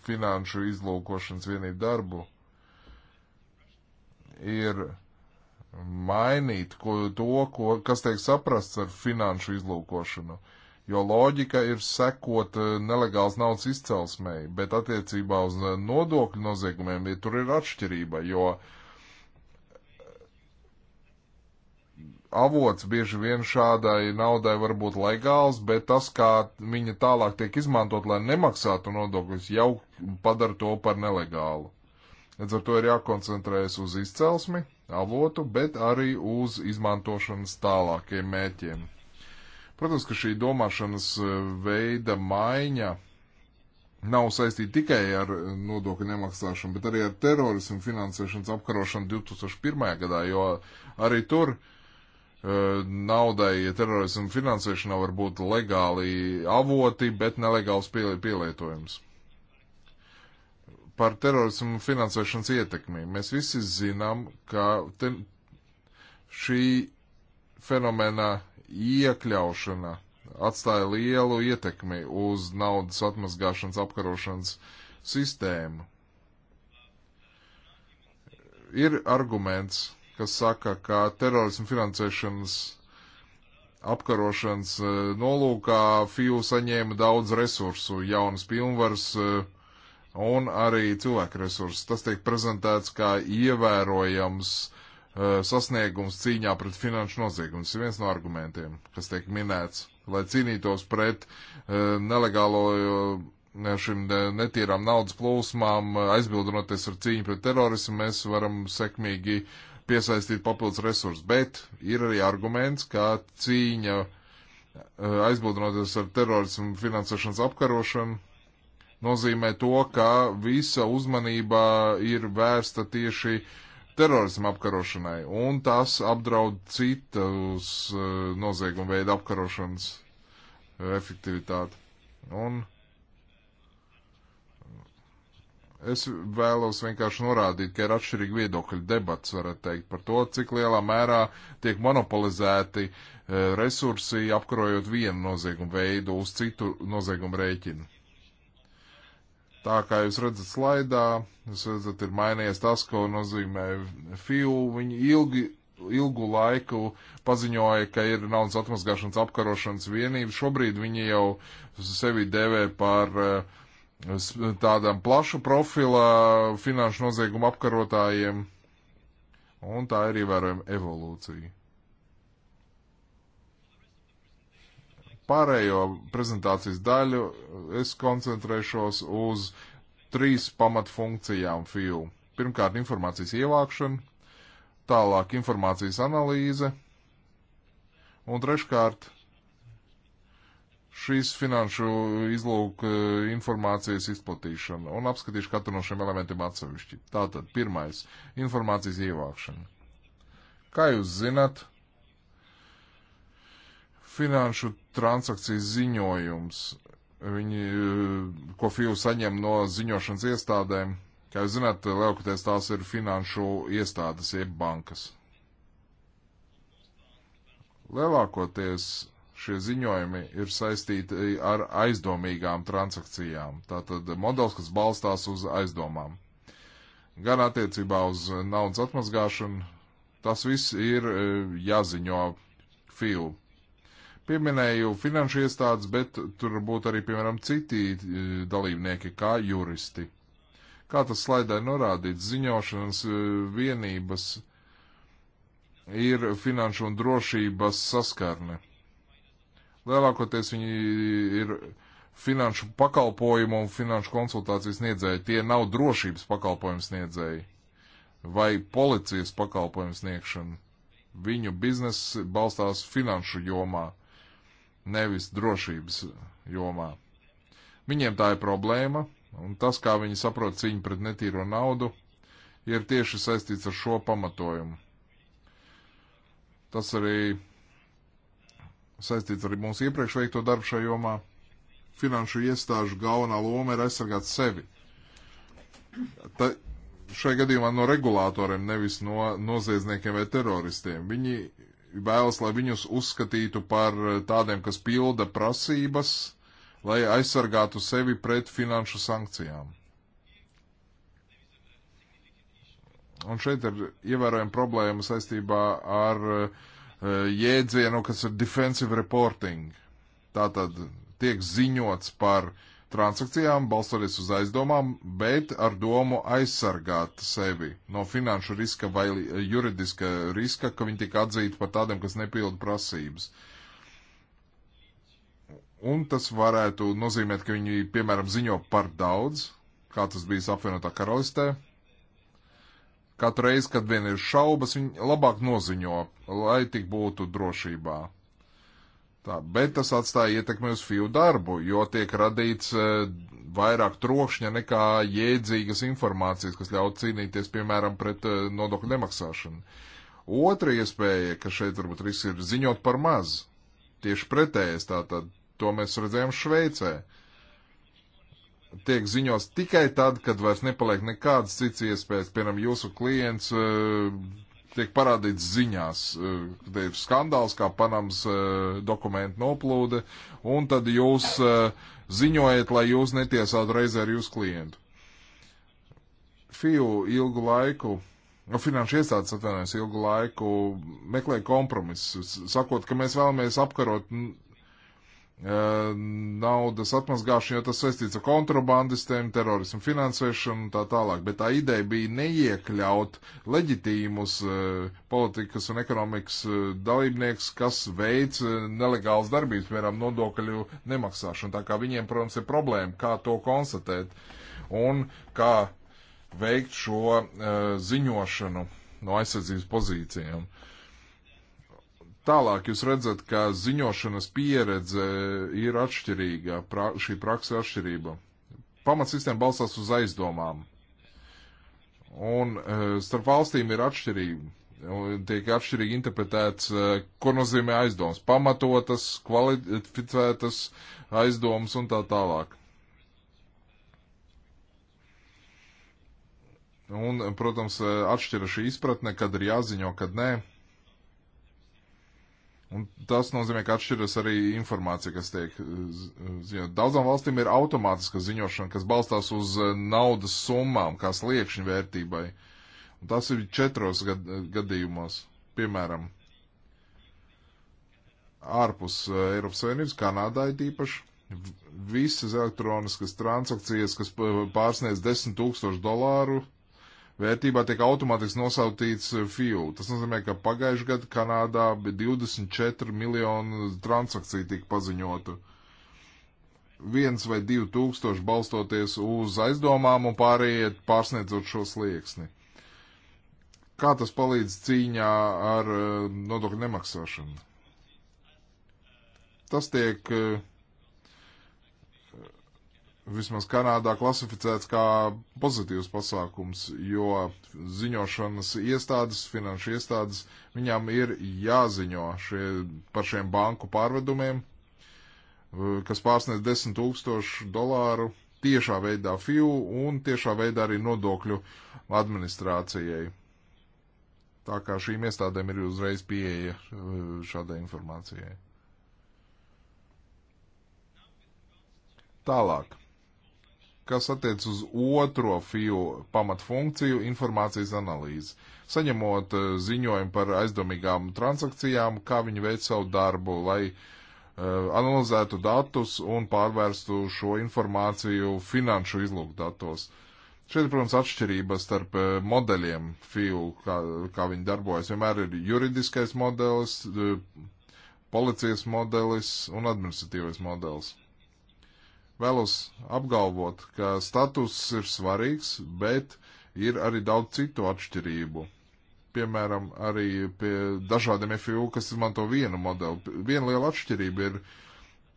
Speaker 1: finanšu izlūkošanas vienību darbu ir mainīt ko, to, ko, kas tiek saprasts ar finanšu izlūkošanu. Jo loģika ir sekot eh, nelegāls naudas izcelsmēji, bet attiecībā uz eh, nodokļu noziegumiem ja tur ir atšķirība, jo uh, avots bieži vien šādai naudai var būt legāls, bet tas, kā viņa tālāk tiek izmantot, lai nemaksātu nodokļus, jau padara to par nelegālu. Līdz ar to ir jākoncentrējas uz izcelsmi, avotu, bet arī uz izmantošanas tālākiem mēķiem. Protams, ka šī domāšanas e, veida maiņa nav saistīta tikai ar e, nodokļu nemaksāšanu, bet arī ar terorismu finansēšanas apkarošanu 2001. gadā, jo arī tur uh, naudai, terorismu finansēšanā var būt legāli avoti, bet nelegāls pielietojums. Par terorismu finansēšanas ietekmi. Mēs visi zinām, ka te, šī fenomena iekļaušana atstāja lielu ietekmi uz naudas atmazgāšanas apkarošanas sistēmu. Ir arguments, kas saka, ka terorismu finansēšanas apkarošanas e, nolūkā FIU saņēma daudz resursu, jaunas pilnvaras e, un arī cilvēku resursus. Tas tiek prezentēts kā ievērojams e, sasniegums cīņā pret finanšu noziegumu. Tas ir viens no argumentiem, kas tiek minēts, lai cīnītos pret nelegālo šim netīrām naudas plūsmām, aizbildinoties ar cīņu pret terorismu, mēs varam sekmīgi uh, piesaistīt papildus resursus, bet ir arī arguments, ka cīņa eh, aizbildinoties ar terorismu finansēšanas apkarošanu nozīmē to, ka visa uzmanība ir vērsta tieši terorismu apkarošanai, un tas apdraud citus eh, noziegumu veidu apkarošanas eh, efektivitāti. Un Es vēlos vienkārši norādīt, ka ir atšķirīgi viedokļi debats, varētu teikt, par to, cik lielā mērā tiek monopolizēti e, resursi, apkarojot vienu noziegumu veidu uz citu noziegumu rēķinu. Tā kā jūs redzat slaidā, jūs redzat, ir mainījies tas, ko nozīmē FIU. Viņi ilgi, ilgu laiku paziņoja, ka ir naudas atmazgāšanas apkarošanas vienība. Šobrīd viņi jau sevi devē par uh, Eh, tādam plašu profila finanšu noziegumu apkarotājiem, un tā ir ievērojama evolūcija. Pārējo prezentācijas daļu es koncentrēšos uz trīs pamatfunkcijām FIU. Pirmkārt, informācijas ievākšana, tālāk informācijas analīze, un treškārt, šīs finanšu izlūku informācijas izplatīšanu un apskatīšu katru no šiem elementiem atsevišķi. Tātad, pirmais - informācijas ievākšana. Kā jūs zinat, finanšu transakcijas ziņojums, viņi, eh, ko FIU saņem no ziņošanas iestādēm, kā jūs zināt, lielākoties tās ir finanšu iestādes, jeb bankas. Lielākoties šie ziņojumi ir saistīti ar aizdomīgām transakcijām. Tātad modelis, kas balstās uz aizdomām. Gan attiecībā uz naudas atmazgāšanu, tas viss ir e, jāziņo FIU. Pieminēju finanšu iestādes, bet tur būtu arī, piemēram, citi e, dalībnieki, kā juristi. Kā tas slaidē norādīts, ziņošanas e, vienības ir finanšu un drošības saskarne Lielākoties viņi ir finanšu pakalpojumu un finanšu konsultācijas sniedzēji. Tie nav drošības pakalpojumu sniedzēji vai policijas pakalpojumu sniegšana. Viņu bizness balstās finanšu jomā, nevis drošības jomā. Viņiem tā ir problēma, un tas, kā viņi saprot cīņu pret netīro naudu, ir tieši saistīts ar šo pamatojumu. Tas arī saistīts ar mūsu iepriekš veikto darbu šajā jomā. Finanšu iestāžu galvenā loma ir aizsargāt sevi. Ta, šajā gadījumā no regulātoriem, nevis no noziedzniekiem vai teroristiem. Viņi vēlas, lai viņus uzskatītu par tādiem, kas pilda prasības, lai aizsargātu sevi pret finanšu sankcijām. Un šeit ir ievērojama problēma saistībā ar uh, Eh, jēdzienu, kas ir defensive reporting. Tātad tiek ziņots par transakcijām, balstoties uz aizdomām, bet ar domu aizsargāt sevi no finanšu riska vai eh, juridiska riska, ka viņi tiek atzīti par tādiem, kas nepilda prasības. Un tas varētu nozīmēt, ka viņi, piemēram, ziņo par daudz, kā tas bijis apvienotā karalistē, Katru reizi, kad vien ir šaubas, viņi labāk noziņo, lai tik būtu drošībā. Tā, bet tas atstāja ietekmi uz FIU darbu, jo tiek radīts e, vairāk trokšņa nekā jēdzīgas informācijas, kas ļauj cīnīties, piemēram, pret e, nodokļu nemaksāšanu. Otra iespēja, ka šeit varbūt risks ir ziņot par maz. Tieši pretējais tātad, to mēs redzējām Šveicē. E, tiek ziņos tikai tad, kad vairs nepaliek nekādas citas iespējas. Piemēram, jūsu klients uh, tiek parādīts ziņās, uh, kad ir skandāls, kā Panamas uh, eh, dokumentu noplūde, un tad jūs ziņojat, lai jūs netiesātu reizē ar jūsu klientu. FIU ilgu laiku. No nu, finanšu iestādes atvainojas ilgu laiku, meklē kompromisus, sakot, ka mēs vēlamies apkarot naudas atmazgāšanu, jo tas saistīts ar kontrabandistiem, terorismu finansēšanu un tā tālāk. Bet tā ideja bija neiekļaut leģitīmus politikas un ekonomikas dalībnieks, kas veic nelegāls darbības, piemēram, nodokļu nemaksāšanu. Tā kā viņiem, protams, ir problēma, kā to konstatēt un kā veikt šo uh, ziņošanu no aizsardzības pozīcijām. Uh, Tālāk jūs redzat, ka ziņošanas pieredze ir atšķirīga, pra, šī praksa ir atšķirība. Pamatsistēma balstās uz aizdomām. Un e, starp valstīm ir atšķirība. Tiek atšķirīgi interpretēts, e, ko nozīmē aizdomas. Pamatotas, kvalificētas aizdomas un tā tālāk. Un, protams, e, atšķira šī izpratne, kad ir jāziņo, kad nē. Un tas nozīmē, ka atšķiras arī informācija, kas tiek eh, ziņot. Daudzām valstīm ir automātiska ziņošana, kas balstās uz eh, naudas summām, kā sliekšņu vērtībai. Un tas ir četros gad, gadījumos, piemēram, ārpus eh, Eiropas Savienības, Kanādā ir īpaši. Visas elektroniskas transakcijas, kas pārsniedz 10 tūkstošu dolāru, vērtībā tiek automātiski nosautīts eh, fuel. Tas nozīmē, ka pagājušajā gadā Kanādā 24 miljonu transakciju tika paziņotu. Viens vai divi tūkstoši balstoties uz aizdomām un pārējiet pārsniedzot šo slieksni. Kā tas palīdz cīņā ar eh, nodokļu nemaksāšanu? Tas tiek uh, vismaz Kanādā klasificēts kā pozitīvs pasākums, jo ziņošanas iestādes, finanšu iestādes, viņām ir jāziņo šie, par šiem banku pārvedumiem, eh, kas pārsniedz 10 tūkstošu dolāru tiešā veidā FIU un tiešā veidā arī nodokļu administrācijai. Tā kā šīm iestādēm ir uzreiz pieeja eh, šādai informācijai. Tālāk kas attiec uz otro FIU pamatfunkciju - informācijas analīzi. Saņemot eh, ziņojumu par aizdomīgām transakcijām, kā viņi veic savu darbu, lai eh, analizētu datus un pārvērstu šo informāciju finanšu izlūkdatos. Šeit, protams, atšķirība starp eh, modeļiem FIU, kā, kā viņi darbojas. Vienmēr ir juridiskais modelis, policijas modelis un administratīvais modelis vēlos apgalvot, ka status ir svarīgs, bet ir arī daudz citu atšķirību. Piemēram, arī pie dažādiem FIU, kas izmanto vienu modeli. Viena liela atšķirība ir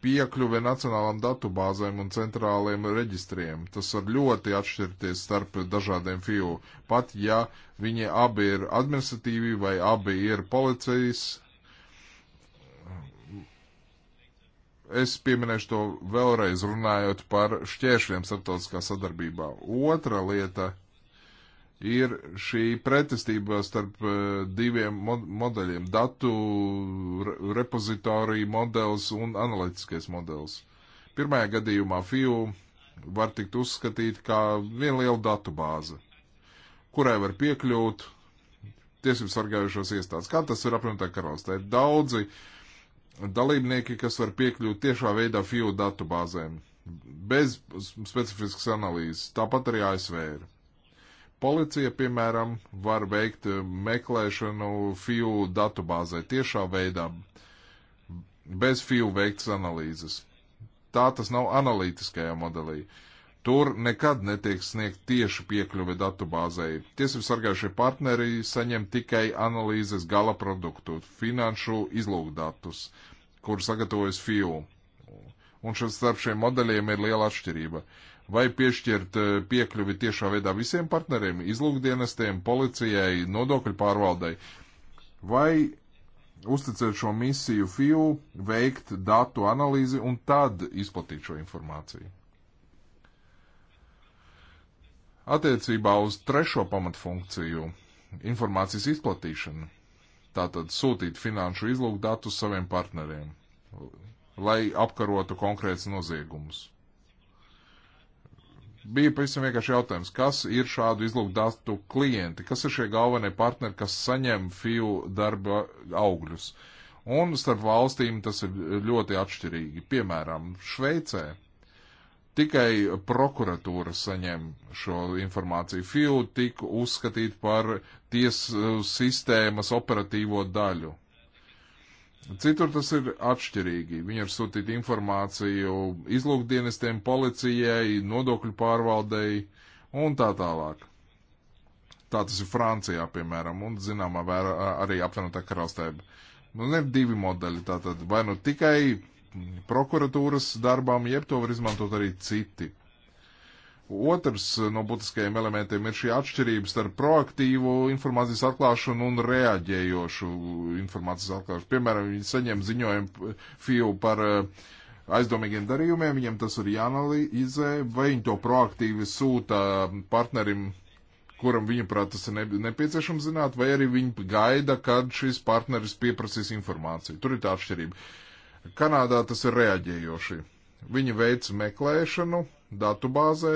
Speaker 1: piekļuve nacionālām datubāzēm un centrāliem reģistriem. Tas var ļoti atšķirties starp dažādiem FIU, pat ja viņi abi ir administratīvi vai abi ir policijas Es pieminēšu to vēlreiz runājot par šķēršļiem starptautiskā sadarbībā. Otra lieta ir šī pretestība starp eh, diviem mod modeļiem - datu re repozitorija modelis un analītiskais modelis. Pirmajā gadījumā FIU var tikt uzskatīt kā viena liela datu bāze, kurai var piekļūt tiesību sargājušos iestādes. Kā tas ir apvienotā karalistē? Ir daudzi uh, dalībnieki, kas var piekļūt tiešā veidā FIU datubāzēm, bez specifiskas analīzes, tāpat arī ASV ir. Policija, piemēram, var veikt eh, meklēšanu FIU datubāzē tiešā veidā, bez FIU veiktas analīzes. Tā tas nav analītiskajā modelī. Uh, Tur nekad netiek sniegt tieši piekļuve datubāzei. Tiesību sargājušie partneri saņem tikai analīzes gala produktu, finanšu izlūkdatus, kur sagatavojas FIU. Un šeit starp šiem modeļiem ir liela atšķirība. Vai piešķirt eh, piekļuvi tiešā veidā visiem partneriem, izlūkdienestiem, policijai, nodokļu pārvaldei, vai uzticēt šo misiju FIU, veikt datu analīzi un tad izplatīt šo informāciju. Attiecībā uz trešo pamatfunkciju - informācijas izplatīšanu, tātad sūtīt finanšu izlūkdatus saviem partneriem, lai apkarotu konkrēts noziegumus. Bija pavisam vienkārši jautājums, kas ir šādu izlūkdatu klienti, kas ir šie galvenie partneri, kas saņem FIU darba augļus. Un starp valstīm tas ir ļoti atšķirīgi. Piemēram, Šveicē Tikai prokuratūra saņem šo informāciju. FIU tika uzskatīt par tiesu uh, sistēmas operatīvo daļu. Citur tas ir atšķirīgi. Viņi ir sūtīti informāciju izlūkdienestiem, policijai, nodokļu pārvaldei un tā tālāk. Tā tas ir Francijā, piemēram, un zināmā vērā arī apvienotā karalstē. Nu, ir divi modeļi, tātad vai nu tikai prokuratūras darbam, jeb to var izmantot arī citi. Otrs no būtiskajiem elementiem ir šī atšķirība starp proaktīvu informācijas atklāšanu un reaģējošu informācijas atklāšanu. Piemēram, viņi saņem ziņojumu FIU par eh, aizdomīgiem darījumiem, viņiem tas ir jāanalizē, vai viņi to proaktīvi sūta partnerim kuram viņaprāt tas ir nepieciešams zināt, vai arī viņi gaida, kad šis partneris pieprasīs informāciju. Tur ir tā atšķirība. Kanādā tas ir reaģējoši. Viņi veic meklēšanu datubāzē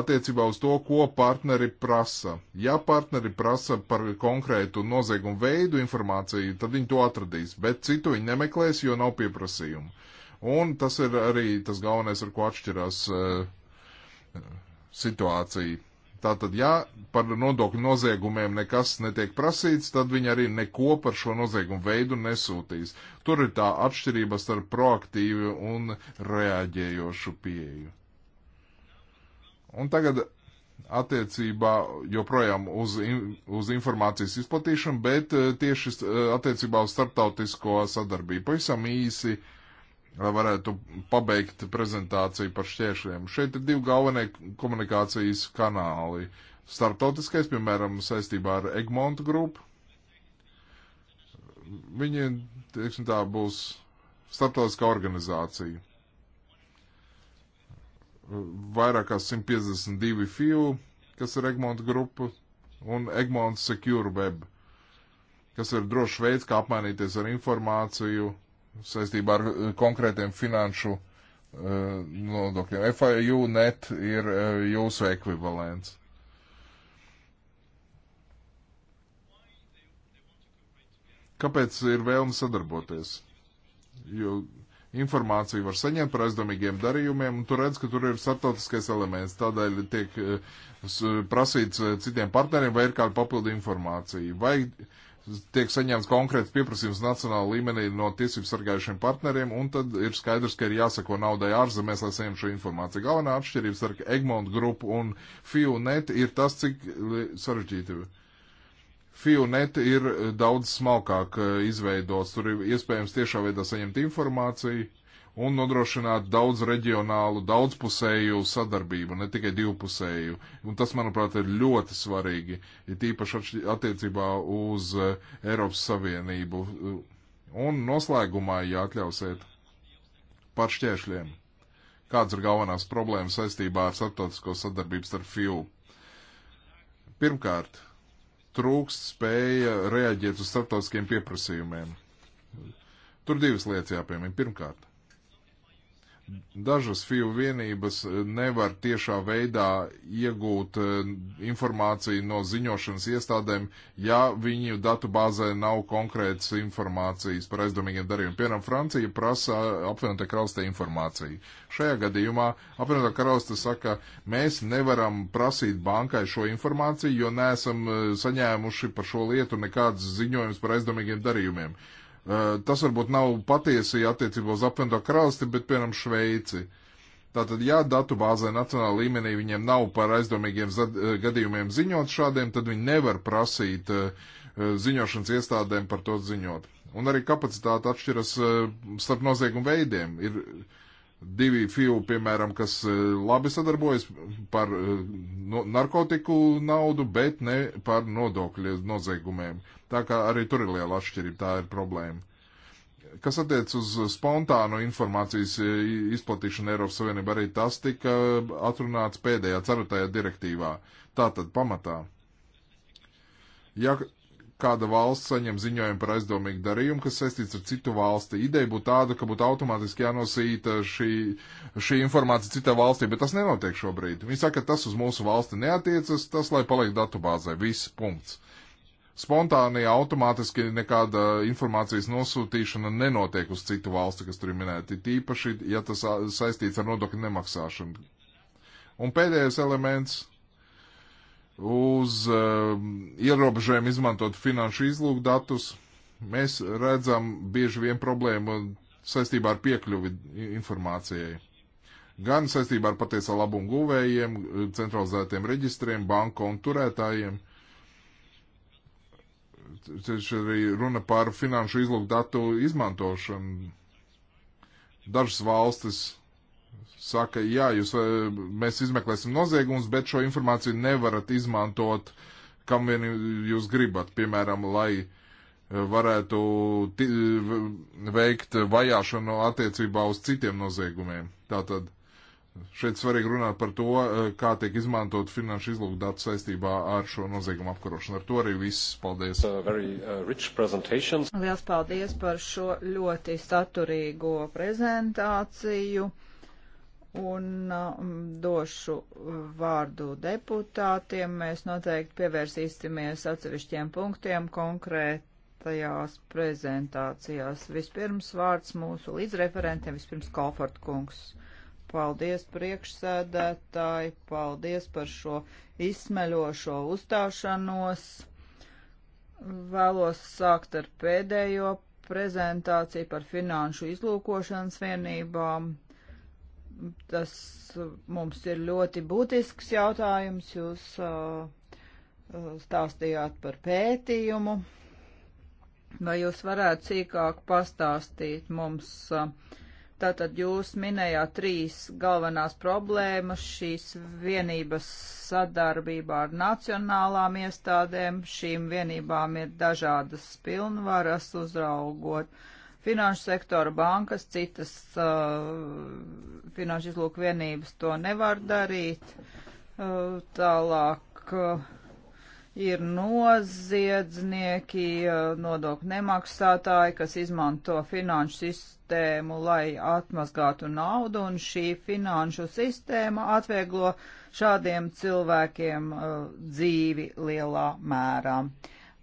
Speaker 1: attiecībā uz to, ko partneri prasa. Ja partneri prasa par konkrētu noziegumu veidu informāciju, tad viņi to atradīs, bet citu viņi nemeklēs, jo nav pieprasījumu. Un tas ir arī tas galvenais, ar ko atšķirās uh, situācija Tātad, ja par nodokļu noziegumiem nekas netiek prasīts, tad viņi arī neko par šo noziegumu veidu nesūtīs. Tur ir tā atšķirība starp proaktīvu un reaģējošu pieeju. Un tagad attiecībā joprojām uz, uz informācijas izplatīšanu, bet eh, tieši eh, attiecībā uz starptautisko sadarbību. Pavisam īsi uh, lai varētu pabeigt prezentāciju par šķēršļiem. Šeit ir divi galvenie komunikācijas kanāli. Startautiskais, piemēram, saistībā ar Egmontu grupu. Viņi, teiksim tā, būs startautiskā organizācija. Vairāk kā 152 FIU, kas ir Egmonta grupa, un Egmonta Secure Web, kas ir drošs veids, kā apmainīties ar informāciju saistībā ar eh, konkrētiem finanšu eh, nodokļiem. FIU net ir eh, jūsu ekvivalents. Kāpēc ir vēlme sadarboties? Jo informāciju var saņemt par aizdomīgiem darījumiem, un tu redz, ka tur ir startautiskais elements. Tādēļ tiek prasīts citiem partneriem, vai ir kāda papildu informācija. Vai uh, tiek saņemts konkrēts pieprasījums nacionāla līmenī no tiesību sargājušiem partneriem, un tad ir skaidrs, ka ir jāsako naudai ārzemēs, lai saņemtu šo informāciju. Galvenā atšķirība starp Egmont grupu un FIUNET ir tas, cik sarežģīti. FIUNET ir daudz smalkāk eh, izveidots, tur ir iespējams tiešā veidā saņemt informāciju, un nodrošināt daudz reģionālu, daudzpusēju sadarbību, ne tikai divpusēju. Un tas, manuprāt, ir ļoti svarīgi, ir tīpaši attiecībā uz e, Eiropas Savienību. Un noslēgumā, ja atļausiet, par šķēršļiem. Kāds ir galvenās problēmas saistībā ar starptautisko sadarbību starp FIU? Pirmkārt, trūkst spēja reaģēt uz starptautiskiem pieprasījumiem. Tur divas lietas jāpiemina. Pirmkārt, dažas FIU vienības eh, nevar tiešā veidā iegūt eh, informāciju no ziņošanas iestādēm, ja viņu datu bāzē nav konkrētas informācijas par aizdomīgiem darījumiem. Piemēram, Francija prasa apvienotā karalistē informāciju. Šajā gadījumā apvienotā karaliste saka, mēs nevaram prasīt bankai šo informāciju, jo neesam eh, saņēmuši par šo lietu nekādas ziņojumus par aizdomīgiem darījumiem. Uh, Eh, tas varbūt nav patiesi attiecībā uz apvienoto karalisti, bet, piemēram, Šveici. Tātad, ja datu bāzē nacionāla līmenī viņiem nav par aizdomīgiem eh, gadījumiem ziņot šādiem, tad viņi nevar prasīt eh, ziņošanas iestādēm par to ziņot. Un arī kapacitāte atšķiras starp noziegumu veidiem. Ir divi FIU, piemēram, kas eh, labi sadarbojas par eh, no, narkotiku naudu, bet ne par nodokļu noziegumiem. Tā kā arī tur ir liela atšķirība, tā ir problēma. Kas attiec uz spontānu informācijas eh, izplatīšanu Eiropas Savienībā, arī tas tika atrunāts pēdējā ceratajā direktīvā. Tātad pamatā. Ja kāda valsts saņem ziņojumu par aizdomīgu darījumu, kas saistīts ar citu valsti. Ideja būtu tāda, ka būtu automātiski jānosīta eh, šī, šī informācija citā valstī, bet tas nenotiek šobrīd. Viņi saka, ka tas uz mūsu valsti neatiecas, tas lai paliek datubāzē. Viss punkts. Spontāni, automātiski nekāda informācijas nosūtīšana nenotiek uz citu valsti, kas tur ir minēti, tīpaši, ja tas saistīts ar nodokļu nemaksāšanu. Un pēdējais elements uz uh, ierobežojumu izmantot finanšu izlūku datus, mēs redzam bieži vien problēmu saistībā ar piekļuvi informācijai. Gan saistībā ar patiesā labumu guvējiem, centralizētiem reģistriem, banku un turētājiem. Taču arī runa par finanšu izlūku datu izmantošanu. Dažas valstis saka, jā, jūs, mēs izmeklēsim noziegumus, bet šo informāciju nevarat izmantot, kam vien jūs gribat, piemēram, lai eh, varētu veikt vajāšanu attiecībā uz citiem noziegumiem. Tātad šeit svarīgi runāt par to, eh, kā tiek izmantot finanšu izlūku datu saistībā ar šo noziegumu apkarošanu. Ar to arī viss. Paldies. Very, uh,
Speaker 3: Liels paldies par šo ļoti saturīgo prezentāciju un uh, došu vārdu deputātiem. Mēs noteikti pievērsīsimies atsevišķiem punktiem konkrētajās prezentācijās. Vispirms vārds mūsu līdzreferentiem, vispirms Kalfort kungs. Paldies priekšsēdētāji, paldies par šo izsmeļošo uzstāšanos. Vēlos sākt ar pēdējo prezentāciju par finanšu izlūkošanas vienībām Tas uh, mums ir ļoti būtisks jautājums. Jūs uh, uh, stāstījāt par pētījumu. Vai jūs varētu cīkāk pastāstīt mums? Tātad jūs minējāt trīs galvenās problēmas šīs vienības sadarbībā ar nacionālām iestādēm. Šīm vienībām ir dažādas pilnvaras uzraugot uh, finanšu sektora bankas, citas uh, finanšu izlūku vienības to nevar darīt. Uh, tālāk uh, ir noziedznieki, uh, nodokļu nemaksātāji, kas izmanto finanšu sistēmu, lai atmazgātu naudu, un šī finanšu sistēma atvieglo šādiem cilvēkiem uh, dzīvi lielā mērā.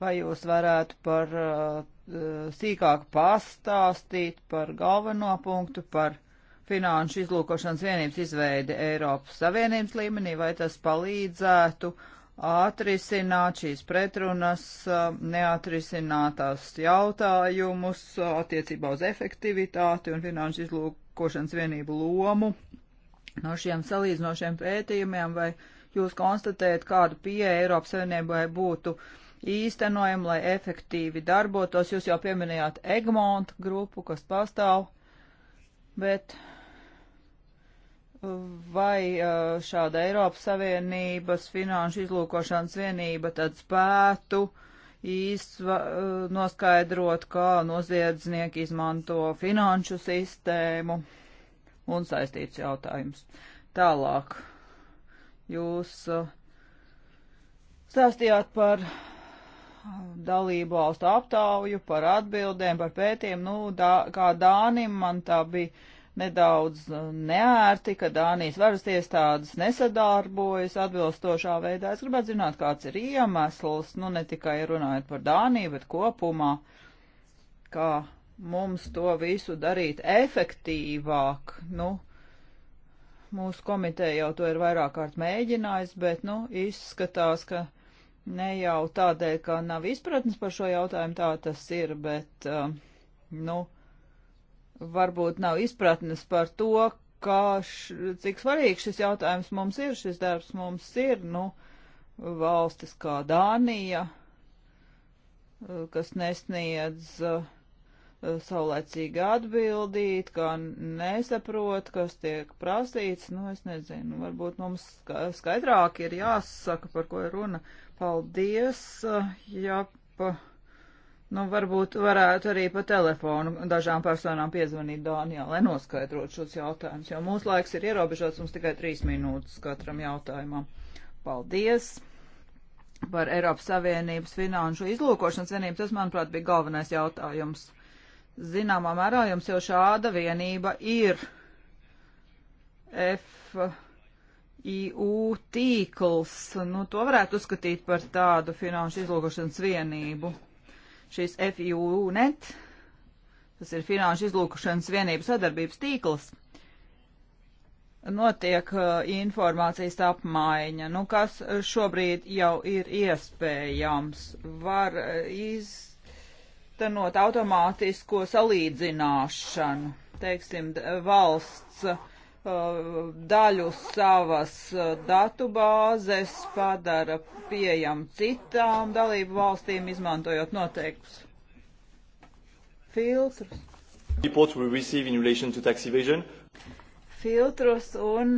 Speaker 3: Vai jūs varētu par uh, Eh, sīkāk pastāstīt par galveno punktu, par finanšu izlūkošanas vienības izveidi Eiropas Savienības līmenī, vai tas palīdzētu atrisināt šīs pretrunas, eh, neatrisinātās jautājumus attiecībā uz efektivitāti un finanšu izlūkošanas vienību lomu no šiem salīdzinošiem pētījumiem, vai jūs konstatējat, kādu pieeja Eiropas Savienībai būtu uh, īstenojumu, lai efektīvi darbotos. Jūs jau pieminējāt Egmont grupu, kas pastāv, bet uh, vai uh, šāda Eiropas Savienības finanšu izlūkošanas vienība tad spētu īsva, uh, noskaidrot, kā noziedznieki izmanto finanšu sistēmu un saistīts jautājums. Tālāk jūs stāstījāt par dalību valstu aptauju par atbildēm, par pētiem. Nu, dā, kā Dānim man tā bija nedaudz uh, neērti, ka Dānijas varas iestādes nesadarbojas atbilstošā veidā. Es gribētu zināt, kāds ir iemesls, nu ne tikai runājot par Dāniju, bet kopumā, kā mums to visu darīt efektīvāk. Nu, mūsu komiteja jau to ir vairāk kārt mēģinājis, bet, nu, izskatās, ka Ne jau tādēļ, ka nav izpratnes par šo jautājumu, tā tas ir, bet, uh, nu, varbūt nav izpratnes par to, kā, š, cik svarīgs šis jautājums mums ir, šis darbs mums ir, nu, valstis kā Dānija, uh, kas nesniedz uh, saulēcīgi atbildīt, kā nesaprot, kas tiek prasīts, nu es nezinu, varbūt mums skaidrāk ir jāsaka, par ko ir runa. Paldies. Jā, pa, nu varbūt varētu arī pa telefonu dažām personām piezvanīt Dānijā, lai noskaidrotu šos jautājumus, jo mūsu laiks ir ierobežots, mums tikai trīs minūtes katram jautājumam. Paldies par Eiropas Savienības finanšu izlūkošanas vienību. Tas, manuprāt, bija galvenais jautājums. Zināmā mērā jums jau šāda vienība ir. F IU tīkls, nu to varētu uzskatīt par tādu finanšu izlūkošanas vienību. Šis FIU net, tas ir finanšu izlūkošanas vienības sadarbības tīkls, notiek uh, informācijas apmaiņa, nu kas šobrīd jau ir iespējams, var uh, iztenot automātisko salīdzināšanu, teiksim, valsts daļu savas e, datu bāzes padara pieejam citām dalību valstīm, izmantojot noteiktus filtrus. Filtrus un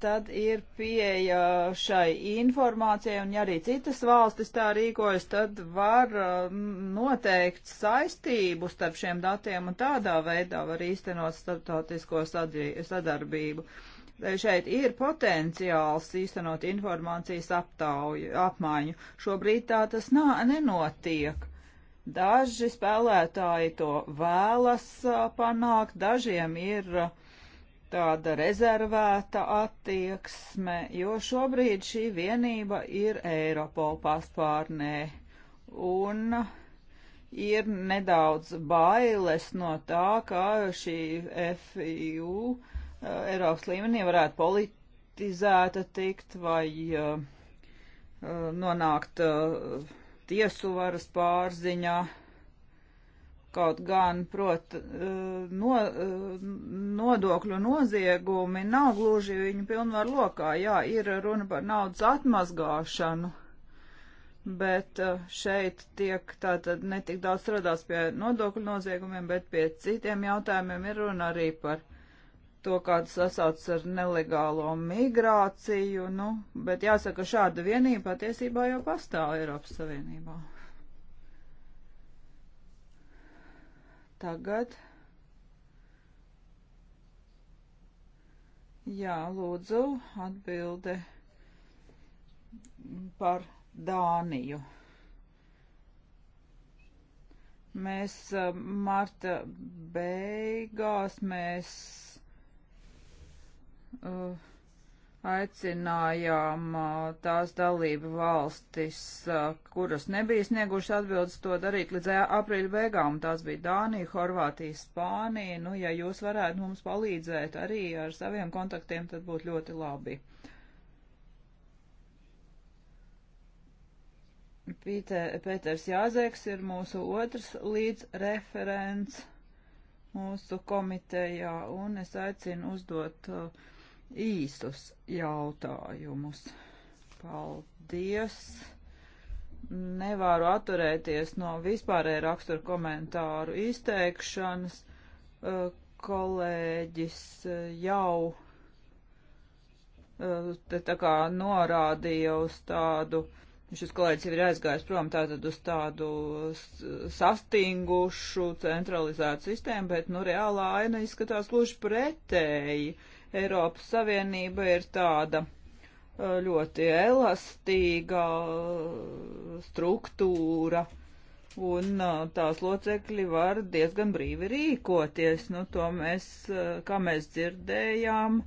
Speaker 3: tad ir pieeja šai informācijai, un ja arī citas valstis tā rīkojas, tad var noteikt saistību starp šiem datiem, un tādā veidā var īstenot starptautisko sadarbību šeit ir potenciāls īstenot informācijas aptauju, apmaiņu. Šobrīd tā tas nā, nenotiek. Daži spēlētāji to vēlas panākt, dažiem ir uh, tāda rezervēta attieksme, jo šobrīd šī vienība ir Eiropol paspārnē un ir nedaudz bailes no tā, ka šī FIU eh, Eiropas līmenī varētu politizēta tikt vai uh, nonākt uh, tiesu varas pārziņā. Uh, Kaut gan, prot, eh, no, eh, nodokļu noziegumi nav gluži viņu pilnvaru lokā. Jā, ir runa par naudas atmazgāšanu, bet eh, šeit tiek tātad netik daudz strādās pie nodokļu noziegumiem, bet pie citiem jautājumiem ir runa arī par to, kāds sasauc ar nelegālo migrāciju, nu, bet jāsaka, šāda vienība patiesībā jau pastāv Eiropas Savienībā. Tagad. Jā, lūdzu, atbilde par Dāniju. Mēs eh, marta beigās mēs. Uh, aicinājām tās dalību valstis, kuras nebija sniegušas atbildes, to darīt līdz aprīļa beigām. Tās bija Dānija, Horvātija, Spānija. Nu, ja jūs varētu mums palīdzēt arī ar saviem kontaktiem, tad būtu ļoti labi. Pēters Jāzeks ir mūsu otrs līdzreferents mūsu komitejā, un es aicinu uzdot uh, īsus jautājumus. Paldies! Nevaru atturēties no vispārēja rakstura komentāru izteikšanas. Kolēģis jau te tā kā norādīja uz tādu, šis kolēģis jau ir aizgājis prom tātad uz tādu sastingušu centralizētu sistēmu, bet nu reālā aina izskatās gluži pretēji. Uh, Eiropas Savienība ir tāda uh, ļoti elastīga uh, struktūra, un uh, tās locekļi var diezgan brīvi rīkoties. Nu, to mēs, kā mēs dzirdējām,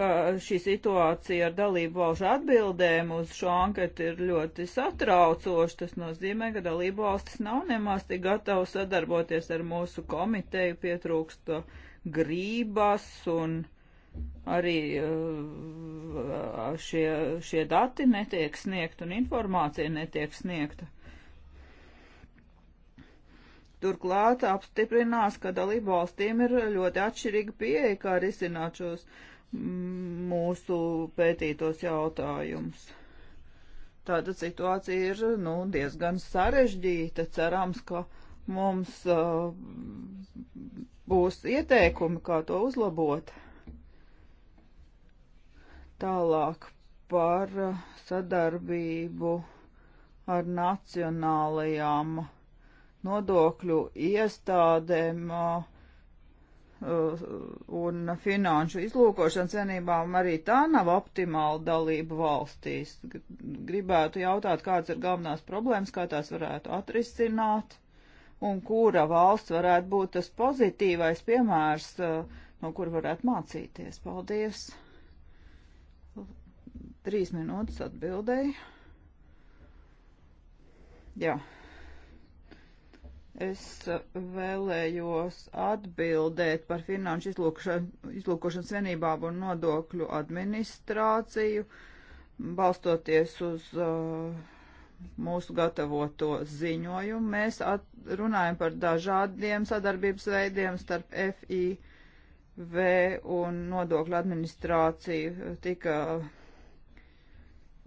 Speaker 3: ka šī situācija ar dalību valstu atbildēm uz šo anketu ir ļoti satraucoša. Tas nozīmē, ka dalību valstis nav nemaz tik gatavi sadarboties ar mūsu komiteju, pietrūkst grības un uh, arī eh, šie, šie dati netiek sniegt un informācija netiek sniegta. Turklāt apstiprinās, ka dalību valstīm ir ļoti atšķirīga pieeja, kā risināt šos mm, mūsu pētītos jautājumus. Tāda situācija ir nu, diezgan sarežģīta. Cerams, ka mums uh, būs ieteikumi, kā to uzlabot. Tālāk par eh, sadarbību ar nacionālajām nodokļu iestādēm eh, un finanšu izlūkošanas vienībām arī tā nav optimāla dalība valstīs. Gribētu jautāt, kādas ir galvenās problēmas, kā tās varētu atrisināt, un kura valsts varētu būt tas pozitīvais piemērs, eh, no kur varētu mācīties. Paldies! Trīs minūtes atbildēji. Jā. Es vēlējos atbildēt par finanšu izlūkošanas vienībām un nodokļu administrāciju, balstoties uz uh, mūsu gatavoto ziņojumu. Mēs at, runājam par dažādiem sadarbības veidiem starp FIV un nodokļu administrāciju. Tika uh,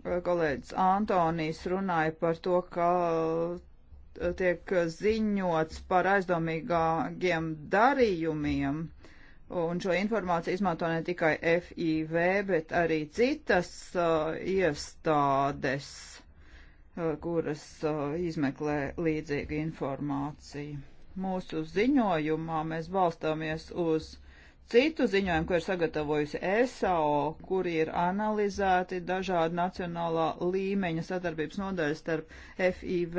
Speaker 3: Eh, kolēģis Antonijs runāja par to, ka eh, tiek ziņots par aizdomīgākiem darījumiem, un šo informāciju izmanto ne tikai FIV, bet arī citas uh, iestādes, uh, kuras uh, izmeklē līdzīgu informāciju. Mūsu ziņojumā mēs balstāmies uz uh, citu ziņojumu, ko ir sagatavojusi ESAO, kur ir analizēti dažādi nacionālā līmeņa sadarbības nodaļas starp FIV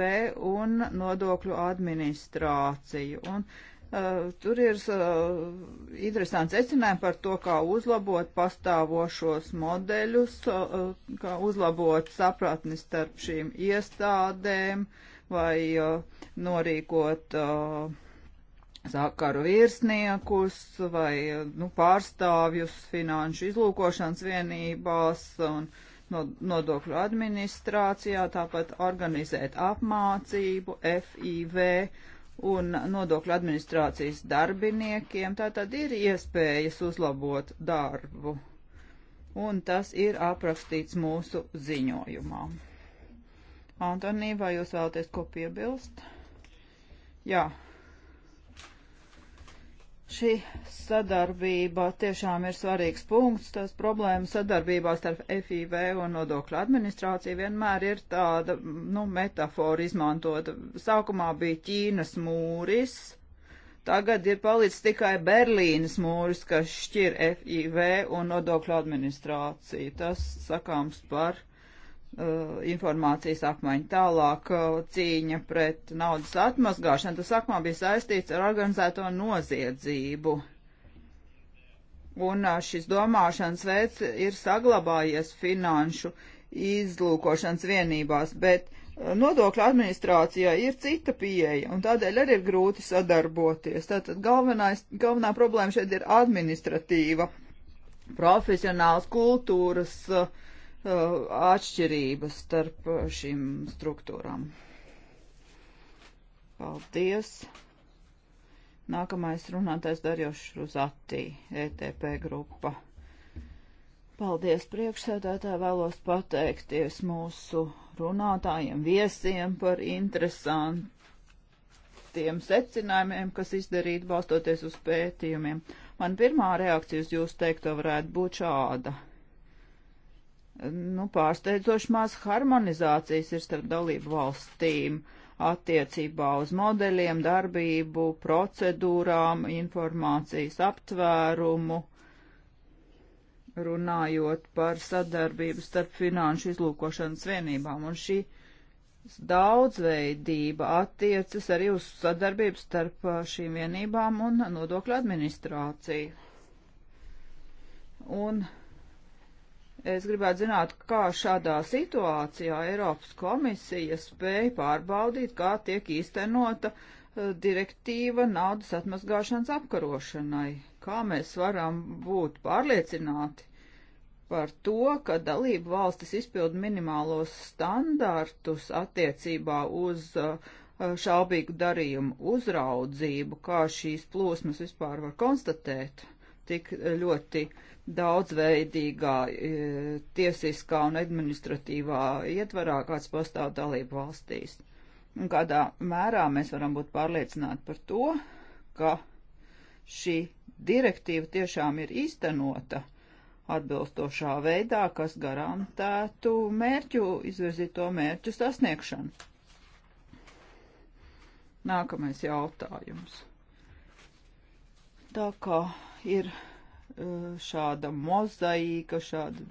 Speaker 3: un nodokļu administrāciju. Un, Uh, tur ir uh, interesants secinājumi par to, kā uzlabot pastāvošos modeļus, uh, kā uzlabot sapratni starp šīm iestādēm vai uh, norīkot uh, sakaru virsniekus vai nu, pārstāvjus finanšu izlūkošanas vienībās un nodokļu administrācijā, tāpat organizēt apmācību FIV un nodokļu administrācijas darbiniekiem. Tā tad ir iespējas uzlabot darbu. Un tas ir aprakstīts mūsu ziņojumā. Antonī, vai jūs vēlaties ko piebilst? Jā. Yeah. Šī sadarbība tiešām ir svarīgs punkts. Tās problēmas sadarbībā starp FIV un nodokļu administrāciju vienmēr ir tāda, nu, metafora izmantota. Sākumā bija Ķīnas mūris, tagad ir palicis tikai Berlīnas mūris, kas šķir FIV un nodokļu administrāciju. Tas sakāms par Eh, informācijas apmaiņa. Tālāk eh, cīņa pret naudas atmazgāšanu, tas sākumā bija saistīts ar organizēto noziedzību. Un eh, šis domāšanas veids ir saglabājies finanšu izlūkošanas vienībās, bet nodokļu administrācijā ir cita pieeja, un tādēļ arī ir grūti sadarboties. Tātad galvenais, galvenā problēma šeit ir administratīva, profesionāls, kultūras uh, Uh, atšķirības starp šīm struktūrām. Paldies! Nākamais runātais Darjošs Ruzatī, ETP grupa. Paldies priekšsēdētāji, vēlos pateikties mūsu runātājiem, viesiem par interesantiem secinājumiem, kas izdarīti balstoties uz pētījumiem. Man pirmā reakcija uz jūsu teikto varētu būt šāda nu, pārsteidzoši maz harmonizācijas ir starp dalību valstīm attiecībā uz modeļiem, darbību, procedūrām, informācijas aptvērumu, runājot par sadarbību starp finanšu izlūkošanas vienībām. Un šī daudzveidība attiecas arī uz sadarbību starp uh, šīm vienībām un nodokļu administrāciju. Un Es gribētu zināt, kā šādā situācijā Eiropas komisija spēja pārbaudīt, kā tiek īstenota eh, direktīva naudas atmazgāšanas apkarošanai. Kā mēs varam būt pārliecināti par to, ka dalību valstis izpild minimālos standartus attiecībā uz eh, šaubīgu darījumu uzraudzību, kā šīs plūsmas vispār var konstatēt tik eh, ļoti uh, daudzveidīgā e, tiesiskā un administratīvā ietvarā, kāds pastāv dalību valstīs. Un kādā mērā mēs varam būt pārliecināti par to, ka šī direktīva tiešām ir īstenota atbilstošā veidā, kas garantētu mērķu, izvirzīto mērķu sasniegšanu. Nākamais jautājums. Tā kā ir Eh, šāda mozaīka, šāda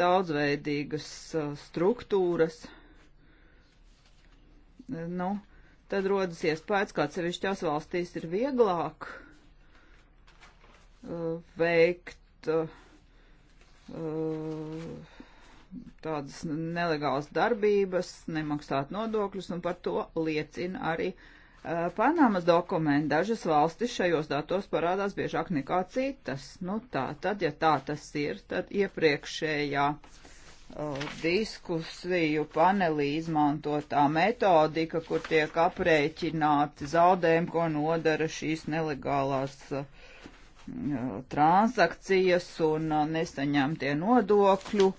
Speaker 3: daudzveidīgas eh, struktūras, eh, nu, tad rodas iespējas, ka atsevišķās valstīs ir vieglāk veikt tādas nelegālas darbības, nemaksāt nodokļus, un par to liecina arī uh, Eh, Panamas dokumenti dažas valstis šajos datos parādās biežāk nekā citas. Nu tā, tad, ja tā tas ir, tad iepriekšējā uh, diskusiju panelī izmantotā metodika, kur tiek aprēķināti zaudējumi, ko nodara šīs nelegālās uh, transakcijas un uh, nesaņemtie nodokļu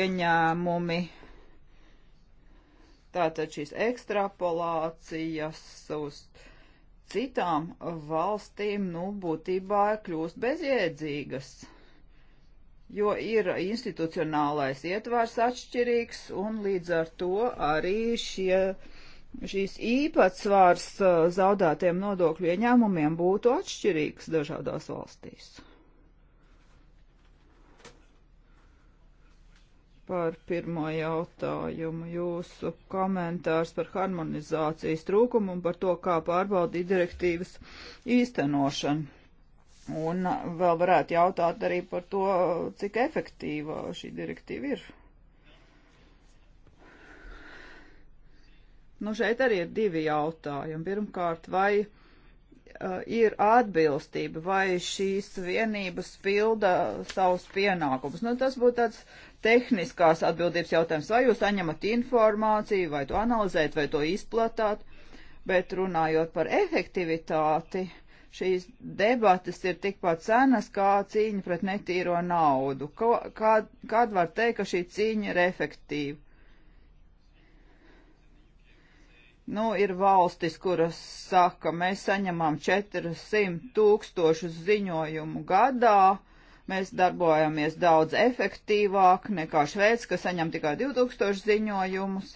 Speaker 3: ieņēmumi Tātad šīs ekstrapolācijas uz citām valstīm, nu, būtībā kļūst bezjēdzīgas, jo ir institucionālais ietvars atšķirīgs un līdz ar to arī šie šīs īpatsvars uh, zaudētiem nodokļu ieņēmumiem būtu atšķirīgs dažādās valstīs. par pirmo jautājumu. Jūsu komentārs par harmonizācijas trūkumu un par to, kā pārbaudīt direktīvas īstenošanu. Un vēl varētu jautāt arī par to, cik efektīva šī direktīva ir. Nu, šeit arī ir divi jautājumi. Pirmkārt, vai uh, ir atbilstība, vai šīs vienības pilda savus pienākumus. Nu, tas būtu tāds tehniskās atbildības jautājums, vai jūs saņemat informāciju, vai to analizēt, vai to izplatāt, bet runājot par efektivitāti, šīs debatas ir tikpat cenas kā cīņa pret netīro naudu. Ko, kā, kad var teikt, ka šī cīņa ir efektīva? Nu, ir valstis, kuras saka, mēs saņemam 400 tūkstošus ziņojumu gadā, uh, Mēs darbojamies daudz efektīvāk nekā Šveica, kas saņem tikai 2000 ziņojumus,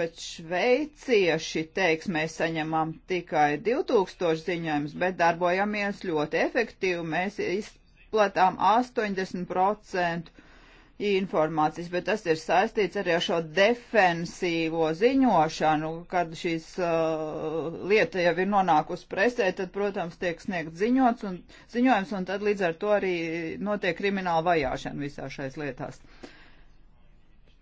Speaker 3: bet šveicieši teiks, mēs saņemam tikai 2000 ziņojumus, bet darbojamies ļoti efektīvi. Mēs izplatām 80% informācijas, bet tas ir saistīts arī ar šo defensīvo ziņošanu, kad šīs uh, lieta jau ir nonākusi presē, tad, protams, tiek sniegt ziņots un ziņojums, un tad līdz ar to arī notiek krimināla vajāšana visā šais lietās.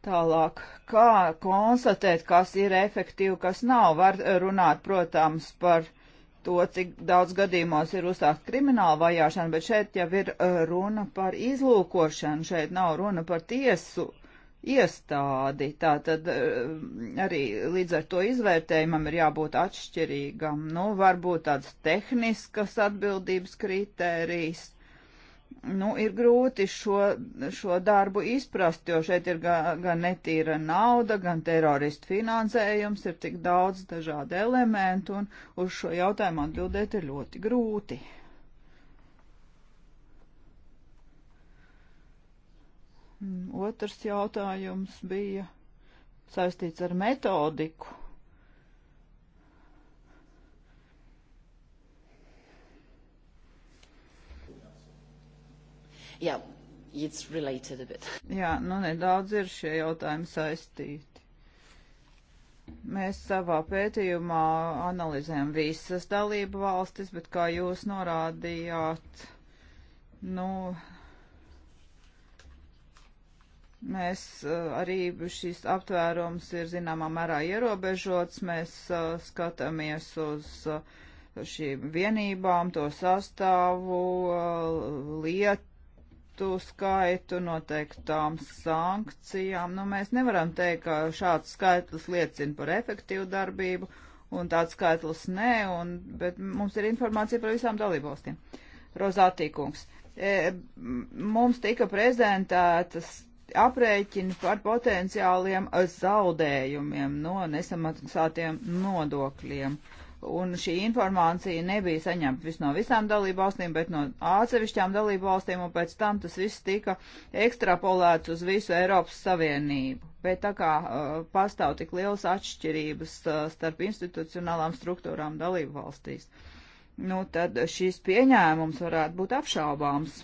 Speaker 3: Tālāk, kā konstatēt, kas ir efektīvi, kas nav, var runāt, protams, par uh, to, cik daudz gadījumos ir uzsākt krimināla vajāšana, bet šeit jau ir uh, runa par izlūkošanu, šeit nav runa par tiesu iestādi. Tā tad uh, arī līdz ar to izvērtējumam ir jābūt atšķirīgam. Nu, varbūt tāds tehniskas atbildības kritērijs nu, ir grūti šo, šo darbu izprast, jo šeit ir gan, gan netīra nauda, gan teroristu finansējums, ir tik daudz dažādu elementu, un uz šo jautājumu atbildēt ir ļoti grūti. Otrs jautājums bija saistīts ar metodiku.
Speaker 2: Yeah, it's related a bit.
Speaker 3: Jā, nu nedaudz ir šie jautājumi saistīti. Mēs savā pētījumā analizējam visas dalību valstis, bet kā jūs norādījāt, nu, Mēs arī šīs aptvērums ir zināmā mērā ierobežots. Mēs uh, skatāmies uz šīm vienībām, to sastāvu, liet, arestu skaitu, noteiktām sankcijām. Nu, mēs nevaram teikt, ka šāds skaitlis liecina par efektīvu darbību, un tāds skaitlis nē, un, bet mums ir informācija par visām dalībvalstīm. Rozātīkungs. E, mums tika prezentētas aprēķini par potenciāliem zaudējumiem no nesamaksātiem nodokļiem. Uh, un šī informācija nebija saņemta vis no visām dalību valstīm, bet no atsevišķām dalību valstīm, un pēc tam tas viss tika ekstrapolēts uz visu Eiropas Savienību. Bet tā kā uh, pastāv tik lielas atšķirības uh, starp institucionālām struktūrām dalību valstīs, nu tad šīs pieņēmums varētu būt apšaubāms.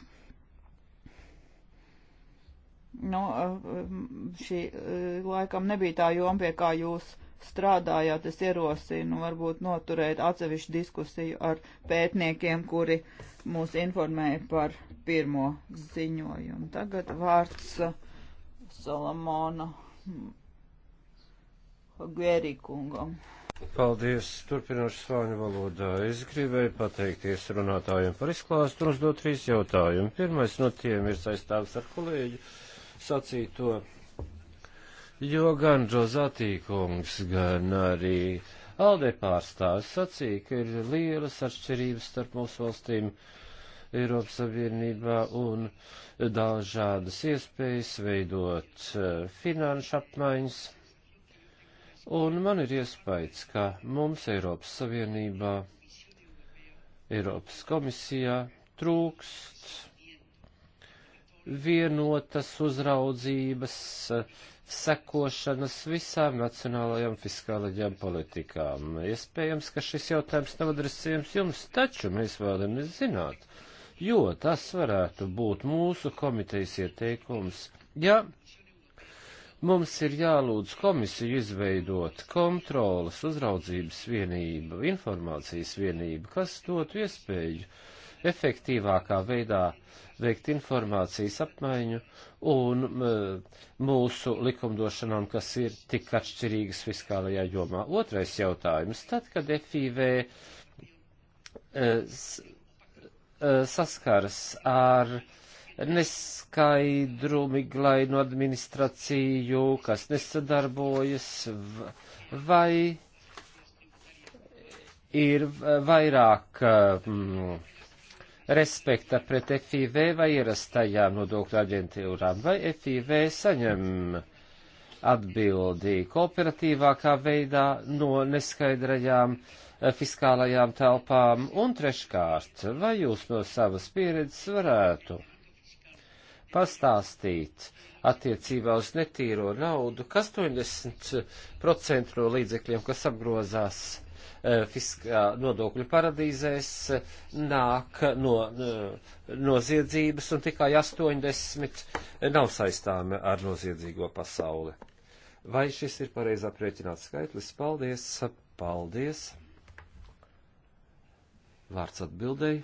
Speaker 3: Nu, uh, um, šī uh, laikam nebija tā joma, pie kā jūs strādājāt, es ierosinu varbūt noturēt atsevišķu diskusiju ar pētniekiem, kuri mūs informēja par pirmo ziņojumu. Tagad vārds uh, Salamona Gērikungam.
Speaker 4: Paldies, turpinoši svāņu valodā. Es gribēju pateikties runātājiem par izklāstu un uzdot trīs jautājumu. Pirmais no tiem ir saistāms ar kolēģi sacīto. to jo gan Džozatīkungs, gan arī Alde pārstāvis sacīja, ka ir lielas atšķirības starp mūsu valstīm Eiropas Savienībā un dažādas iespējas veidot eh, finanšu apmaiņas. Un man ir iespējas, ka mums Eiropas Savienībā, Eiropas komisijā trūkst vienotas uzraudzības uh, sekošanas visām nacionālajām fiskālajām politikām. Iespējams, ka šis jautājums nav adresējams jums, taču mēs vēlamies zināt, jo tas varētu būt mūsu komitejas ieteikums, ja mums ir jālūdz komisiju izveidot kontrolas uzraudzības vienību, informācijas vienību, kas dotu iespēju efektīvākā veidā uh, veikt informācijas apmaiņu un mūsu likumdošanām, kas ir tik atšķirīgas fiskālajā jomā. Otrais jautājums. Tad, kad FIV e, e, saskaras ar neskaidru miglainu administrāciju, kas nesadarbojas, vai ir vairāk mm, respekta pret FIV vai ierastajām nodokļu aģentūrām, vai FIV saņem atbildi kooperatīvākā veidā no neskaidrajām eh, fiskālajām telpām, un treškārt, vai jūs no savas pieredzes varētu pastāstīt attiecībā uz netīro naudu, kas 80% no līdzekļiem, kas apgrozās Eh, fiskā nodokļu paradīzēs eh, nāk no eh, noziedzības un tikai 80 nav saistāmi ar noziedzīgo pasauli. Vai šis ir pareizi aprēķināts skaitlis? Paldies! Paldies! Vārds atbildēji.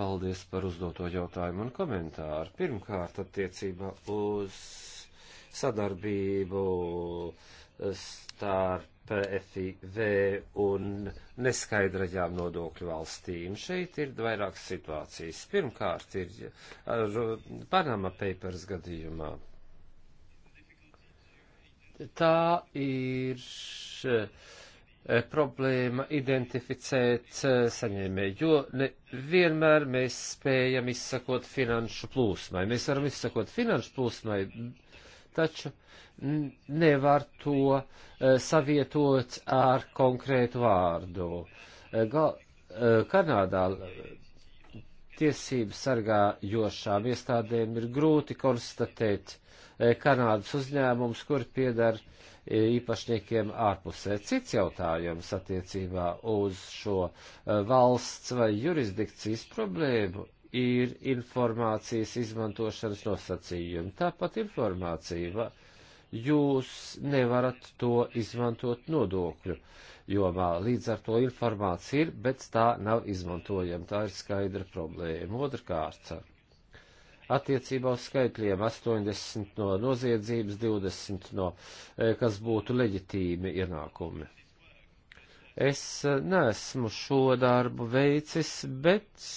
Speaker 4: Paldies par uzdoto jautājumu un komentāru. Pirmkārt, attiecībā uz sadarbību starp starp FIV un neskaidraģām nodokļu valstīm. Šeit ir vairākas situācijas. Pirmkārt ir ar Panama Papers gadījumā. Tā ir eh, problēma identificēt eh, saņēmēju, jo ne, vienmēr mēs spējam izsakot finanšu plūsmai. Mēs varam izsakot finanšu plūsmai, taču nevar to e, savietot ar konkrētu vārdu. E, gal, e, Kanādā tiesību sargājošām iestādēm ir grūti konstatēt Kanādas uzņēmumus, kur piedara īpašniekiem ārpusē. Cits jautājums attiecībā uz šo valsts vai jurisdikcijas problēmu ir informācijas izmantošanas nosacījumi. Tāpat informācija jūs nevarat to izmantot nodokļu jomā. Līdz ar to informācija ir, bet tā nav izmantojama. Tā ir skaidra problēma. Otrkārt, attiecībā uz skaitļiem 80 no noziedzības, 20 no, eh, kas būtu leģitīmi ienākumi. Es eh, neesmu šo darbu veicis, bet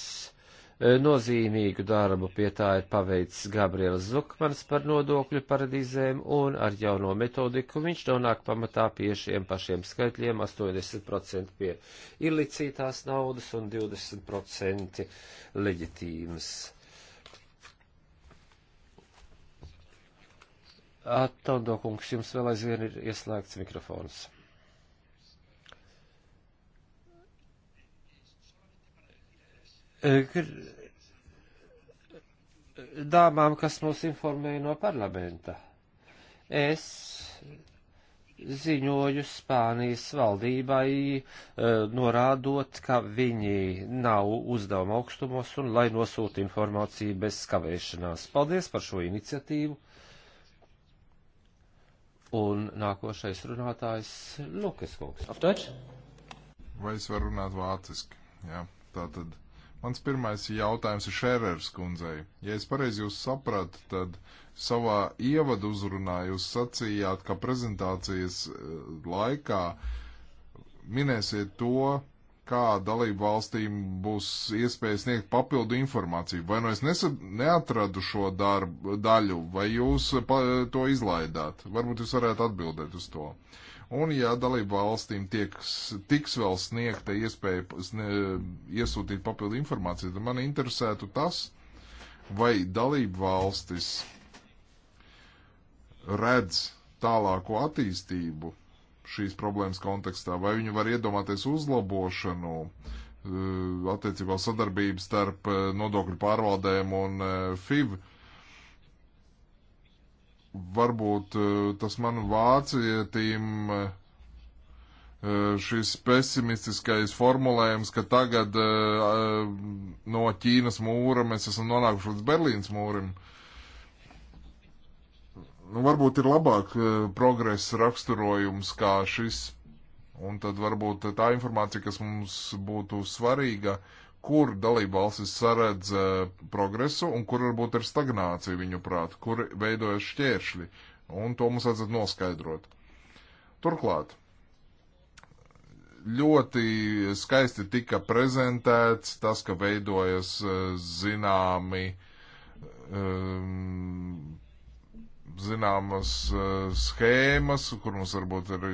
Speaker 4: E, nozīmīgu darbu pie tā ir paveicis Gabriels Zukmans par nodokļu paradīzēm, un ar jauno metodiku viņš nonāk pamatā pie šiem pašiem skaitļiem - 80% pie ilicītās naudas un 20% leģitīmas. Attondokungs, jums vēl aizvien ir ieslēgts mikrofons. E, dāmām, kas mūs informēja no parlamenta. Es ziņoju Spānijas valdībai, e, norādot, ka viņi nav uzdevuma augstumos un lai nosūta informāciju bez skavēšanās. Paldies par šo iniciatīvu.
Speaker 1: Un nākošais runātājs Lukas Kungs. Aptač? Vai es varu runāt vāciski? Jā, tā tad. Mans pirmais jautājums ir Šērers kundzei. Ja es pareizi jūs sapratu, tad savā ievadu uzrunā jūs sacījāt, ka prezentācijas eh, laikā minēsiet to, kā dalību valstīm būs iespēja sniegt papildu informāciju. Vai nu es nesa, neatradu šo darbu, daļu, vai jūs eh, pa, to izlaidāt? Varbūt jūs varētu atbildēt uz to. Uh, Un, ja dalību valstīm tieks, tiks vēl sniegta iespēja iesūtīt papildu informāciju, tad man interesētu tas, vai dalību valstis redz tālāko attīstību šīs problēmas kontekstā, vai viņi var iedomāties uzlabošanu eh, attiecībā sadarbību starp eh, nodokļu pārvaldēm un eh, FIV varbūt e, tas man vācietīm e, e, šis pesimistiskais formulējums, ka tagad no Ķīnas mūra mēs esam nonākuši līdz Berlīnas mūrim. Nu, varbūt ir labāk progresa raksturojums kā šis, un tad varbūt tā informācija, kas mums būtu svarīga, uh, kur dalībvalstis saredz uh, progresu un kur varbūt ir stagnācija viņu prāt, kur veidojas šķēršļi. Un to mums vajadzētu noskaidrot. Turklāt ļoti skaisti tika prezentēts tas, ka veidojas eh, zināmi, um, zināmas uh, schēmas, kur mums varbūt ir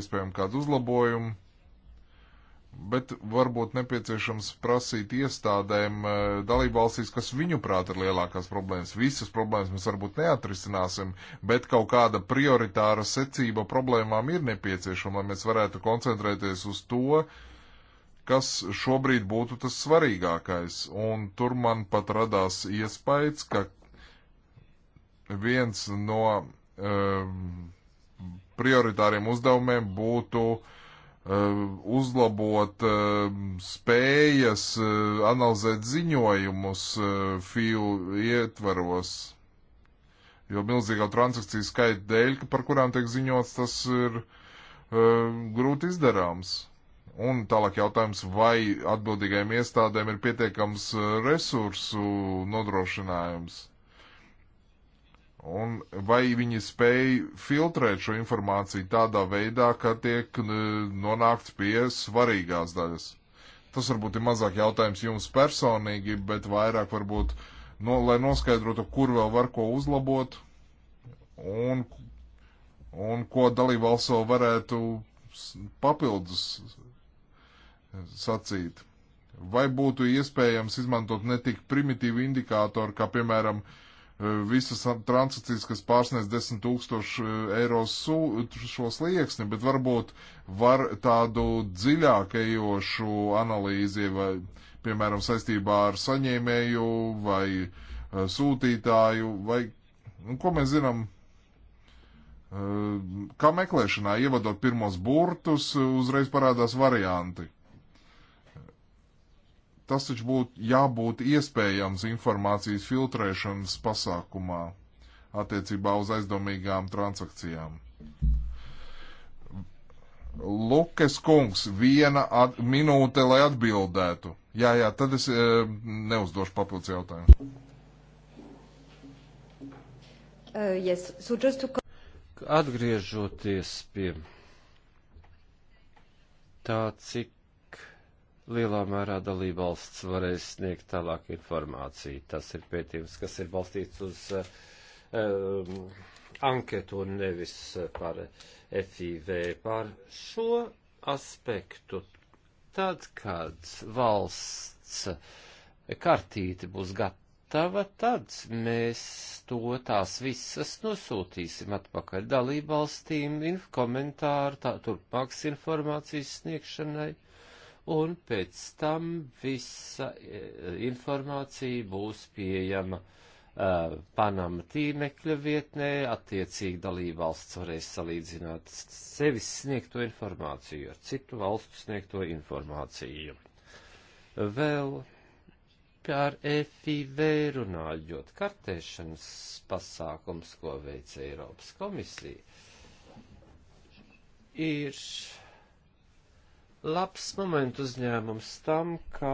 Speaker 1: iespējami kādu uzlabojumu bet varbūt nepieciešams prasīt iestādēm eh, dalībvalstīs, kas viņuprāt ir lielākās problēmas. Visas problēmas mēs varbūt neatrisināsim, bet kaut kāda prioritāra secība problēmām ir nepieciešama, lai mēs varētu koncentrēties uz to, kas šobrīd būtu tas svarīgākais. Un tur man pat radās iespējas, ka viens no um, prioritāriem uzdevumiem būtu uh, Um, uzlabot um, spējas uh, analizēt ziņojumus uh, FIU ietvaros. Jo milzīgā transakciju skaita dēļ, par kurām tiek ziņots, tas ir um, grūti izdarāms. Un tālāk jautājums, vai atbildīgajiem iestādēm ir pietiekams uh, resursu nodrošinājums. Un vai viņi spēj filtrēt šo informāciju tādā veidā, ka tiek nonākts pie svarīgās daļas? Tas varbūt ir mazāk jautājums jums personīgi, bet vairāk varbūt, no, lai noskaidrotu, kur vēl var ko uzlabot un, un ko dalībvalsts vēl varētu papildus sacīt. Vai būtu iespējams izmantot ne tik primitīvu indikātoru, kā piemēram, uh, Eh, visas transakcijas, kas pārsniedz 10 tūkstošu eh, eiro šo slieksni, bet varbūt var tādu dziļākajošu analīzi vai, piemēram, saistībā ar saņēmēju vai eh, sūtītāju vai, nu, ko mēs zinām, kā meklēšanā, ievadot pirmos burtus, uzreiz parādās varianti. Tas taču būtu jābūt iespējams informācijas filtrēšanas pasākumā attiecībā uz aizdomīgām transakcijām. Lukas kungs, viena at, minūte, lai atbildētu. Jā, jā, tad es e, neuzdošu papildus jautājumu. Uh, yes. so to... Atgriežoties pie
Speaker 4: tā, cik lielā mērā dalībvalsts varēs sniegt tālāk informāciju. Tas ir pētījums, kas ir balstīts uz um, anketu un nevis par FIV. Par šo aspektu, tad, kad valsts kartīte būs gatava, tad mēs to tās visas nosūtīsim atpakaļ dalībvalstīm, komentāru, tā, turpmākas informācijas sniegšanai un pēc tam visa e, informācija būs pieejama uh, Panama tīmekļa vietnē, attiecīgi dalība valsts varēs salīdzināt sevis sniegto informāciju ar citu valstu sniegto informāciju. Vēl par FIV runājot, kartēšanas pasākums, ko veica Eiropas komisija, ir labs moment uzņēmums tam, kā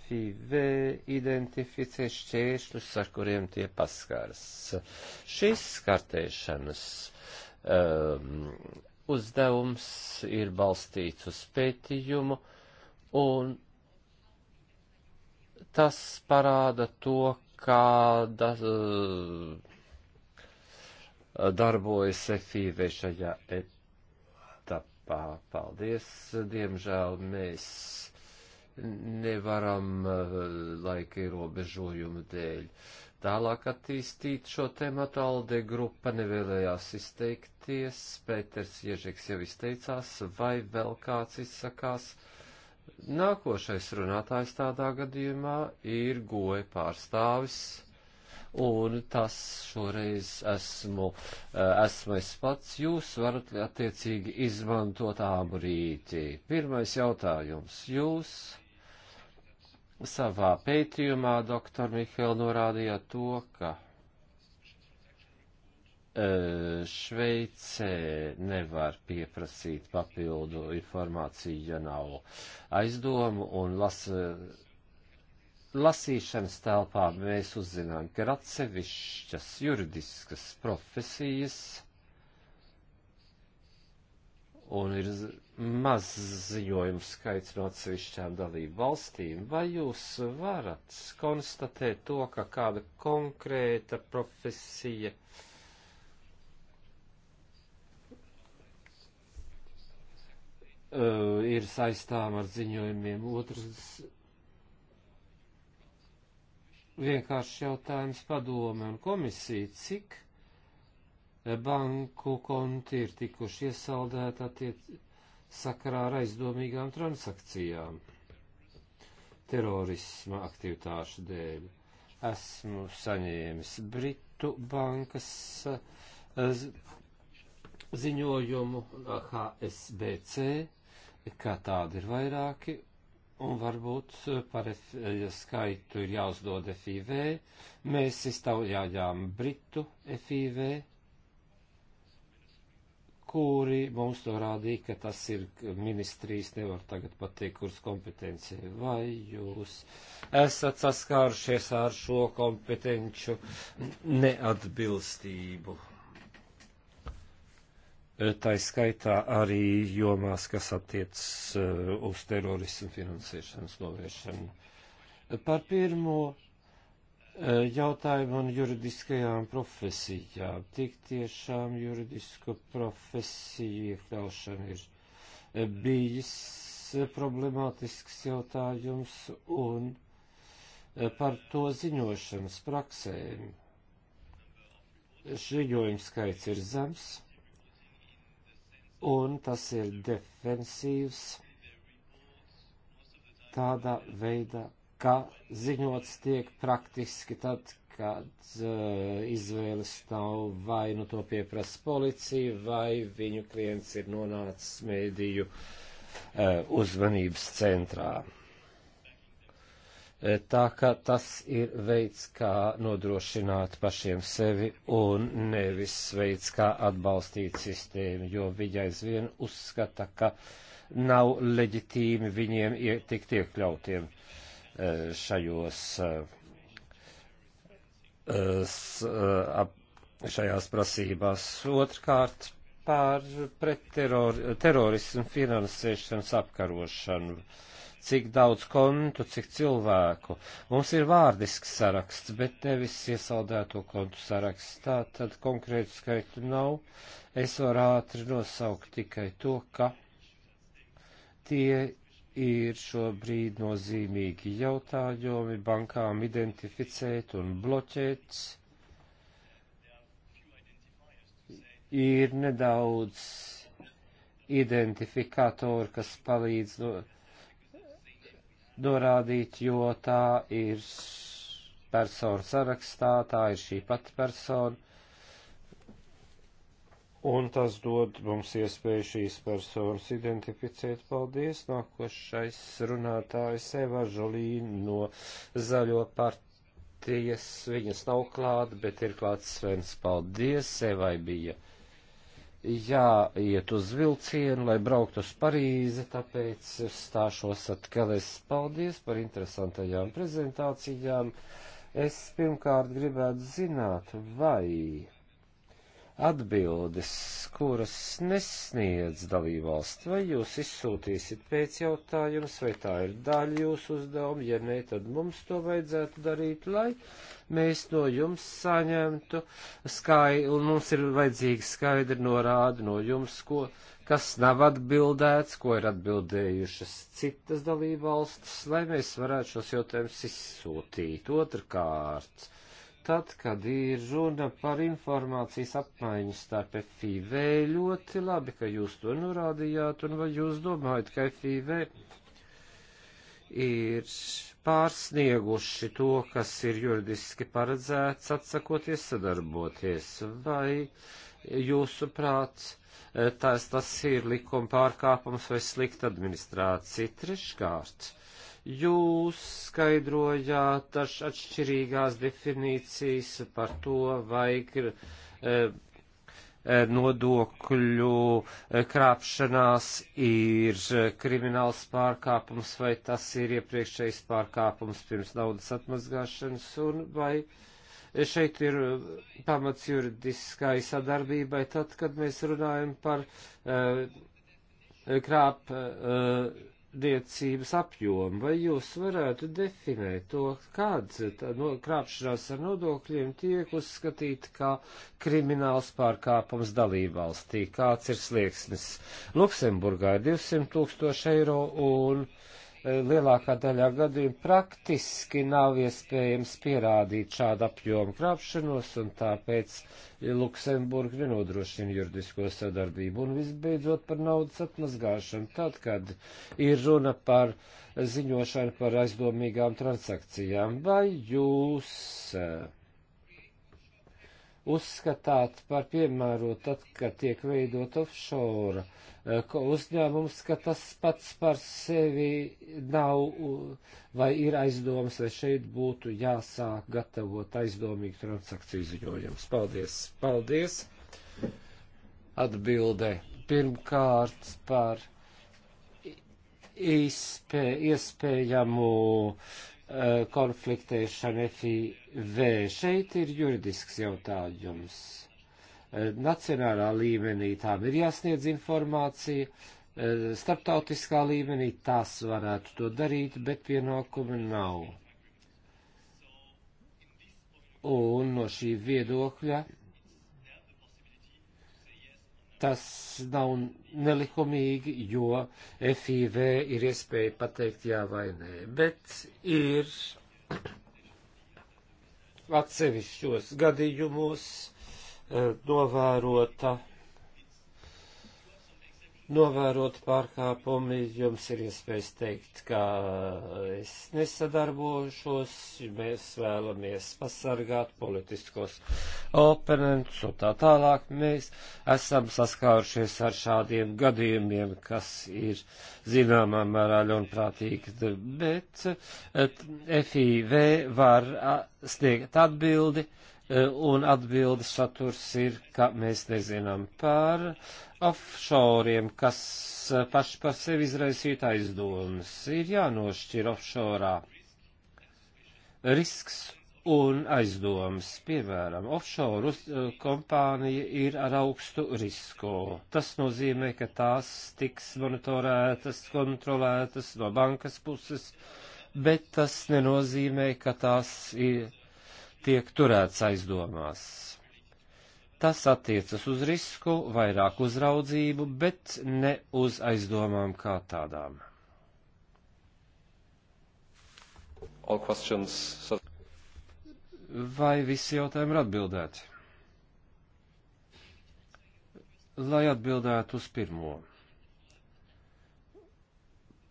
Speaker 4: FIV identificē šķēršļus, ar kuriem tie paskars. Šis kartēšanas um, uzdevums ir balstīts uz pētījumu, un tas parāda to, kāda uh, darbojas FIV šajā etapā Eiropā. Paldies! Diemžēl mēs nevaram laika ierobežojumu dēļ. Tālāk attīstīt šo tematu Alde grupa nevēlējās izteikties, Pēters Ježeks jau izteicās, vai vēl kāds izsakās. Nākošais runātājs tādā gadījumā ir goja pārstāvis un tas šoreiz esmu, eh, esmu es pats, jūs varat attiecīgi izmantot ābu rīti. Pirmais jautājums. Jūs savā pētījumā, doktor Mihēl, norādījāt to, ka eh, Šveicē nevar pieprasīt papildu informāciju, ja nav aizdomu un lasa lasīšanas telpā mēs uzzinām, ka ir atsevišķas juridiskas profesijas un ir maz ziņojumu skaits no atsevišķām dalību valstīm, vai jūs varat konstatēt to, ka kāda konkrēta profesija uh, ir saistām ar ziņojumiem otrs vienkārši jautājums padome un komisija, cik eh, banku konti ir tikuši iesaldēti attiec sakarā ar aizdomīgām transakcijām terorisma aktivitāšu dēļ. Esmu saņēmis Britu bankas eh, ziņojumu HSBC, kā tādi ir vairāki, Un varbūt eh, par skaitu ir jāuzdod FIV. Mēs iztaujājām Britu FIV, kuri mums to rādīja, ka tas ir ministrijas, nevar tagad pateikt, kuras kompetencija. Vai jūs esat saskārušies ar šo kompetenču neatbilstību? tā skaitā arī jomās, kas attiecas eh, uz terorismu finansēšanas novēršanu. Par pirmo eh, jautājumu un juridiskajām profesijām. Tik tiešām juridisko profesiju iekļaušana ir eh, bijis problemātisks jautājums un par to ziņošanas praksēm. Ziņojums skaits ir zems un tas ir defensīvs tādā veidā, ka ziņots tiek praktiski tad, kad uh, izvēles nav vai nu to pieprasa policija, vai viņu klients ir nonācis mēdīju uh, uzmanības centrā. Eh, tā ka tas ir veids, kā nodrošināt pašiem sevi un nevis veids, kā atbalstīt sistēmu, jo viņi aizvien uzskata, ka nav leģitīmi viņiem tikt iekļautiem eh, šajos, eh, šajās prasībās. Otrkārt, pār pret teror, terorismu finansēšanas apkarošanu. Uh, cik daudz kontu, cik cilvēku. Mums ir vārdisks saraksts, bet nevis iesaldēto kontu saraksts. Tā tad konkrētu skaitu nav. Es varu ātri nosaukt tikai to, ka tie ir šobrīd nozīmīgi jautājumi bankām identificēt un bloķēt. Ir nedaudz identifikātori, kas palīdz no, norādīt, jo tā ir persona sarakstā, tā ir šī pati persona. Un tas dod mums iespēju šīs personas identificēt. Paldies! Nākošais runātājs Eva Žolīna no Zaļo partijas. Viņas nav klāt, bet ir klāts Svens. Paldies! Evai bija! jāiet uz vilcienu, lai braukt uz Parīzi, tāpēc stāšos atkal es paldies par interesantajām prezentācijām. Es pirmkārt gribētu zināt, vai atbildes, kuras nesniedz dalībvalsts, vai jūs izsūtīsiet pēc jautājums, vai tā ir daļa jūsu uzdevuma, ja nē, tad mums to vajadzētu darīt, lai mēs no jums saņemtu skaidru, un mums ir vajadzīgi skaidri norādi no jums, ko, kas nav atbildēts, ko ir atbildējušas citas dalībvalstis, lai mēs varētu šos jautājumus izsūtīt. Otrkārt tad, kad ir runa par informācijas apmaiņu starp FIV, ļoti labi, ka jūs to norādījāt, un vai jūs domājat, ka FIV ir pārsnieguši to, kas ir juridiski paredzēts, atsakoties sadarboties, vai jūsuprāt, eh, tas, tas ir likuma pārkāpums vai slikta administrācija treškārt? Jūs skaidrojāt atšķirīgās definīcijas par to, vai ir e, e, nodokļu e, krāpšanās ir krimināls pārkāpums, vai tas ir iepriekšējais pārkāpums pirms naudas atmazgāšanas, un vai šeit ir pamats juridiskai sadarbībai tad, kad mēs runājam par uh, krāp. Uh, krāpniecības apjomu, vai jūs varētu definēt to, kāds no, krāpšanās ar nodokļiem tiek uzskatīta kā krimināls pārkāpums dalībvalstī, kāds ir slieksnis. Luksemburgā ir 200 tūkstoši eiro un Eh, lielākā daļā gadījumu praktiski nav iespējams pierādīt šādu apjomu krāpšanos, un tāpēc Luksemburga nenodrošina juridisko sadarbību. Un visbeidzot par naudas atmazgāšanu, tad, kad ir runa par ziņošanu par aizdomīgām transakcijām, vai jūs eh, uzskatāt par piemērotu, tad, kad tiek veidot offshore uzņēmums, ka tas pats par sevi nav vai ir aizdomas, vai šeit būtu jāsāk gatavot aizdomīgu transakciju ziņojumus. Paldies! Paldies! Atbilde pirmkārt par izspē, iespējamu e, konfliktēšanu FIV. Šeit ir juridisks jautājums Eh, nacionālā līmenī tām ir jāsniedz informācija, eh, starptautiskā līmenī tās varētu to darīt, bet pienākumi nav. Un no šī viedokļa tas nav nelikumīgi, jo FIV ir iespēja pateikt jā vai nē, bet ir atsevišķos gadījumos, Eh, novērota, novērota pārkāpumi, jums ir iespējas teikt, ka es nesadarbošos, mēs vēlamies pasargāt politiskos oponentus un tā tālāk. Mēs esam saskārušies ar šādiem gadījumiem, kas ir zināmā mērā ļaunprātīgi, bet eh, FIV var eh, sniegt atbildi un atbildes saturs ir, ka mēs nezinām par offshoriem, kas eh, paši par sevi izraisītu aizdomas. Ir jānošķir offshorā risks un aizdomas. Piemēram, offshore eh, kompānija ir ar augstu risku. Tas nozīmē, ka tās tiks monitorētas, kontrolētas no bankas puses, bet tas nenozīmē, ka tās ir tiek turēts aizdomās. Tas attiecas uz risku, vairāk uzraudzību, bet ne uz aizdomām kā tādām. Vai visi jautājumi ir atbildēti? Lai atbildētu uz pirmo.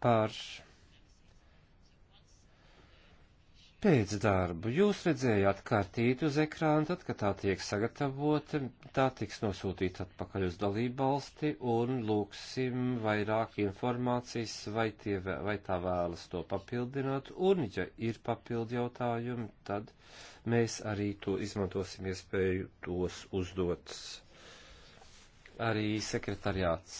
Speaker 4: Par pēc darbu. Jūs redzējāt kartīti uz ekrāna, tad, kad tā tiek sagatavota, tā tiks nosūtīta atpakaļ uz dalību valsti un lūksim vairāk informācijas, vai, tie, vai tā vēlas to papildināt, un, ja ir papildi jautājumi, tad mēs arī to izmantosim iespēju tos uzdot. Arī sekretariāts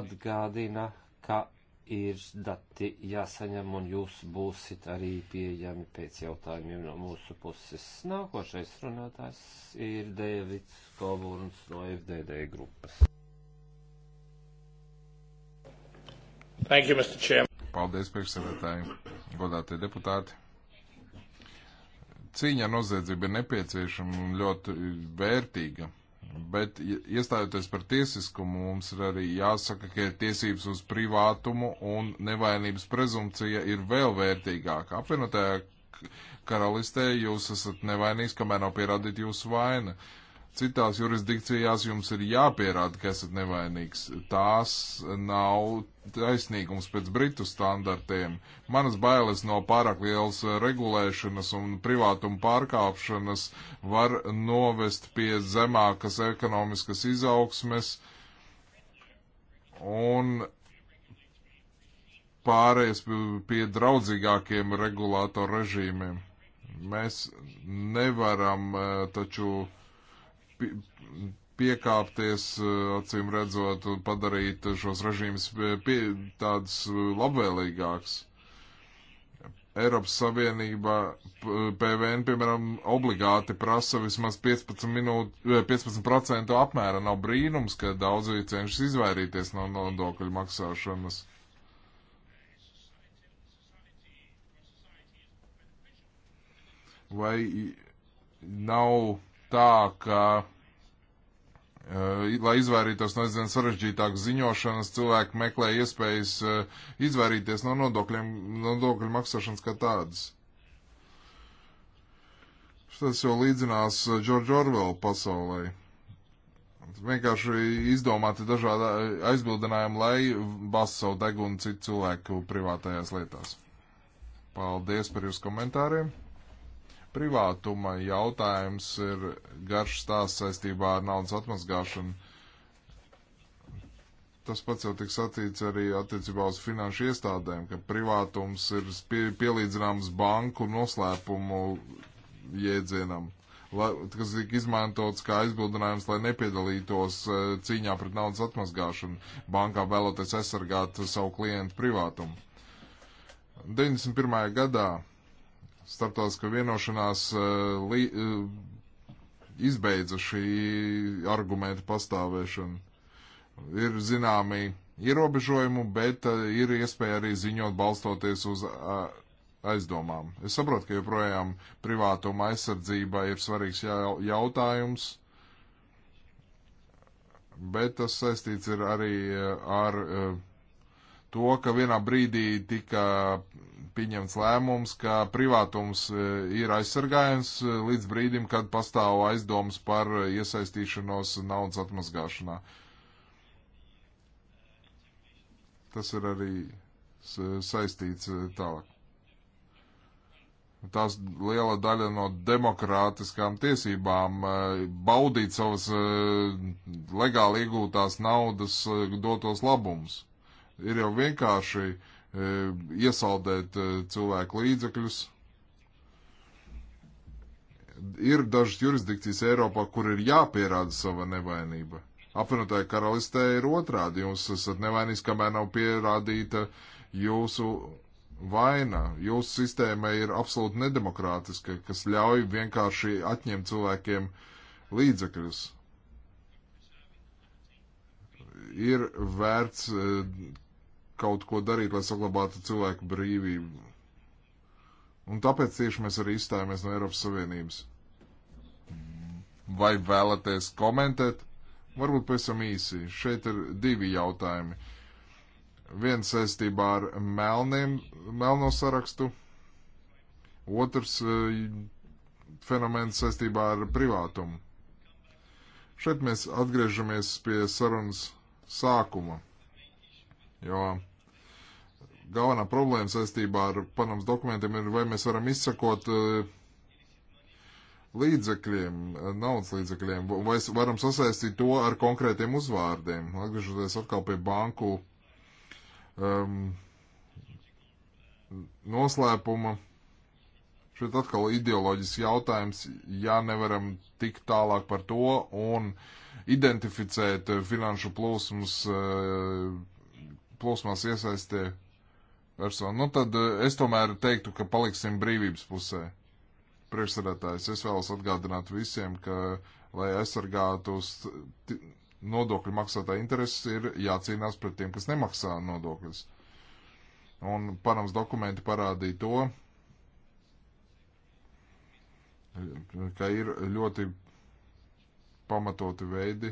Speaker 4: atgādina, ka ir dati jāsaņem un jūs būsit arī pieejami pēc jautājumiem no mūsu puses. Nākošais runātājs ir Dēvids Koburns no FDD grupas.
Speaker 1: Thank you, Mr. Chairman. Paldies, priekšsēdētāji, godātie deputāti. Cīņa noziedzība ir nepieciešama un ļoti vērtīga Bet, iestājoties par tiesiskumu, mums ir arī jāsaka, ka tiesības uz privātumu un nevainības prezumcija ir vēl vērtīgāka. Apvienotajā karalistē jūs esat nevainīgs, kamēr nav pierādīta jūsu vaina. Uh, Citās jurisdikcijās jums ir jāpierāda, ka esat nevainīgs. Tās nav taisnīgums pēc britu standartiem. Manas bailes no pārāk lielas regulēšanas un privātuma pārkāpšanas var novest pie zemākas ekonomiskas izaugsmes un pārējas pie draudzīgākiem regulātoru režīmiem. Mēs nevaram eh, taču piekāpties, eh, acīm redzot, un padarīt šos režīmus eh, tādus eh, labvēlīgākus. Eiropas Savienība PVN, piemēram, obligāti prasa vismaz 15%, minūt, 15 apmēra. Nav brīnums, ka daudzi cenšas izvairīties no nodokļu maksāšanas. Vai nav tā, ka, uh, lai izvairītos no aizvien sarežģītākas ziņošanas, cilvēki meklē iespējas uh, izvairīties no nodokļiem, nodokļu maksāšanas kā tādas. Tas jau līdzinās eh, George Orwell pasaulē. Vienkārši izdomāti dažādi aizbildinājumi, lai basu savu degunu citu cilvēku privātajās lietās. Paldies par jūsu komentāriem! Privātuma jautājums ir garš stāsts saistībā ar naudas atmazgāšanu. Tas pats jau tiks sacīts arī attiecībā uz finanšu iestādēm, ka privātums ir pie, pielīdzināms banku noslēpumu jēdzienam, lai, kas tika izmantots kā aizbildinājums, lai nepiedalītos e, cīņā pret naudas atmazgāšanu, bankā vēloties aizsargāt savu klientu privātumu. 91. gadā starptautiska vienošanās eh, li, eh, izbeidza šī argumenta pastāvēšanu. Ir zināmi ierobežojumu, bet eh, ir iespēja arī ziņot balstoties uz aizdomām. Es saprotu, ka joprojām privātuma aizsardzība ir svarīgs jautājums, bet tas saistīts ir arī ar, ar to, ka vienā brīdī tika pieņemts lēmums, ka privātums e, ir aizsargājams e, līdz brīdim, kad pastāv aizdomas par iesaistīšanos naudas atmazgāšanā. Tas ir arī saistīts e, tālāk. Tās liela daļa no demokrātiskām tiesībām baudīt savas legāli iegūtās naudas dotos labumus. Ir jau vienkārši e, iesaldēt e, cilvēku līdzekļus. Ir dažas jurisdikcijas Eiropā, kur ir jāpierāda sava nevainība. Apvienotāja karalistē ir otrādi. Jūs esat nevainīgs, kamēr nav pierādīta jūsu vaina. Jūsu sistēma ir absolūti nedemokrātiska, kas ļauj vienkārši atņemt cilvēkiem līdzekļus. Ir vērts e, kaut ko darīt, lai saglabātu cilvēku brīvību. Un tāpēc tieši mēs arī izstājāmies no Eiropas Savienības. Vai vēlaties komentēt? Varbūt pavisam īsi. Šeit ir divi jautājumi. Viens saistībā ar melniem, melno sarakstu, otrs eh, fenomens saistībā ar privātumu. Šeit mēs atgriežamies pie sarunas sākuma, jo galvenā problēma saistībā ar Panamas dokumentiem ir, vai mēs varam izsakot eh, līdzekļiem, eh, naudas līdzekļiem, vai varam sasaistīt to ar konkrētiem uzvārdiem. Atgriežoties atkal pie banku um, noslēpuma, šeit atkal ideoloģisks jautājums, ja nevaram tikt tālāk par to un identificēt eh, finanšu plūsmas, plūsmās iesaistē personu. Nu, tad eh, es tomēr teiktu, ka paliksim brīvības pusē. Priekšsēdētājs, es vēlos atgādināt visiem, ka, lai aizsargātu nodokļu maksātāju intereses, ir jācīnās pret tiem, kas nemaksā nodokļus. Un Panams dokumenti parādīja to, ka ir ļoti pamatoti veidi,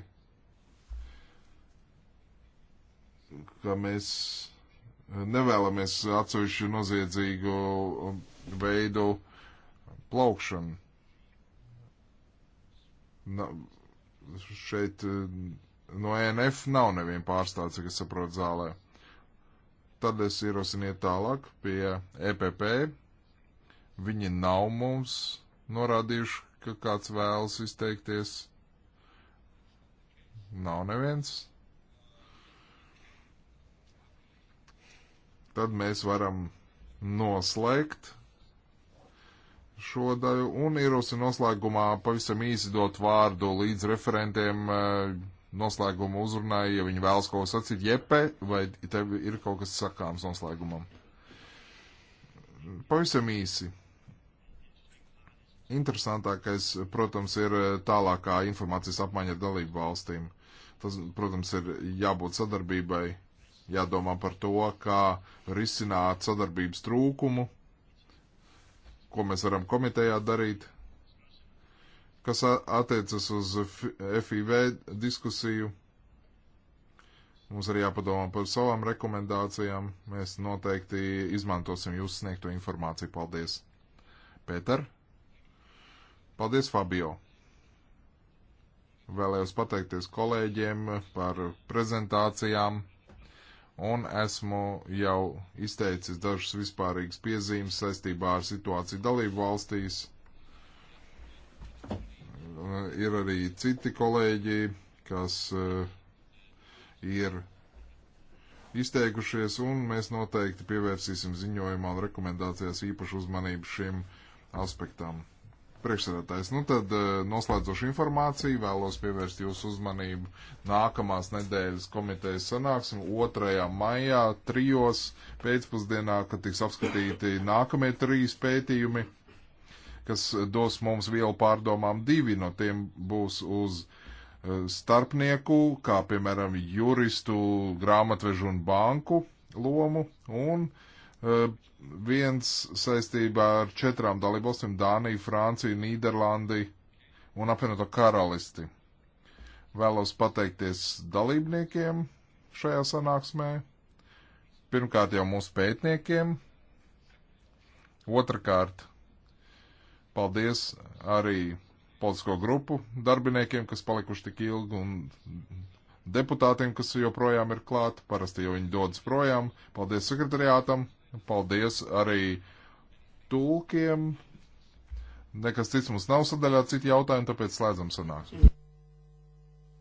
Speaker 1: ka mēs nevēlamies atsevišķu noziedzīgu veidu plaukšanu. Na, šeit eh, no ENF nav neviena pārstāvja, kas saprot zālē. Tad es ierosiniet tālāk pie EPP. Viņi nav mums norādījuši, ka kāds vēlas izteikties. Nav neviens. tad mēs varam noslēgt šo daļu un ierosim noslēgumā pavisam īsi dot vārdu līdz referentiem eh, noslēguma uzrunai, ja viņi vēlas kaut ko sacīt. Jepe, vai tev ir kaut kas sakāms noslēgumam? Pavisam īsi. Interesantākais, protams, ir eh, tālākā informācijas apmaiņa ar dalību valstīm. Tas, protams, ir jābūt sadarbībai Jādomā par to, kā risināt sadarbības trūkumu, ko mēs varam komitejā darīt, kas attiecas uz FIV diskusiju. Mums arī jāpadomā par savām rekomendācijām. Mēs noteikti izmantosim jūsu sniegto informāciju. Paldies! Pēter! Paldies, Fabio! Vēlējos pateikties kolēģiem par prezentācijām un esmu jau izteicis dažas vispārīgas piezīmes saistībā ar situāciju dalību valstīs. Eh, ir arī citi kolēģi, kas eh, ir izteikušies, un mēs noteikti pievērsīsim ziņojumā un rekomendācijās īpašu uzmanību šim aspektam. Priekšsēdētājs, nu tad eh, noslēdzošu informāciju vēlos pievērst jūsu uzmanību nākamās nedēļas komitejas sanāksim 2. maijā trijos pēcpusdienā, kad tiks apskatīti nākamie trīs pētījumi, kas dos mums vielu pārdomām divi no tiem būs uz eh, starpnieku, kā piemēram juristu, grāmatvežu un banku lomu, un Uh, viens saistībā ar četrām dalībvalstīm - Dāniju, Franciju, Nīderlandi un apvienoto karalisti. Vēlos pateikties dalībniekiem šajā sanāksmē. Pirmkārt jau mūsu pētniekiem. Otrakārt, paldies arī politisko grupu darbiniekiem, kas palikuši tik ilgi un deputātiem, kas joprojām ir klāt. Parasti jau viņi dodas projām. Paldies sekretariātam Paldies arī tulkiem. Nekas cits mums nav sadaļā, citi jautājumi, tāpēc slēdzam sanāksmi.